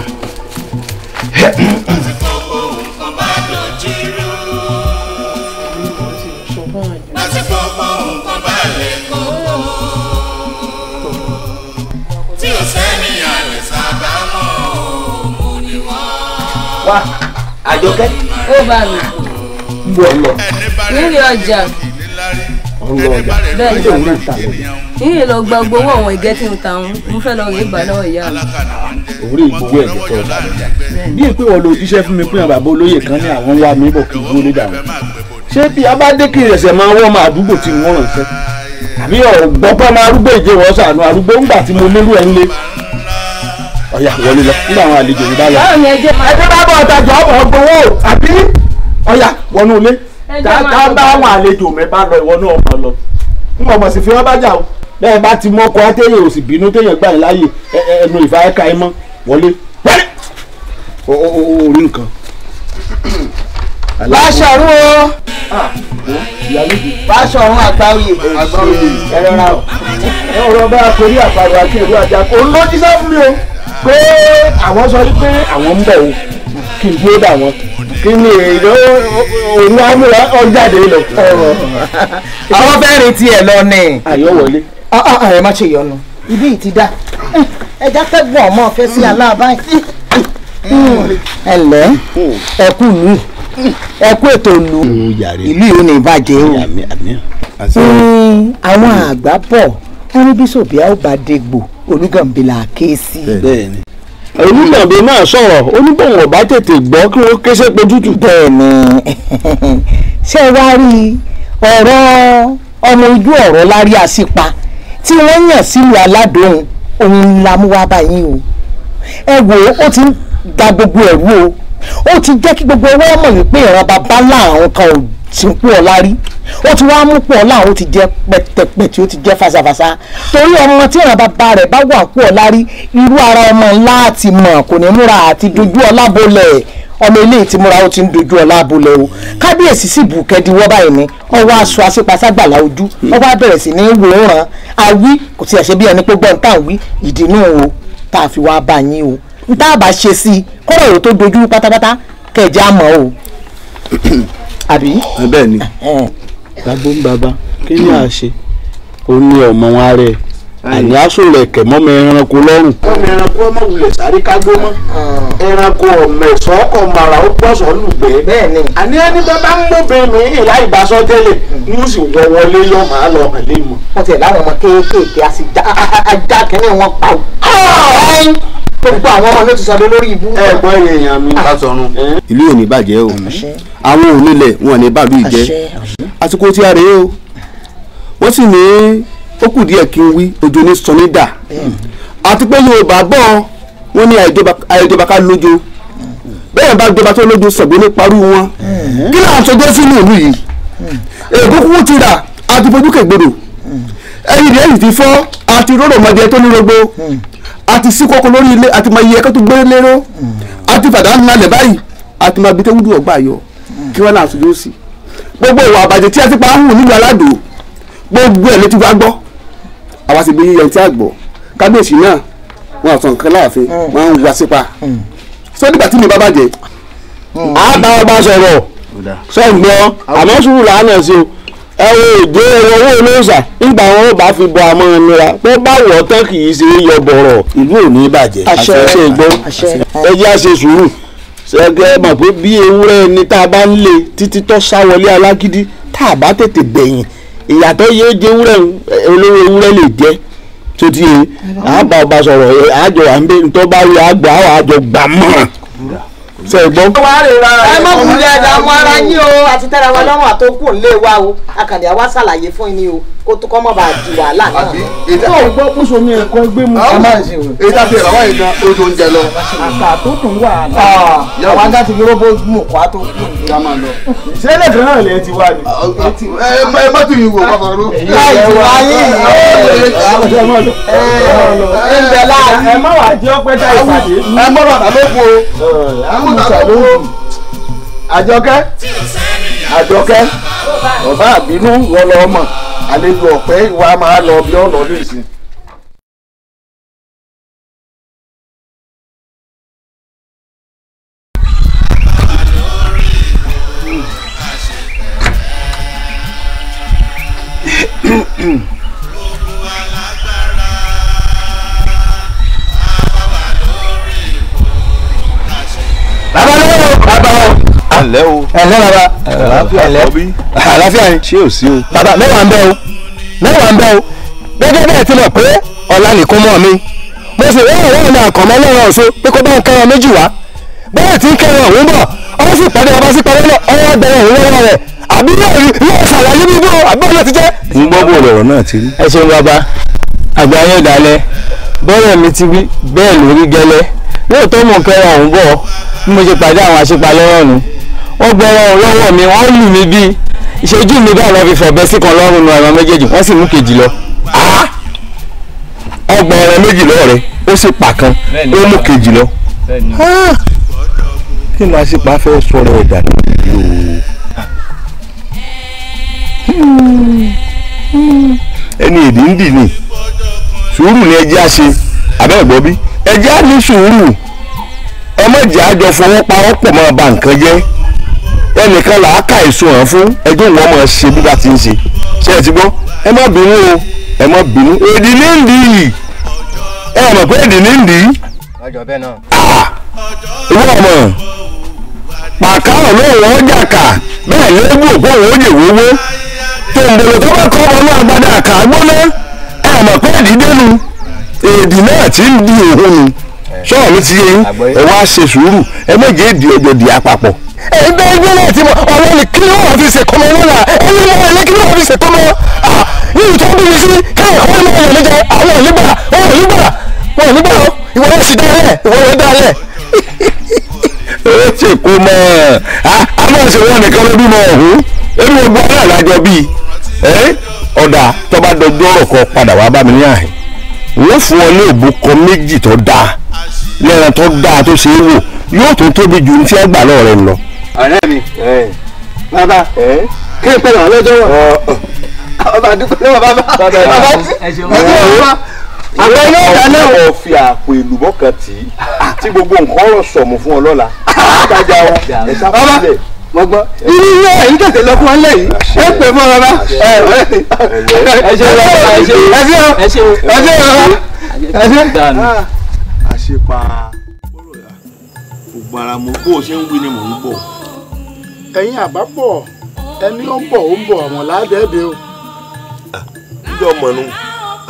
àfa àjọkẹ́. ó bá mi. ń bọ̀ lọ. nílé ọjà. ọlọ ọjà bẹ́ẹ̀ ni ọjà ń ta lọ. nílé lọ gba gbowó àwọn ìgẹ́ tí mo ta wọn mo fẹ́ lọ rèé bà lọ́wọ́ ìyá mi. orí ìgbowó ẹ̀ nìkan ọ̀la bí ìpè wọn lo jíṣẹ́ fún mi pé àwọn bàbá olóyè kan ní àwọn wá mi bọ̀ kí n gbólé dà wọn. ṣé bí a bá dé kí ìrẹsẹ̀ máa wọ́n máa àdúgbò tí wọ́n ránṣẹ́ àbí ọ̀gbọ́pọ̀ máa arúgbó ìjẹ́ wọ́n sànù arúgbó ńgbà tí mo lérú ẹ̀ ń lé ọ̀yà wọlé lọ nígbà àwọn àlejò yìí bá lọ. báwo ni ẹjẹ máa. ẹjẹ bá b tajà ọmọ ọgbọwọ àbí ọyà wọnú ilé tá bá àwọn àlejò mẹ bá lọ ìwọ náà ọmọ lọ n ọmọ sì fi wọn bá jà o lẹ́yìn bá ti mọ ọkọ àtẹyẹ ò sì bínú téèyàn gbà yín láàyè ẹnu ìfà ẹka ẹ mọ wọlé wọlé orí nǹkan. Báṣọ̀rún o. Báṣọ̀rún ah, àgbáwìyè. Àgbáwìyè. Ẹ rọra o. Ẹ rọra bá a torí àpàrọ̀ àti èrò àjà kò lójú sáfún mi o. Pé àwọn sọ wípé àwọn ń bọ̀ o kí n dúró dà wọ́n kí ni èèyàn òun á múra ọ̀jáde lọ. àwọn bẹ́ẹ̀ retí ẹ̀ lọ ni. àyọ̀ wọlé. ẹ má ṣe yọnu ibi yìí ti dá ẹja kẹgbọn ọmọ fẹ sí aláàbáyé ẹlẹ ẹkú ìlú ẹkú ètò ìlú ìlú yìí ní ìbàjẹ́ o hmm, àwọn àgbà bọ̀ ẹni bí sòbíà ó bá dégbò olúgànbìlà ké sí. bẹ́ẹ̀ni onímọ̀bí máa sọ̀rọ̀ oníbọ̀wọ̀ bá tètè gbọ́ kí wọ́n ké sépè tútù. bẹ́ẹ̀ ni ṣé wá rí ọ̀rọ̀ ọmọ ojú ọ̀rọ̀ lárí àṣìpa tí wọ́n yàn sílùú aládùn òun la mú wá báyìí o ẹ wò ó ó ti ń da gbogbo ẹ̀rú o ó ti jẹ́ kí gbogbo ẹwọ́ mọ̀ wípé ìran bàbá láàrún kan ò tí ń pọ̀ ọ̀la rí ó ti wá mú pọ̀ ọ̀la ó ti jẹ́ pẹ̀tẹ̀pẹ̀tì ó ti jẹ́ fasafasa torí ọmọ tí ìrànba bá rẹ̀ bá wà pọ̀ ọ̀la rí irú ara ọmọ ńlá àti mọ̀ kò ní múra àti dojú ọ̀la bolẹ̀ ọmọ eléyìí ti múra ó ti ń dojú ọ̀la bolẹ̀ o kábíyèsí sì bù kẹ́díwọ́ báyìí ni ọwọ́ aṣọ aṣípaságbàlá ojú ọwọ́ abẹ̀rẹ̀ sí ní wòóràn awí kò tiẹ̀ ṣe bí ẹni pé tá à ń o tá a fi wá o tá a bá ṣe sí i kọ́rọ̀ èrò tó dojú pátápátá kẹjá mọ́ àbí. bẹ́ẹ̀ ni baba, kí ni a ṣe ó ní ọmọ wọn rẹ̀ àní asòlẹ̀kẹ̀ mọ́mọ ẹranko lọ́rùn. mọ́mọ ẹranko ọmọ wulẹ̀ sáré kágbó mọ́ ah. ẹranko ọmọ ẹ̀sọ́ ọkọ̀ màrà ó pọ̀sọ̀ lùgbẹ́. bẹ́ẹ̀ni. àní ẹni bá bá ń gbóbin mi ìlà ìbásọ tẹ́lẹ̀ ní o sì wọ wọlé yọ màá lọ hàn mọ. wọ́n ti ẹ̀ láwọn ọmọ kéékèèké a sì já ajá kẹ́lẹ́ wọn pa o. Ah! gbogbo àwọn ọmọ ló ti sọ lórí ibú. ẹ gbọ́ èèyàn mi ah. ká sọnù. ìlú ò ní bàjẹ́ o àwọn ò ní bàlú ní ó kù díẹ̀ kí n wí òjò ní sọnídà àti pé yorùbá bọ̀ wọ́n ní àìjọba ká lójó bẹ́ẹ̀ bá jọba tó lójó sọ̀gbọ́n ní parú wọn kí náà sọjọ́ sínú ìlú yìí èkó kúkú ti rà àti fojú kẹgbẹdọ ẹ̀yìn rẹ̀ yìí ti fọ́ àti rọrọ mọdẹ tó nírogbo àti síkọkọ lórí ilé àti máa yẹ kó tó gbé lérò àti fàdà ńlá lẹ báyìí àti máa bi tẹ́wúdú ọgbà yọ kí wọ́n náà sọjọ́ sí gbogbo ìwà àbàjẹ́ tí a ti pa ń hù nílùú aládùn gbogbo ẹ̀ ló ti wá gbọ́ àwa ti bí yíyan tí a gbọ́ kábíyèsí náà wọn àtọ̀ nǹkan láàfin mm. wọn ń wá sípa mm. sọ nígbà tí mi bá bàjẹ́. Mm. a bá ọba sọ̀rọ̀ sọ̀gbọ́n àmọ́ sùúrù làánà sí o ẹ wo ìdí ẹ̀rọ owó olóòṣà nígbà wọn ò bá fi bọ àmọ́ ìnira pé báwọ̀ tán kì í ṣe é yọ bọ̀rọ̀ ìlú ò ní bàjẹ́ àṣẹ ṣe gbọ́ ẹ jẹ́ àṣẹ sùúrù ṣẹ́gẹ́ mọ̀ pé bí ewúrẹ́ ni tá a bá ń lé títí tó sá wọlé alágídí tá a bá tètè bẹ̀yìn ìyàtọ̀ yé jẹ ewúrẹ́ olówó ewúrẹ́ lè jẹ tó ti yé àbá ọba sọ̀rọ̀ àjọ àmì tó bá rí àgbà àwọn àjọ gbà mọ́ ṣe é gbọ́. ẹ ara yín o àti tẹ́ra wa lọ́rùn wa o àkàndé àwa o. kó tó kọ́ mọ̀ bá di wàhálà náà. yóò gbọ́ púṣọ mi nǹkan gbé mu. a máa ń ṣe wò. èyí tàbí ìràwọ̀ yìí gan oṣù oúnjẹ lọ. àṣà tó dùn wà á. Ah, àwọn ajá ti fi róbó mú kó a tó kú ìyá máa lọ. ṣé lẹ́tọ̀ náà lè ti wá ni. Eh, ẹ má tún yìí wò kọ́kọ́ rú. láì tí wàá yí ẹ ǹdẹ̀ láàrin. ẹ má wàá jẹ́ ọpẹ́ tá ìpàdé. ẹ mọ́ bàtà ló kú o. Eh, ẹ mọ́ bàtà ló kú. àjọkẹ́ àjọkẹ́ ọba àbínú wọlọ ọmọ àlejò ọ̀pẹ́ ìwà máa lọ bí ọ̀nà ní ìsìn. ẹ̀lẹ́ bàbá ẹ̀lẹ́ àlàáfíà ni ṣé ò sí o. bàbá mẹ́wàá ń bẹ́ o mẹ́wàá ń bẹ́ o gẹ́gẹ́ bẹ́ẹ̀ ti mọ̀ pé ọ̀la nìkún mọ́ mi mo sì wọ́n ìwé ìlànà àkànmọ́ lọ́rọ̀ ọ̀ṣọ́ pé kó bá ń kẹ́ran méjì wá bẹ́ẹ̀ ti ń kẹ́ran òun bọ̀ ọwọ́ sì pàdé ọba sí pàdé ọwọ́ bẹ̀rẹ̀ òun lọ́wọ́ rẹ̀ àbí yóò ṣàlàyé bí bó àbúrò ti jẹ́. mo gbọ́ bó lọ̀rọ̀ náà ti rí. ẹ ṣeun bàbá àgbà yóò dalẹ̀ bọ́ọ̀rọ̀ mi ti wí bẹ́ẹ̀ lórí gẹ́lẹ́ lóòótọ́ mò ń kẹ́ran òun bọ̀ bí mo ṣe pàdé àwọn àṣepalẹ́ ọ̀run wọ́n gbẹ́rọ lọ́wọ́ mi wọ́n lù mí bí ìṣẹ́jú mi báyìí lọ́ fi sí kan lọ́rùn nu àwọn méjèèjì wọ́n sì mú kejì lọ. ọgbà ẹran méjì lọ rẹ ó sì kan ó mú kejì lọ. kí ni fẹ́ sọ̀rọ̀ ẹ̀dá ẹni ń dì ní sùúrù ni ẹjẹ́ á ṣe bí ẹjẹ́ á ní sùúrù ẹ àjọ pa ẹnìkan là á ka èso hàn fún ẹjọ́ ìwọ máa ṣe bí bá ti ń ṣe ṣe ẹ ti gbọ́ ẹ má bínú o ẹ má bínú èdè ní ń dì ẹ mọ̀ pé èdè ní ń ìwọ ọmọ pàkárọ̀ lóun ọjà kà bẹ́ẹ̀ ni ó gbòògbò òun ó yè wówó tòǹbòlò tó bá kọ́ ọmọ náà gbadá kà gbóná ẹ mọ̀ pé èdè dénú èdè náà ti ń di òhun ni ṣọ́ọ̀ mi ti yé yín ẹ wá ṣe sùúrù ẹ méje èdè ọjọ́ di àpapọ̀ ẹgbẹ́ ẹgbẹ́ náà ti mọ ọ̀rọ̀ ni kí ni wọ́n fi ṣe kọ́mọ lọ́la ẹni mọ ẹni kí ni wọ́n fi ṣe kọ́mọ yìí tó ń bí mi sí káwọn ọmọ ẹni wọn lè jẹ àwọn òlígbà wọn òlígbà wọn òlígbà ìwọ yóò sì dálẹ̀ ìwọ yóò dálẹ̀. ó ti kó mọ ah, a máa ṣe wọn nìkan ló bímọ ọ̀hún ẹbí wọn gbọ́ náà lájọ bíi ọ̀dà tó bá dọjọ́ ọ̀rọ̀ kan padà wá bá mi ní àhìn wọ́n fún ọ ní òbúkọ méjì tó dáa lẹ́ran tó dáa tó ṣe é wò yóò tó tóbi ju ní tí wọ́n gbà lọ́ọ̀rẹ́ lọ ọ̀rẹ́ mi eh. bàbá eh. kí n pẹ̀lú ọlọ́jọ́ wọn ọba àdúgbò náà bàbá bàbá tí àgbẹ̀ yóò dáná o. ọ̀rọ̀ fi àpò ìlú bọ́kàn tí tí gbogbo nǹkan ọ̀rọ̀ sọ̀mù fún ọ lọ́la ìtajà o ẹ̀sà fúnlẹ̀ mo gbọ́ irú ilé ẹ̀ ń tètè lọ fún ọ lẹ́yìn ẹ pè fún ọ bàbá ẹ ẹ ṣe lọ ẹ ṣe ẹ ṣe ẹ ṣe bàbá ẹ ṣe. Ah. àṣepa gbogbo ara mo bó o ṣe ń wí ni mò ń bọ̀ ẹ̀yin àbábọ̀ ẹni ó ń bọ̀ ó ń bọ̀ àwọn ládẹ́ẹ̀dẹ́ o. ìjọ mọ̀nù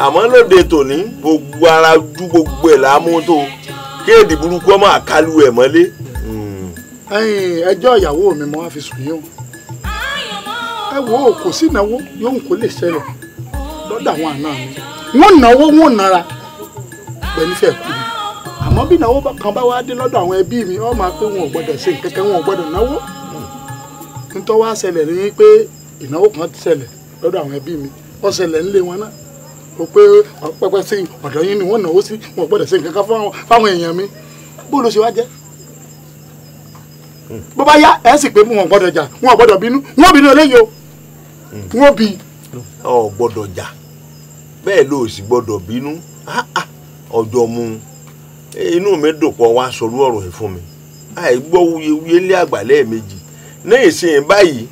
àmọ́ lóde tòní gbogbo ara ju gbogbo ẹ̀ lámútó kéèdì burúkú ọmọ àkálù ẹ̀ mọ́lé. Hmm. ẹ̀yin ẹjọ́ ìyàwó mi mo wá fi sùn yín o ẹ wo kò sí ìnáwó yóò kó lè ṣẹlẹ̀ lọ́dọ̀ àwọn àna mi wọ́n náwó wọ́n nara pẹ̀lú fẹ́ kú mi àmọ́ bí ìnáwó kan bá wá dé lọ́dọ̀ àwọn ẹbí mi ó máa pé wọn ò gbọ́dọ̀ ṣe nǹkan kan wọn ò gbọ́dọ̀ náwó nítorí wá ṣẹlẹ̀ ní pé ìnáwó kan ti ṣẹlẹ̀ lọ́dọ̀ àwọn ẹbí mi ó ṣẹlẹ̀ nílé wọn náà o pé pẹpẹ sí ọ̀dọ̀ yín ni wọ́n náwó sí wọn gbọ́dọ̀ sí nǹkan kan fáwọn èèyàn mi bó ló ṣe wá jẹ́ hmm. bó bá yá ẹ̀ sì pé wọn gbọ́dọ̀ jà wọn gbọ́dọ̀ bínú wọn bínú eléyìí o hmm. wọn bí. ọ gbọ́dọ̀ jà bẹ́ẹ̀ ló sì gbọ́dọ̀ bínú ọjọ́ mu inú mi dùn pọ̀ wá sọrú ọ̀rọ̀ yìí fún mi àìgbọ́ wuyewuye lé àgbàlẹ́ méjì ní ìsìn báyìí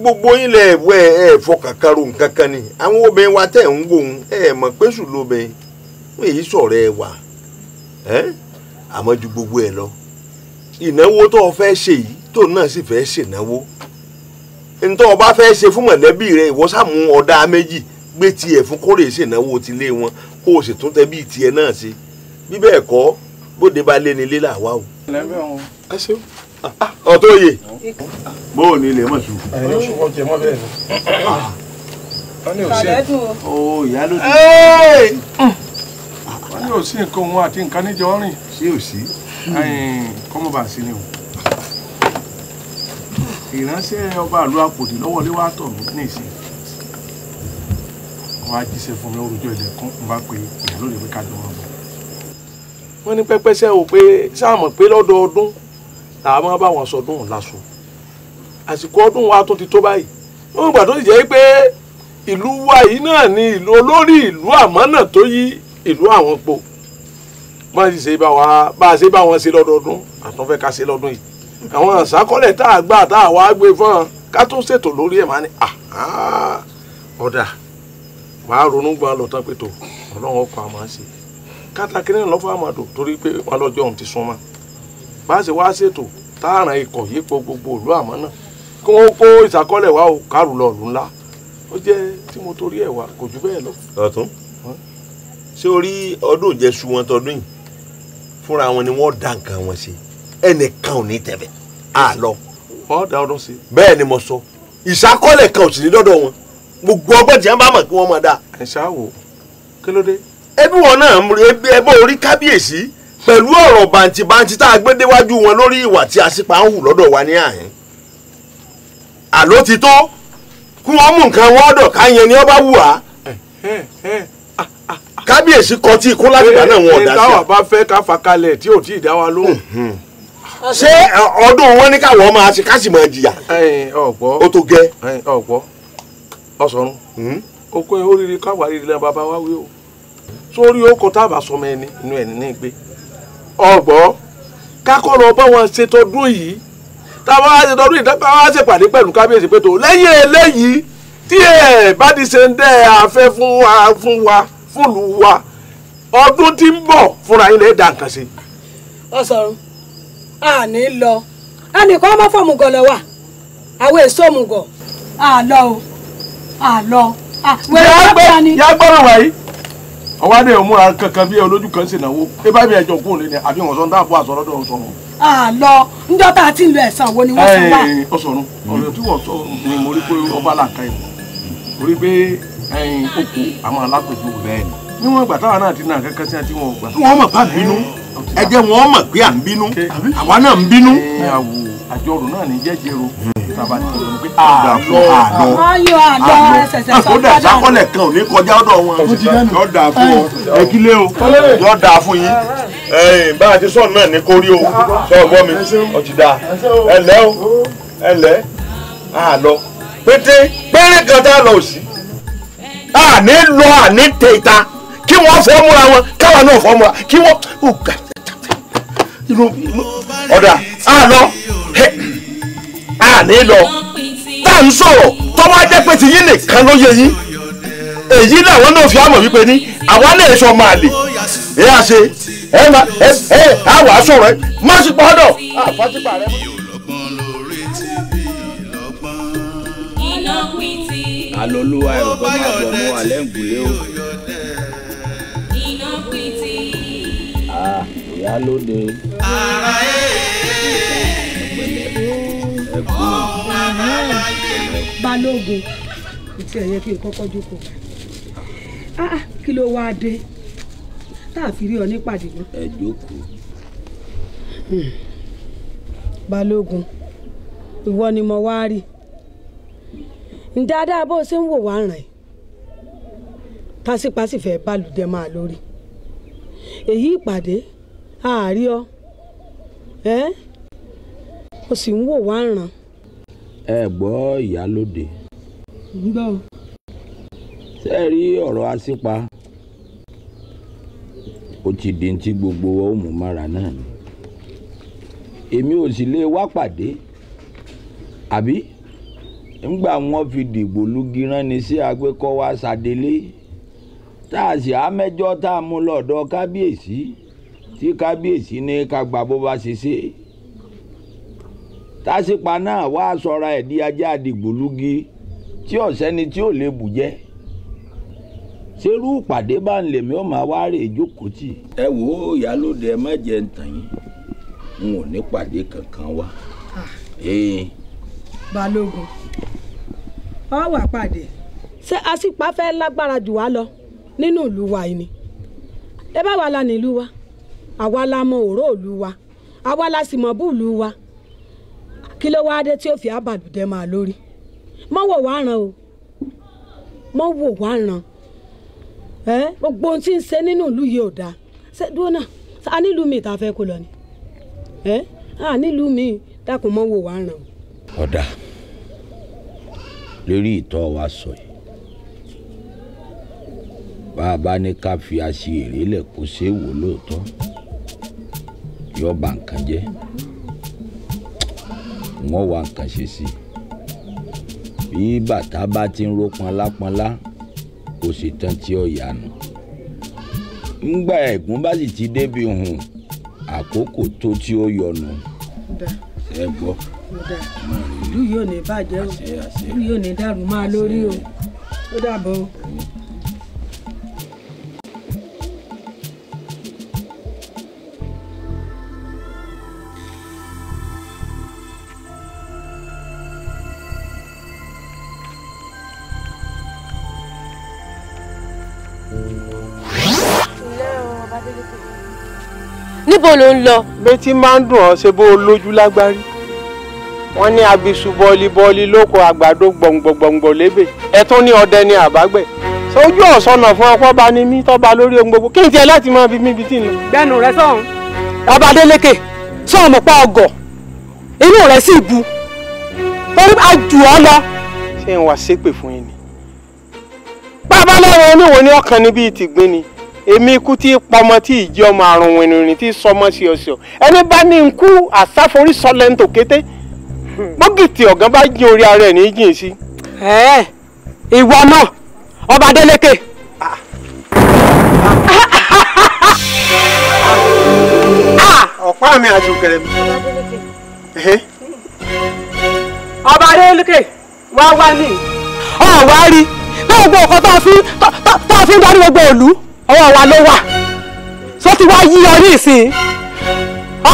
gbogbo yín lẹ wẹ ẹ fọkàn kan ro nǹkan kan ni àwọn obìnrin wa tẹ̀ ń wòun ẹ mọ̀ pé sùn lóbìnrin wọn èyí sọ̀rọ̀ ẹ wà àmọ́ ju gbogbo ẹ lọ ìnáwó tó o fẹ́ ṣe yìí tó náà sì fẹ́ ṣènáwó ntọ́ ọba fẹ́ ṣe fún mọ̀lẹ́bí rẹ ìwọ sàmú ọ̀dà méjì gbé tiẹ̀ fún kórè ṣènáwó tilé wọn kó o sì tún tẹ bí tiẹ̀ náà ṣe bí bẹ́ẹ̀ bóde bá lé nílé làwa o. ẹ ṣeun ọ̀tọ̀ òye bóò ni ilẹ̀ mọ̀ṣù. ẹ̀yin oṣù wọ́n jẹ mọ́ bẹ́ẹ̀ ni. wọ́n ní òsì ó ìyá ló ti. wọ́n ní òsì nǹkan òun àti nǹkan níjọ rìn. ṣé òsì. kọ́mọ bá sí ni o. ìránṣẹ́ ọba àlọ́ àpòtì lọ́wọ́lé wa tọ̀ mí ní wọ́n á jíṣẹ́ fún mi orúkọ ẹ̀dẹ̀kún n bá pe ìyá ló lè fi kájọ wọn bọ̀. wọ́n ní pẹ́pẹ́sẹ́ o pé sáà mọ̀ pé lọ́dọọdún làwọn bá wọn sọdún lásùn àsìkò ọdún wa tún ti tó báyìí wọn gbà tó ti jẹ́ pé ìlú wa yìí náà ni ìlú olórí ìlú àmọ́nà tó yí ìlú àwọn po wọ́n sì ṣe bá wa bá a ṣe bá wọn ṣe lọ́dọọdún àtúnfẹ́ ká ṣe lọ́dún yìí àwọn àṣàkọ́lẹ̀ tá a gbà tá a wá gbé fún wọn ká tún ṣètò lórí ẹ̀ máa ní ọ̀dà wàá ronú gbọ́n lọ́tàn pé tó ọlọ́run ọkọ̀ àmọ́ ṣe kátàkiri náà lọ́fọ́ àmọ́ tó torí pé wọn lọ́jọ́ òun ti sún mọ́ bá ṣe wá ṣètò táàràn ikọ̀ yípo gbogbo ìlú àmọ́ náà kí wọ́n kó ìsàkọ́lẹ̀ wá o kárù lọ lù ńlá ó jẹ́ tí mo torí ẹ̀ wá kò jù bẹ́ẹ̀ lọ. ọ̀tún ṣé o rí ọdún ìjẹsùn wọn tọdún yìí fúnra wọn ni wọ́n dá nǹkan wọn ṣe ẹnìkan ò ní tẹ̀bẹ̀ á lọ. wọ́n dá ọdún sí. bẹ́ẹ̀ ni mo sọ ìsàkọ́lẹ̀ kan ò sì ní dọ́dọ̀ wọn gbogbo ọgbọ́n tí wọ́n bá mọ̀ kí wọ́n máa dá. ẹ̀ṣá wo kí ló dé. ẹbí wọn náà ẹbí orí kábíyèsí pẹ̀lú ọ̀rọ̀ bàǹtìbàǹtì tá a gbé déwájú wọn lórí ìwà tí àṣìpá ń hù lọ́dọ̀ wa ní àhín àló ti tó kí wọ́n mú nǹkan wọ́n ọ̀dọ̀ ká yẹn ni wọ́n bá wù wá kábíyèsí kan tí ikú láti dáná wọn ọ̀dà sí. táwa bá fẹ́ ká fakalẹ̀ tí ò tí ì dá wa lóhùn. ṣé ọdún wọn ní káwọn máa ṣe ká sì máa jìyà. ó tó gẹ́. ọ̀pọ̀ ọ̀sọ̀run ó hmm? pé ó rírí káwa rírí lẹ́nu bàbá wa wí o sórí ó kọ táàbà sọmọ ẹni inú ẹni ní gbé ọ̀gbọ́ kákọ́rọ̀ bá wọn ṣe tọdún yìí táwọn á ṣe tọdún yìí táwọn á ṣe pàdé pẹ̀lú kábíyèsí pé tó lẹ́yìn eléyìí tí ẹ bá ti ṣe ń dẹ́ afẹ́ fún wa fún wa fúnlu wa ọdún tí ń bọ̀ fúnra yín lè dá nǹkan sí. ọ̀sọ̀run a ní lọ ẹnìkan ọmọ fọmùgọ̀ lọ wà àwọn èso òmùgọ̀ àlọ́ o àlọ́ àwẹ̀rẹ̀ wá wáyé. ọwọ́ adé òmúra kankan bí olójú kan ṣe náwó ẹ bá mi ẹjọ kúrò lẹni àbí wọn sọ ń dáàbò àṣọ lọ́dọ̀ ọsọ wọn. njọ tá a ti lo ẹ̀sán wo ni sọ tí sọ ni mo rí pé ọba yìí mo rí pé oko àwọn ni táwọn náà ti nà kankan sí àti wọn gbà. wọn pa bínú wọn pé à ń bínú àwa náà ń bínú. àjọrò náà sábà tí wọn gbé àlọ àlọ àlọ kódà sákọlẹ kan ò ní kọjá ọ̀dọ̀ wọn yóò dáa fún ọ ẹkílẹ o yóò dáa fún yín bá a ti sọ náà ní kórí o sọ ọgbọ mi ọtìdá ẹlẹ o ẹlẹ àlọ pété péré kan tá a lọ sí àní lọ àní tẹ ìta kí wọ́n fọ́ múra wọn káwa náà fọ́ múra kí wọ́n ọ̀dà àlọ ní lọ tá à ń sọ̀rọ̀ tọ́wọ́ ajẹ́ pé tiyín nìkan ló yẹ yín èyí làwọn náà fi àmọ̀ wípé ní àwa náà sọ máa lè ẹ á ṣe ẹ má ẹ ẹ á wàá sọ̀rọ̀ ẹ má sì gbọ́dọ̀ àfàtìpà rẹ. alọ́lúwa ẹ̀ máa bọ̀ mọ́ alẹ́ ń o. ìyá lóde. ara ẹ̀ ẹ̀ ẹ̀ ẹ̀ ẹ̀ ẹ̀ ẹ̀ ẹ̀ ẹ̀ balógun tí ẹ̀yẹ kí n kọ́kọ́ jókòó ah, ah kí ló wáá dé tá a fi rí ọ nípàdé mọ́. ẹ jókòó. Hmm. balógun ìwọ ni mo wá rí dáadáa bó ṣe ń wò wá rìn pásípàsí fẹ́ bálùdẹ máa lórí èyí ìpàdé àárí ọ ẹ́ eh? ó sì ń wò wá ràn. ẹ gbọ́ ìyálóde. ń gbọ́. ṣé ẹ rí ọ̀rọ̀ asípa ó ti di ti gbogbo ọmọ mara náà ni èmi ò sì lè wá pàdé àbí ńgbà wọn fi dìgbò lugiran ni sí agbẹkọ wa ṣàdélé tá a sì á mẹ́jọ tá a mú lọ́dọ̀ kábíyèsí tí kábíyèsí ní ká gba bó bá ṣe ṣe tásìpa náà wá sọra ẹ̀ di ajá àdìgbòlugi tí ọ̀sẹ́ni tí ò lè bù jẹ́ serú ìpàdé bá ń lèmi ó máa wá rè jókòó tì. ẹ wo ìyálòde ẹ má jẹ ń tàn yín n ò ní pàdé kankan wá. balógun ọ wà pàdé. ṣé àṣìpá fẹ́ lágbára jù wá lọ nínú ìlú wa yìí ni ẹ bá wa la nílùú wa àwa la mọ òró wa àwa la sì mọ bú ìlú wa kí ló wáá dé tí ó fi àbàlùdẹ máa lórí mọ wò wá ràn o mọ wò wá ràn ẹ gbogbo ohun tí ń ṣe nínú ìlú yìí ò dáa ṣe dúró náà a nílùú mi ta fẹ́ kó lọ ni ẹ a nílùú mi dákun mọ wò wá ràn o. ọ̀dà lórí ìtọ́ wa sọ yìí bá a bá ní ká fi aṣèrè lẹ̀ kó ṣe wò lóòótọ́ yọba nǹkan jẹ́ wọ́n wá nǹkan ṣe sí i bí bàtà bá ti ń ro pọnlápọnlá kò sì tán tí ó yanu ńgbà ẹ̀gún bá sì ti débi hùn àkókò tó tí ó yọnu ẹ gbọ́. ìlú yóò ní bàjẹ́ o ìlú yóò ní dàrú máa lórí o ó dàbọ̀ o. níbo ló ń lọ. betty máa ń dùn ọ́ ṣe bó o lójú lágbárí wọ́n ní abisu bọ́ọ̀lì bọ́ọ̀lì lóko àgbàdo gbọ̀ngbọ̀ngbọ̀ lébè ẹ tún ní ọdẹ ní àbágbẹ̀ sójú ọ̀sọ́nà fún ọkọ bá ní mí tọ́ba lórí ohun gbogbo kí n tiẹ̀ láti máa bí mi bí tí n lọ. gbẹnu rẹ sọhùn. Abadéleke sọ ọmọ pa ọgọ inú rẹ sì bu torí a jù ọ lọ. ṣé n wá ṣépè fún yín ni. bàbá lọ́wọ́ oníwòní ọkàn ni bíi ni èmi ikú tí pọmọ tí ìjẹ ọmọ àrùn wìnrìn tí sọmọ sí ọsọ ẹni bá ní nkú àsáforí sọlẹ́ǹtò kété bọ́gìtì ọ̀gán bá jin orí ara ẹ̀ ní jìn sí. ẹ ìwọ náà ọba Adeleke. ọ̀pá mi àti òkèrè mi. ọba Adeleke wá wá ní. ọ̀ wá rí gbogbo nǹkan tó fi ń darí gbogbo ìlú ọwọ́ wa ló wà tó ti wá yí ọ ní ìsìn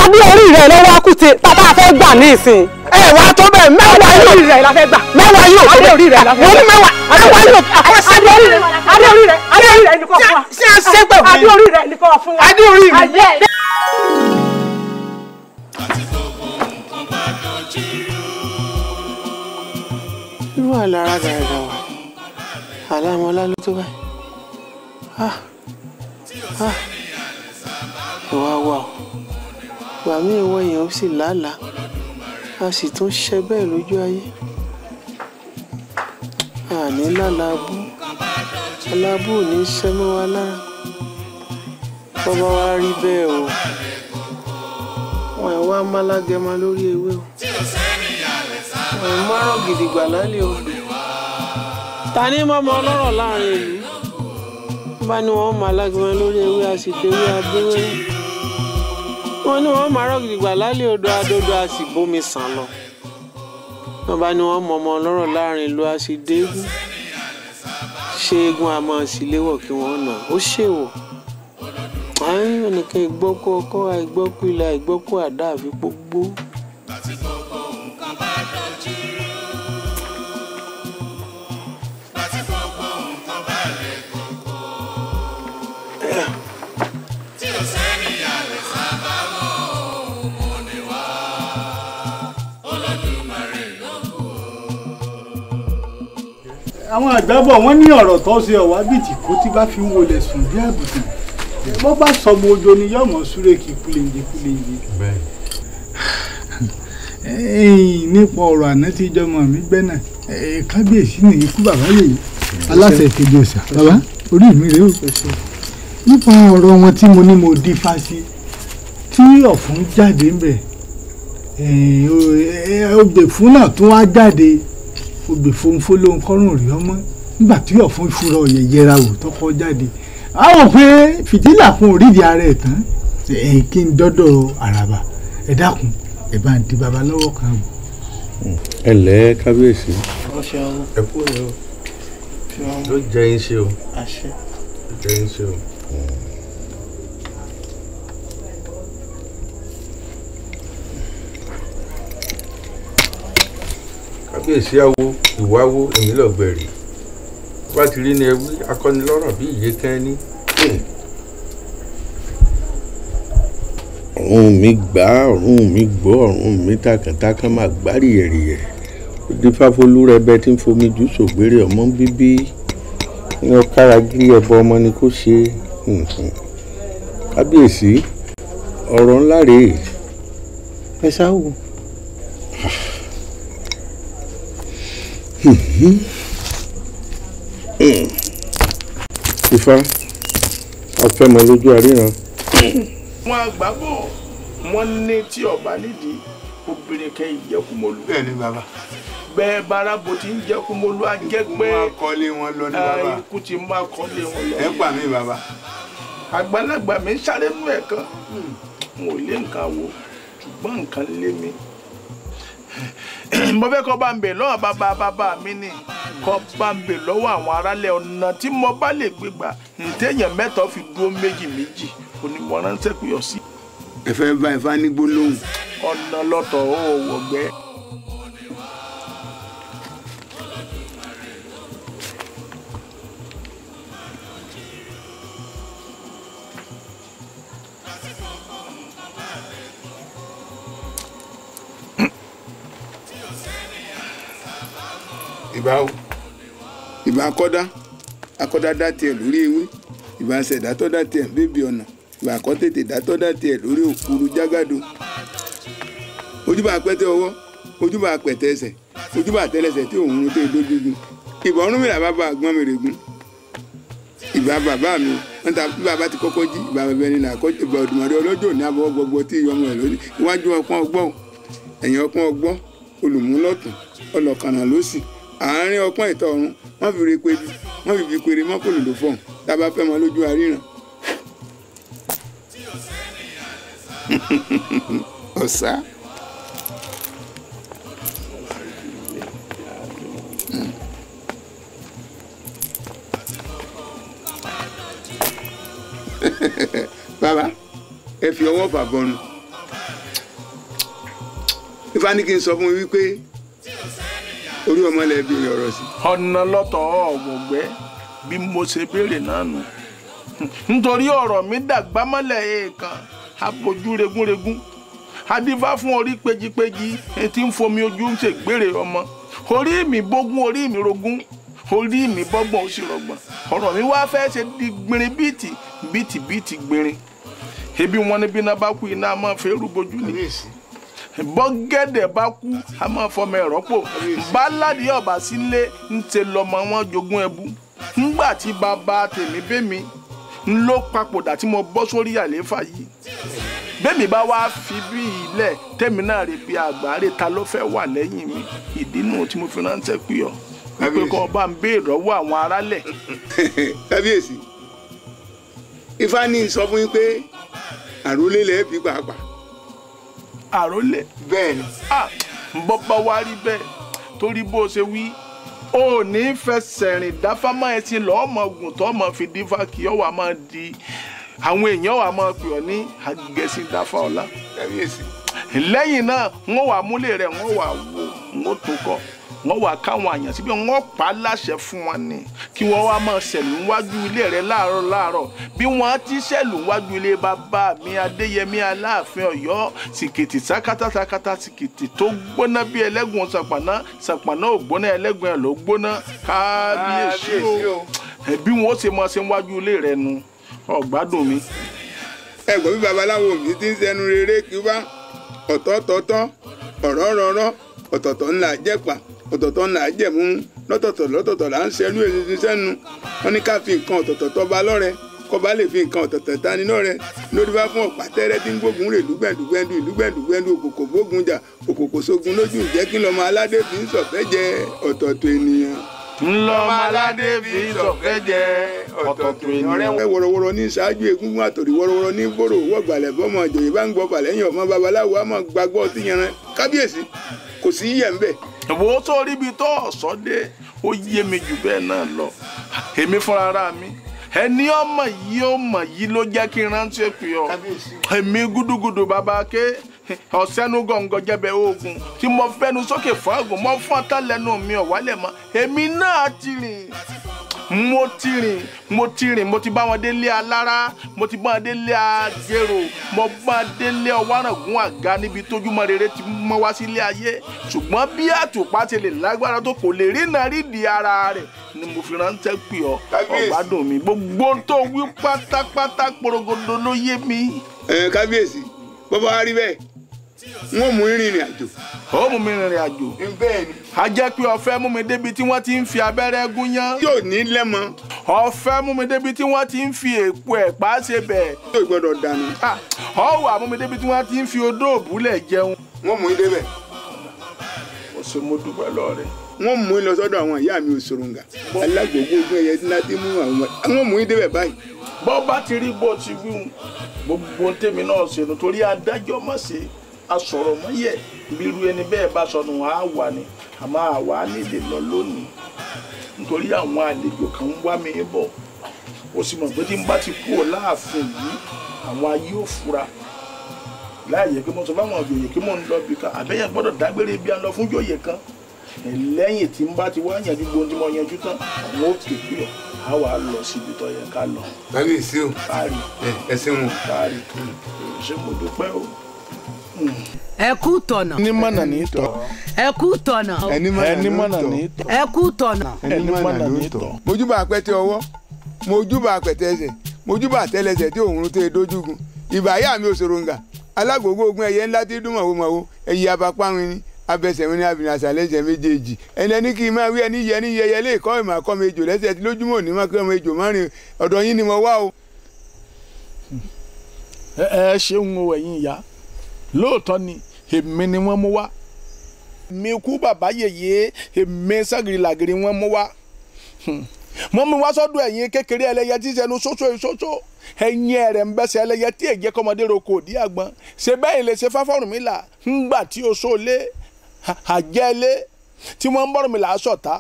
ọdí orí rẹ lọ́wọ́ kùtì tàbá fẹ́ gbà ní ìsìn. ẹ wà tó bẹ mẹ́wàá yóò orí rẹ la fẹ́ gbà mẹ́wàá yóò orí rẹ la fẹ́ gbà mẹ́wàá mẹ́wàá yóò adé orí rẹ adé orí rẹ adé orí rẹ nìkan fún wa ṣé a ṣe gbẹ adé orí rẹ nìkan fún wa adé orí rẹ. irú àlá ara gàràgà wà ló tó báyìí. Ah ìwà wa ò gbà mí ìwọ èèyàn sì lálàá a sì tún ṣe bẹ́ẹ̀ lójú ayé àní lálàbú alábú ò ní ṣẹ́ mọ́ wa lára bọ́bá wa rí bẹ́ẹ̀ o wọn ẹ̀ wá málágẹmọ lórí ewé o wọn ẹ̀ gidigba lálẹ́ o ta ni mọ́mọ́ ọlọ́rọ̀ láàrin ìlú bá ní wọn mọ alágbèmọ lórí ewé àsìkò agbéwé wọn ní wọn mọ arọgìdìgbà lálẹ́ odò adódò àsìbómi sàn lọ wọn bá wọn mọ ọmọ ọlọ́rọ̀ láàrin ìlú àsìdégún ṣe eégún àmọ́ síléwọ kí wọn nà ó ṣèwọ àárín ẹnìkan ìgbọ́kú ọkọ àìgbọ́kú ilẹ̀ àìgbọ́kú àdá àfi gbogbo. àwọn àgbàbọ̀ wọ́n ní ọ̀rọ̀ tó ṣe ọ̀wá bíi tìkó tí bá fi ń wọlé sùn bí àbùkù bọ́ bá sọmọ ojo ni yọ̀mọ̀ súré kí kúlẹ̀ǹdé kúlẹ̀ǹdé. nípa ọ̀rọ̀ àná tí ìjọmọ mi gbẹ́nà kábíyèsí ni ikú bàbá yèyí aláṣẹ kejì òṣà bàbá orí mi rèé o nípa ọ̀rọ̀ wọn tí mo ní mo di fásí tí ọ̀fun jáde ń bẹ̀ ọ̀gbẹ̀fún náà tún wá jáde obì fòǹfò ló ń kọ́rùn rí ọmọ nígbà tí ọ̀fun ìfura ọ̀yẹ̀ yẹra wò tọkọ jáde a ò pé fìtílà fún orídìí ara ẹ̀ tán ẹ̀yìn kí n dọ́dọ̀ àràbà ẹ dákun ẹ bá ń di baba lọ́wọ́ kan wò. ẹ lẹ́ kábíyèsí. ẹ kú ló jẹ́ yín o ló jẹ́ yín o. Hmm. kábíyèsí awo ìwáwo èmi lọ́gbẹ̀rì bá ti rí ni ẹ wí akọ́nilọ́rọ̀ bí ìyé kẹ́ni. Hmm. ọ̀run mi gbà ọ̀run mi gbọ́ ọ̀run mi takàntakàn máa gbá rìyẹ̀rìyẹ̀ ó di fáfolúrẹ́bẹ tí ń fomi jù sògbére ọmọ bíbí ní ọ̀kára gírí ẹ̀bọ ọmọ ni kò ṣe hmm. kábíyèsí ọ̀rọ̀ ńlá rèé ẹ ṣáà wò. Ifá afẹ́mọ lójú àríran. wọn àgbà bọ̀ wọ́n ní tí ọba nídìí obìnrin kẹ́ ìjẹkùmọ̀lú. bẹ́ẹ̀ ni bàbá. bẹ́ẹ̀ barabo ti ń jẹkùmọ̀lú ajẹ́gbẹ́. mo akọ́lé wọn lọ ní bàbá. ikú ti mú akọ́lé wọn lọ. ẹ pa mí bàbá. àgbàlagbà mi sáré nú ẹ̀ kan hmm. n lé nǹkan wo ṣùgbọ́n nǹkan lé mi. mo fẹ́ kọ́ bá ń bẹ̀ lọ́wọ́ bàbá bàbá mi ni kọ́ bá ń bẹ̀ lọ́wọ́ àwọn aráàlẹ̀ ọ̀nà tí mo bá lè gbé gbà ntẹ̀yàn mẹ́tọ́ fi dúró méjì méjì oníwọ̀n ránṣẹ́ pé ọ̀sìn. ẹ fẹ́ bá ifá ní gbólóhùn. ọ̀nà lọ́tọ̀ ó wọ̀gbẹ́. ìbá o. ìbá akọ́dá akọ́dá dá tiẹ̀ lórí ewé ìbá ṣẹ̀dá tọ́ dá tiẹ̀ bébí ọ̀nà ìbá akọ́ tètè dá tọ́ dá tiẹ̀ lórí òkúru jágàdo. ojúbà pẹ́tẹ́ ọwọ́ ojúbà pẹ̀tẹ́ ẹsẹ̀ ojúbà tẹ́lẹsẹ̀ tí òun tẹ́ dójúgun ìbá Ọ̀rúnmìlà bàbá àgbọ̀n mi règún ìbá bàbá mi wọn ta bí bàbá ti kọ́kọ́ jí ìbá bàbá ẹni là kọjú ìbá Òdùmarè ọlọ́jọ́ ní abọ́ gbogbo tí ìyọmọ ẹ̀ lónìí iwájú ọpọ́n ọgbọ́n ẹ̀yìn ọpọ́n ọgbọ́n olùmúlọ́tún ọlọ́kànnà lọ́sì àárín ọpọ́n ìtọ́ ọ̀run wọ́n fi repé bí wọ́n fi fi péré mọ́kòlò ló fọ̀n tá a bá fẹ́ mọ lójú àríran. ọ̀sá. bàbá ẹ fi ọwọ́ bàbọ̀nù ìfá ní kí n sọ fún mi wípé orí ọmọ lẹ bí ọ̀rọ̀ sí. ọ̀nà lọ́tọ̀ ọ̀wọ̀gbẹ́ bí mo ṣe béèrè náà nù nítorí ọ̀rọ̀ mi dàgbà mọ́lẹ̀ èèkàn àpòjú regúnregún adífá fún orí péjipéji etí ń fomi ojú ń ṣègbèrè ọmọ orí mi bógún orí mi rogún orí mi bọ́gbọ̀n rọgbọ̀n ebi wọn bọ́gẹ́dẹ̀ bá kú a máa fọmọ ẹ̀ rọ́pò báládì ọ̀bà sílé ń tẹ lọ́mọ wọn jogún ẹbú ńgbà tí bàbá tèmi bẹ́mi ń ló papòdà tí mo bọ́ sórí àlééfà yìí bẹ́mi bá wá fi bí ilẹ̀ tẹ́mi náà rè bí àgbáre ta ló fẹ́ wà lẹ́yìn mi ìdínú tí mo fi ránṣẹ́ pé ọ pé kọ́ ọba ń béèrè lọ́wọ́ àwọn aráàlẹ̀. kábíyèsí ifá ní sọ fún yín pé àrólé lẹ́ẹ̀ pàápàá àrólé. a bọ́ bá wá rí bẹ́ẹ̀ torí bó ṣe wí o ní fẹsẹ̀ rìn dáfámá ẹ ti ogun tó mọ fi dífá kí ọ wà máa di àwọn èèyàn wà máa pè ọ ní si dáfá ọlá. lẹ́yìn náà wọ́n wà múlẹ̀ rẹ̀ wọ́n wà wò wọ́n tó kọ́. wọ́n wàá káwọn àyàn síbi wọ́n pa láṣẹ fún wọn ni kí wọ́n wá máa ṣẹ̀lù níwájú ilé rẹ̀ láàárọ̀ láàárọ̀ bí wọ́n ti ṣẹ̀lù níwájú ilé bàbá mi adéyẹmí aláàfin ọ̀yọ́ sìkìtì sákátá sákátá sìkìtì tó gbóná bí ẹlẹ́gùn sàpàná sàpàná ò gbóná ẹlẹ́gùn ló gbóná kábíyèsí o bí wọ́n ṣe máa ṣe níwájú ilé rẹ̀ nu ọ̀gbádùn mi. ẹ̀gbọ́n bí babaláwo mi ti ń sẹnu rere kí wá ọ̀tọ̀ọ̀tọ̀ ọ̀rọ̀ rọ̀rọ̀ ọ̀tọ̀ọ̀tọ̀ ńlá ọ̀tọ̀ọ̀tọ̀ là á jẹ̀mú lọ́tọ̀ọ̀tọ̀ lọ́tọ̀ọ̀tọ̀ là á ń ṣẹlú èyí sẹ́nu wọn ní ká fi nǹkan ọ̀tọ̀ọ̀tọ̀ tọba lọ́rẹ kọba lè fi nǹkan ọ̀tọ̀ọ̀tọ̀ tani lọ́rẹ lórí bá fún ọ̀pá tẹ́rẹ́ tí ń gbógun rè lúgbẹ̀ndùgbẹ̀ndù ìlúgbẹ̀ndùgbẹ̀ndù òkòkò bógun jà òkòkò sógun lójú ìjẹ́kí lọ́mọ aládé fi ń sọ̀fẹ́ jẹ ọ̀tọ̀ọ̀tọ̀ ènìyàn ńlọmọládé bíṣọ̀ fẹ́jẹ́ ọtọtọ ènìyàn. ọ̀rẹ́ wòròwòrò ní ṣáájú egungun àtòrí ní bòrò fọmọ ìjòyè bá ń gbọ́ babaláwo gbàgbọ́ kábíyèsí kò sí ibi tó dé ó yé mi jù bẹ́ẹ̀ náà lọ èmi fúnra mi ẹni ọmọ yìí ọmọ yìí ló jẹ́ kí n rántí ọ ọ̀sẹ́nu gọ̀ǹgọ̀ jẹ́bẹ̀ oògùn tí mo fẹ́nu sókè fún àgùn mo fọ́n tán lẹ́nu mi ọ̀wálẹ̀ mọ́ èmi náà ti rìn mo ti rìn mo ti rìn mo ti bá wọn délé alára mo ti bá wọn délé àjèrò mo bá wọn délé ọwárangún àga níbi tójúmọ́ rere ti mọ́ wá sílé ayé ṣùgbọ́n bí àtùpá ti lè lágbára tó kò lè rí náà rí di ara rẹ̀ ni mo fi ránṣẹ́ pè ọ́ ọ̀gbádùn mi gbogbo tó wí pátápátá porogodo ló yé mi. ẹ kábíyèsí bọ́bá rí bẹ́ẹ̀ wọ́n mú ìrìnrìn àjò. ó mú mi rìnrìn àjò. bẹ́ẹ̀ a jẹ́ pé ọ̀fẹ́ mú mi débi tí wọ́n ti ń fi abẹ́rẹ́ gún yán. yóò ní lẹ́mọ. ọ̀fẹ́ mú mi débi tí wọ́n ti ń fi èpo ẹ̀pá ṣe bẹ̀. yóò gbọ́dọ̀ dànù. ọ̀ ah, wà mú mi débi tí wọ́n ti ń fi odó òbúlẹ̀ jẹun. wọ́n mú ilé bẹ̀. ó ṣe mo dúpẹ́ lọ rẹ̀. mú ilé sọ́dọ̀ àwọn ìyá mi òṣòròǹgà alágbègbè ogún ẹ̀yẹ tí láti mú àwọn wọ́n mú ilé bẹ̀ báyìí. bọ́ bá ti rí bó ti wí asọ̀rọ̀ mọ́yẹ̀ bírú ẹni bẹ́ẹ̀ bá sọnù á wà ní àmọ́ àwa nílé lọ lónìí nítorí àwọn àlejò kan ń wá mi bọ̀ ó sì mọ̀ pé tí n bá ti kú ọ láàfin yìí àwọn ayé ò fura láàyè pé mo sọ fáwọn òjòyè kí mò ń lọ bì kan àbẹ́yẹn gbọ́dọ̀ dágbére bí a lọ fún jòyè kan lẹ́yìn tí n bá ti wá yanjú gbogbo tí mo yanjú tán àwọn ò pè ọ a wà lọ síbi tó yẹ ká lọ. kábíyèsí o ẹ ṣeun o káàrí ṣé mo dúpẹ́ o. ẹ na. tọ̀nà. na mọ̀nà ní na. ẹ kú tọ̀nà. ẹni mọ̀nà ní tọ̀. ẹ kú tọ̀nà. ẹni mọ̀nà ní tọ̀. mojúbà àpẹtẹ ọwọ́ mojúbà àpẹtẹ ẹsẹ̀ se àtẹlẹsẹ̀ tí òun mi ogun ẹyẹ ńlá tí dùn mọ̀wó mọ̀wó ẹyẹ abapárin ni abẹsẹ̀wé ní abìnrin àṣàlẹ̀jẹ̀ méjèèjì ẹni ẹni kì í máa wí ẹni yẹ ẹni yẹyẹ lè kọ́ o. o lóòótọ́ ni èmi ni wọ́n mú wá mi kú bàbá yèyé èmi ságìrìlàgìrì wọ́n mú wá hmm. wọ́n mú wá sọ́dọ̀ ẹ̀yin kékeré ẹlẹ́yẹ tí sẹ́nu ṣoṣo ìṣoṣo ẹ̀yin ẹ̀rẹ̀ ń bẹ́sẹ̀ ẹlẹ́yẹ tí èjẹ́ kọ́mọdé roko òdí àgbọn ṣe bẹ́ẹ̀ lè ṣe fáfọ́rùn mi là ńgbà tí o so lé àjẹ́ lé tí wọ́n ń bọ̀rùn mi là á sọ̀tá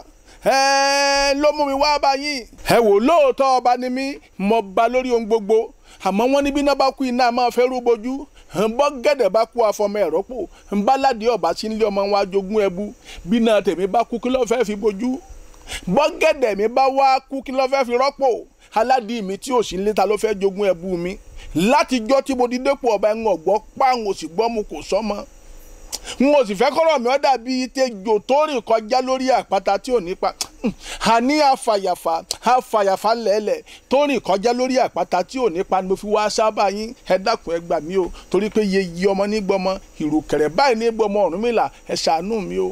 ló mú mi wá báyìí ẹ wò lóòótọ́ ọba ni mí mo ba lórí ohun gbogbo àmọ́ wọ́n ní bí náà bá kú iná máa fẹ́ rúbojú nbọ gẹ̀dẹ̀ bá kú afọmọ ẹ̀rọ pò nbaládìí ọba sí nílé ọmọ wa jogún ẹbu bí náà tèmi bá kú kí ló fẹ́ fi bojú bọ́gẹ̀dẹ̀ mi bá wá kú kí ló fẹ́ fi rọ́pò aládìí mi tí òsì níta ló fẹ́ jogún ẹbu mi látijọ́ tí mo dídépò ọba ẹ̀hún ọ̀gbọ́ pààrùn òsì gbọ́ mu kò sọ́mọ́ n ò sì fẹ́ kọ́rọ̀ mi ọ́ dàbí tejò tó rìn kọjá lórí àpáta tí ò nípa àní hmm, àfàyàfà àfàyàfà lẹ́lẹ̀ tó rìn kọjá lórí àpáta tí ò nípa ni mo fi wá sábà yín ẹ dákun ẹ gbà mí o torí pé yeye ọmọ nígbọmọ ìrùkẹ̀rẹ̀ báyìí nígbọmọ Ọ̀rúnmìlà ẹ ṣàánú mi o.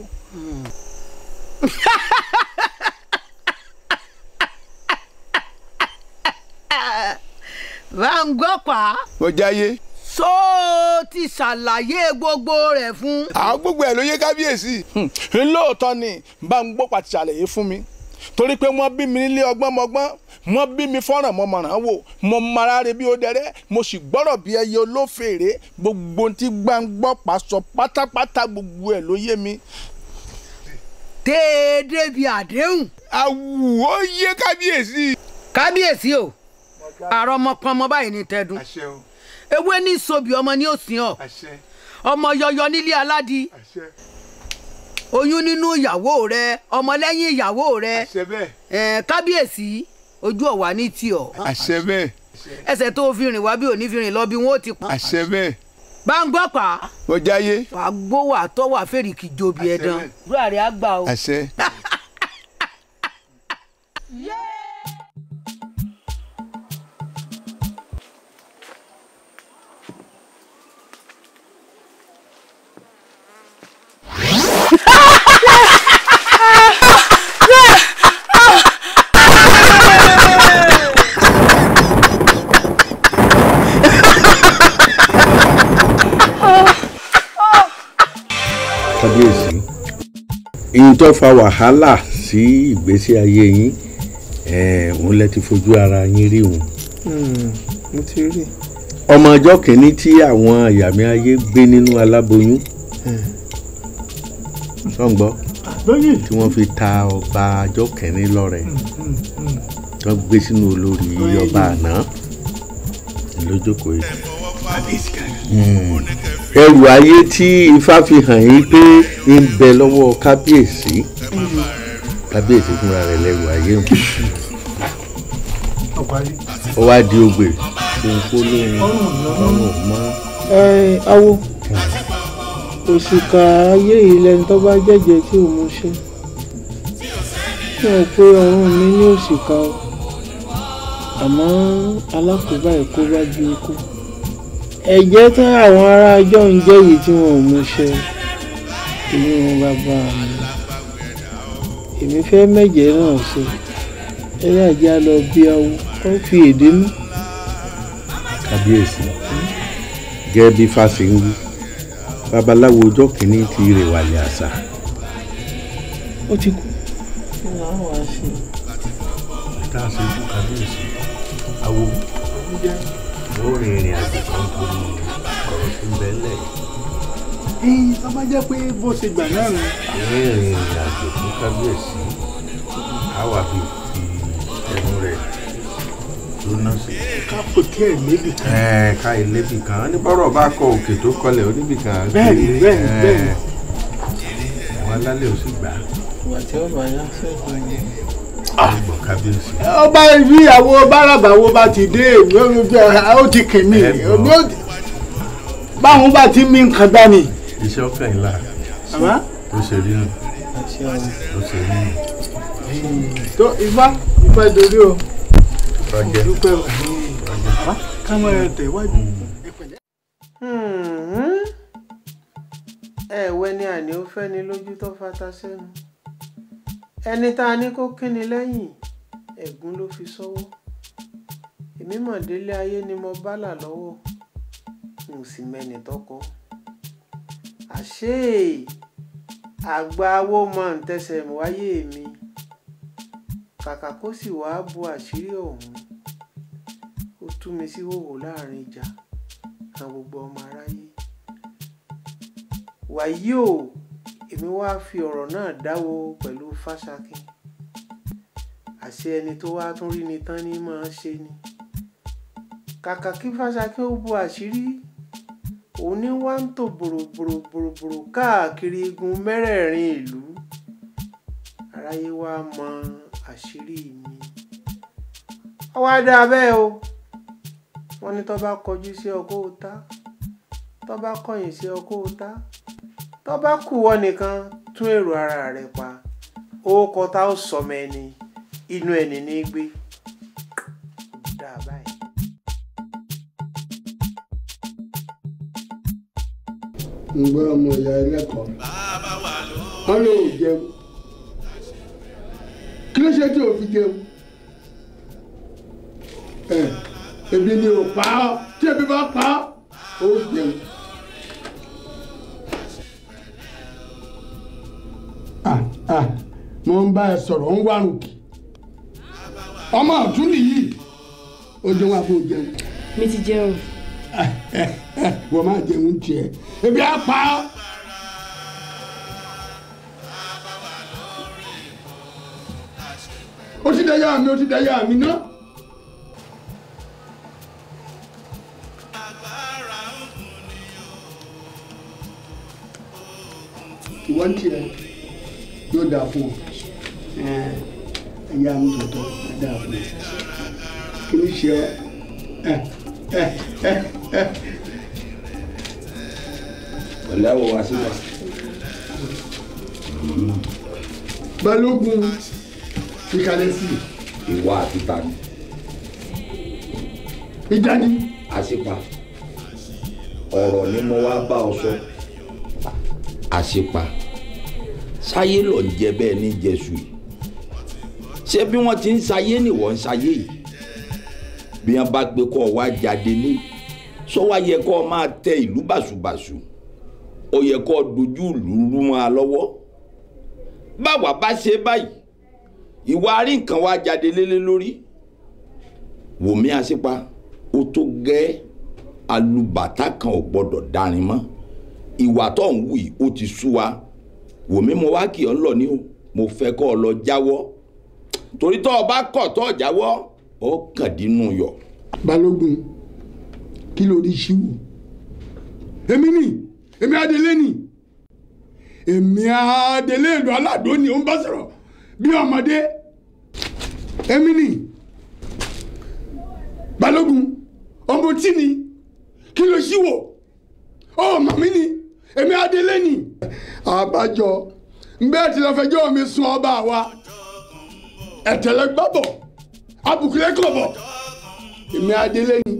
bá pa. mo jẹ́ so ti ṣàlàyé gbogbo rẹ̀ fún. àwọn gbogbo ẹ̀ ló yé kábíyèsí hmm. lóòótọ́ ni bá ń gbọ́ pàtì ṣàlàyé fún mi torí pé wọ́n bí mi nílé ọgbọ́n mọ́gbọ́n wọ́n bí mi fọ́nrán mọ́ mọ̀ràn wò mo mara rẹ bí ó dẹrẹ́ mo sì gbọ́rọ̀ bí ẹyẹ olófèrè gbogbo tí gbàǹgbọ́ pàṣọ pátápátá gbogbo ẹ̀ ló yé mi. déédéé bíi àdéhùn. àwùwọ́ yé kábíyèsí. kábíyèsí o àrọ̀mọpọ̀mọ báyìí ni tẹ́dùn. àṣẹ o ewé ní ìsobì ọmọ ní òsín ọ ọmọ yọyọ nílé aládìí oyún nínú ìyàwó rẹ ọmọlẹ́yìn ìyàwó rẹ kábíyèsí ojú ọ̀wà ní tì ọ́ ẹsẹ̀ tó fi rìn wá bí òní fi rìn lọ bí wọ́n ó ti pa bá ń gbọ́ pa. ó jáyé. wà á gbó wà á tọ́ wà á fèrè kì í jobi ẹ̀dán. rúra rẹ̀ á gbà o. àṣẹ. yeah. ìyìn tó fa wàhálà sí ìgbésí ayé yín òun lẹ ti fojú ara yín rí òun. Hmm, mo ti rí. ọmọ ọjọ́ kìíní tí àwọn àyàmí ayé gbé nínú aláboyún sọ̀ngbọ́ hmm. tí wọ́n fi ta ọba ọjọ́ kìíní lọ́rẹ̀ hmm, tó gbé sínú olórí ọba àná lójókòó yìí ẹrù ayé tí ifá fi hàn yín pé ń bẹ lọ́wọ́ kábíyèsí kábíyèsí fúnra rẹ̀ lẹ́rù ayé ń ó wá di ogbè òun kó lóhun ọrùn mọ́. awo òṣìkà ayé ìlẹ́ni tó bá jẹ́jẹ́ tí ò mú ṣe fún ọ pé ọrùn mi ní òṣìkà o àmọ́ alákòóbá ẹ̀kọ́ bá ju ikú ẹ̀jẹ̀ tí àwọn ará ajọ́ ń jẹ́ yìí tí wọn ò mú ṣe èmi wọn bàbá mi èmi fẹ́ mẹ̀jẹ̀ náà ṣe ẹ̀yà ajá lọ bí awọ ó fi èdè mú. kábíyèsí gẹ́gẹ́ bí fásiwí babaláwo ọjọ́ kìíní ti rẹ̀ wàlẹ̀ àṣà. ó ti kú. kí ni àwọn àṣe. ìta àṣe ikú kábíyèsí awo ó rin ìrìn àjò kan torí ọ̀rọ̀ tí ń bẹ lẹ̀ yìí. tó bá jẹ́ pé bó ṣe gbà náà ni. àwọn ìrìn ìrìn àjò fún kábíyèsí á fi fi ẹnu rẹ̀ lóná sí. ká kò tí ẹ̀ lébi kan. ẹ ká ìlébi kan ní bọ́rọ̀ bá kọ òkè tó kọlẹ̀ oníbì kan. bẹ́ẹ̀ni bẹ́ẹ̀ni bẹ́ẹ̀ni. àwọn alálẹ̀ ò sì gbà. ìwà tí ó yá fẹ́ gbọ́ yẹn ọba ìyàwó bárabà wo bá ti dé ó ti kì mí báwọn bá ti mí nǹkan gbá ni. iṣẹ́ ọkàn yìí la ó ṣe rí nù ó ṣe rí nù. tó ifá ifá dorí o kò dúpẹ́ o káwọn tẹ̀ wájú. Hmm. Hmm. ẹ̀wẹ́ ni àní ó fẹ́ ni lójú tó fata sẹ́nu ẹni tá a ní kó kíni lẹ́yìn ẹ̀gún ló fi sọ́wọ́ èmi mọ̀ délé ayé ni mo bá là lọ́wọ́ n ò sì mẹ́ni tọkọ àṣé àgbà awo mọ ntẹsẹ̀ wáyé mi kàkà kó sì wàá bo àṣírí ọ̀hún ó tú mi sí hòhò láàrin ìjà kan gbogbo ọmọ aráyé wàyí o èmi wá fi ọ̀rọ̀ náà dáwó pẹ̀lú fásakin àṣé ẹni tó wá tún rí ni tán ní máa ṣe ni kàkà kí fásakin ó bu àṣírí òun ní wá ń tò bòròbòròbòròbòrò káàkiri igun mẹ́rẹ̀ẹ̀rin ìlú aráyé wá mọ àṣírí mi ó wá dáa bẹ́ẹ̀ o wọ́n ní tó bá kọjú sí ọkọ̀ òta tó bá kọ̀yìn sí ọkọ̀ òta tó bá kù wọ́ nìkan tún èrò ara rẹ pa orúkọ tá ó sọmọ ẹni inú ẹni ní gbé dáa báyìí. ọmọ ìyá ẹlẹ́kọ̀ọ́ wọn ló jẹun kí ló ṣe tí o fi jẹun ẹ ebi ni o pa ọ tí ebi bá pa ọ ó jẹun. Ah, mo ń bá ẹ sọ̀rọ̀ ń wárùn kì ọmọ ọ̀tún nìyí ó jẹun àbò jẹun. mi ti jẹun. Ah, eh, eh, wọ́n máa jẹun tiẹ̀ ebi á pa á. ti dẹ́yà mi ó ti dẹ́yà mi ná. ìwọ́n tiẹ̀ yóò dáa fún ọ ẹyà amúdòdó dáa fún ọ kí ni ṣe ẹ ẹ ẹ ẹ. ọ̀la wo wá síbẹ̀. balógun ìkàlẹ̀ sí. ìwà àti tani. ìjáde. àṣìpa ọ̀rọ̀ ni mo wá bá ọ sọ àṣìpa. So sáyé lọ ń jẹ bẹ́ẹ̀ ní jésù yìí ṣé bí wọ́n ti ń sáyé nìwọ ń sáyé yìí bí wọ́n bá gbé kọ́ wá jáde ní sọ wá yẹ kọ́ máa tẹ ìlú bàṣùbàṣù ó yẹ kọ́ dojú ìlú rú wọn lọ́wọ́ báwa bá ṣe báyìí ìwà rí nǹkan wá jáde lélẹ́ lórí wòmí àṣepa ó tó gẹ́ alùbàtà kan ò gbọ́dọ̀ dárin mọ́ ìwà tó ń wù yìí ó ti sú wa wòmí mo wá kì ọ́ ń lọ ní o mo fẹ́ kọ́ ọ lọ jáwọ́ torí tọ́ ọ bá kọ̀ tọ́ ọ jáwọ́ ó kàn dínú yọ. balógun kí ló rí sí wò èmi ni èmi adelé ni èmi adelé ìlú aládùn ni ó ń bá sọ̀rọ̀ bí ọmọdé èmi ni balógun ọmọ tí ni kí ló sí wò ọ màmí ni èmi adelé ni àbájọ nbẹ́ ti lọ fẹjọ́ mi sun ọba wa ẹ̀tẹ̀lẹ̀ gbọ́bọ̀ abùkúlẹ̀ kọ̀bọ̀ èmi adelé ni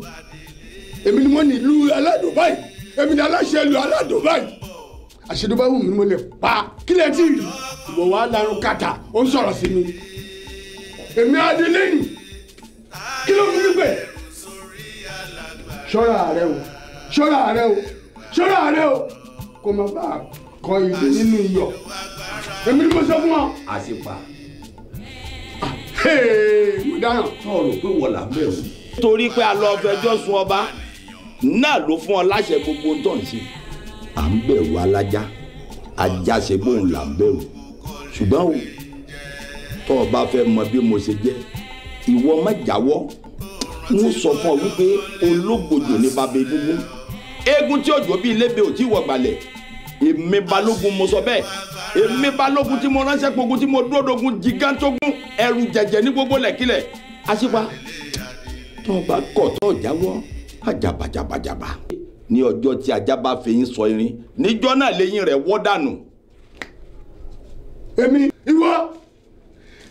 èmi ni mo ní ìlú aládùn báyìí èmi ni aláṣẹ ìlú aládùn báyìí àṣedọ́bá wù mí mo lè pa kílẹ̀ tí ì ìwọ̀ wá larun kàtà ó ń sọ̀rọ̀ sí mi èmi adelé ni kí ló fún mi pé ṣọ́ra rẹ o ṣọ́ra rẹ o ṣọ́ra rẹ o kó má bàa kọ ibi nínú iyọ̀ èmi ni mo sọ fún ọ. àṣepa. mo dáná. sọ̀rọ̀ pé wọ́n là ń bẹ̀rù. torí pé a lọ fẹjọ́ sun ọba náà ló fún ọ láṣẹ gbogbo tó ń ṣe. à ń bẹ̀rù alájá ajá ṣe bóun là ń bẹ̀rù ṣùgbọ́n o tó o bá fẹ́ mọ bí mo ṣe jẹ́ ìwọ má jáwọ́ n ó sọ fún ọ wípé ológbòjò ní bàbá egúngún eégún tí òjò bíi lébè ò tí wọ gbalẹ̀ èmi balógun mo sọ bẹ́ẹ̀ èmi balógun tí mo ránṣẹ́ pogun tí mo dúró dogun jigantogun ẹrù jẹjẹ ní gbogbo lẹ̀kílẹ̀ àṣìpa tó bá kọ̀ tó jáwọ́ àjàbàjàbàjàbà ní ọjọ́ tí ajá bá fẹ̀yìn sọ irin níjọ́ náà lẹ́yìn rẹ̀ wọ́ dànù. èmi ìwọ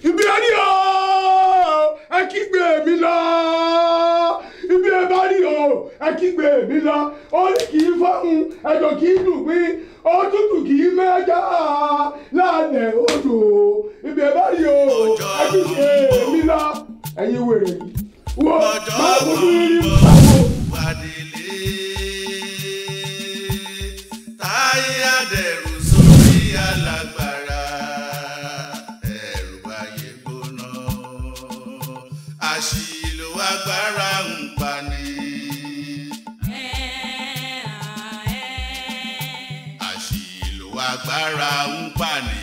ibi ẹni ọ̀ọ́ ẹ kígbe mi lọ ibi ẹ bá rí o ẹ kígbe mi lọ orí kì í fọ́hùn ẹ̀dọ̀ kì í dùn pín òtútù kì í mẹ́jà lálẹ́ odò ibi ẹ bá rí o ẹ kígbe mi lọ ẹ̀yin wèrè wo máa fojú rí mi sáwọ́. ayé adẹ̀rù sórí àlà. ara ń pàní.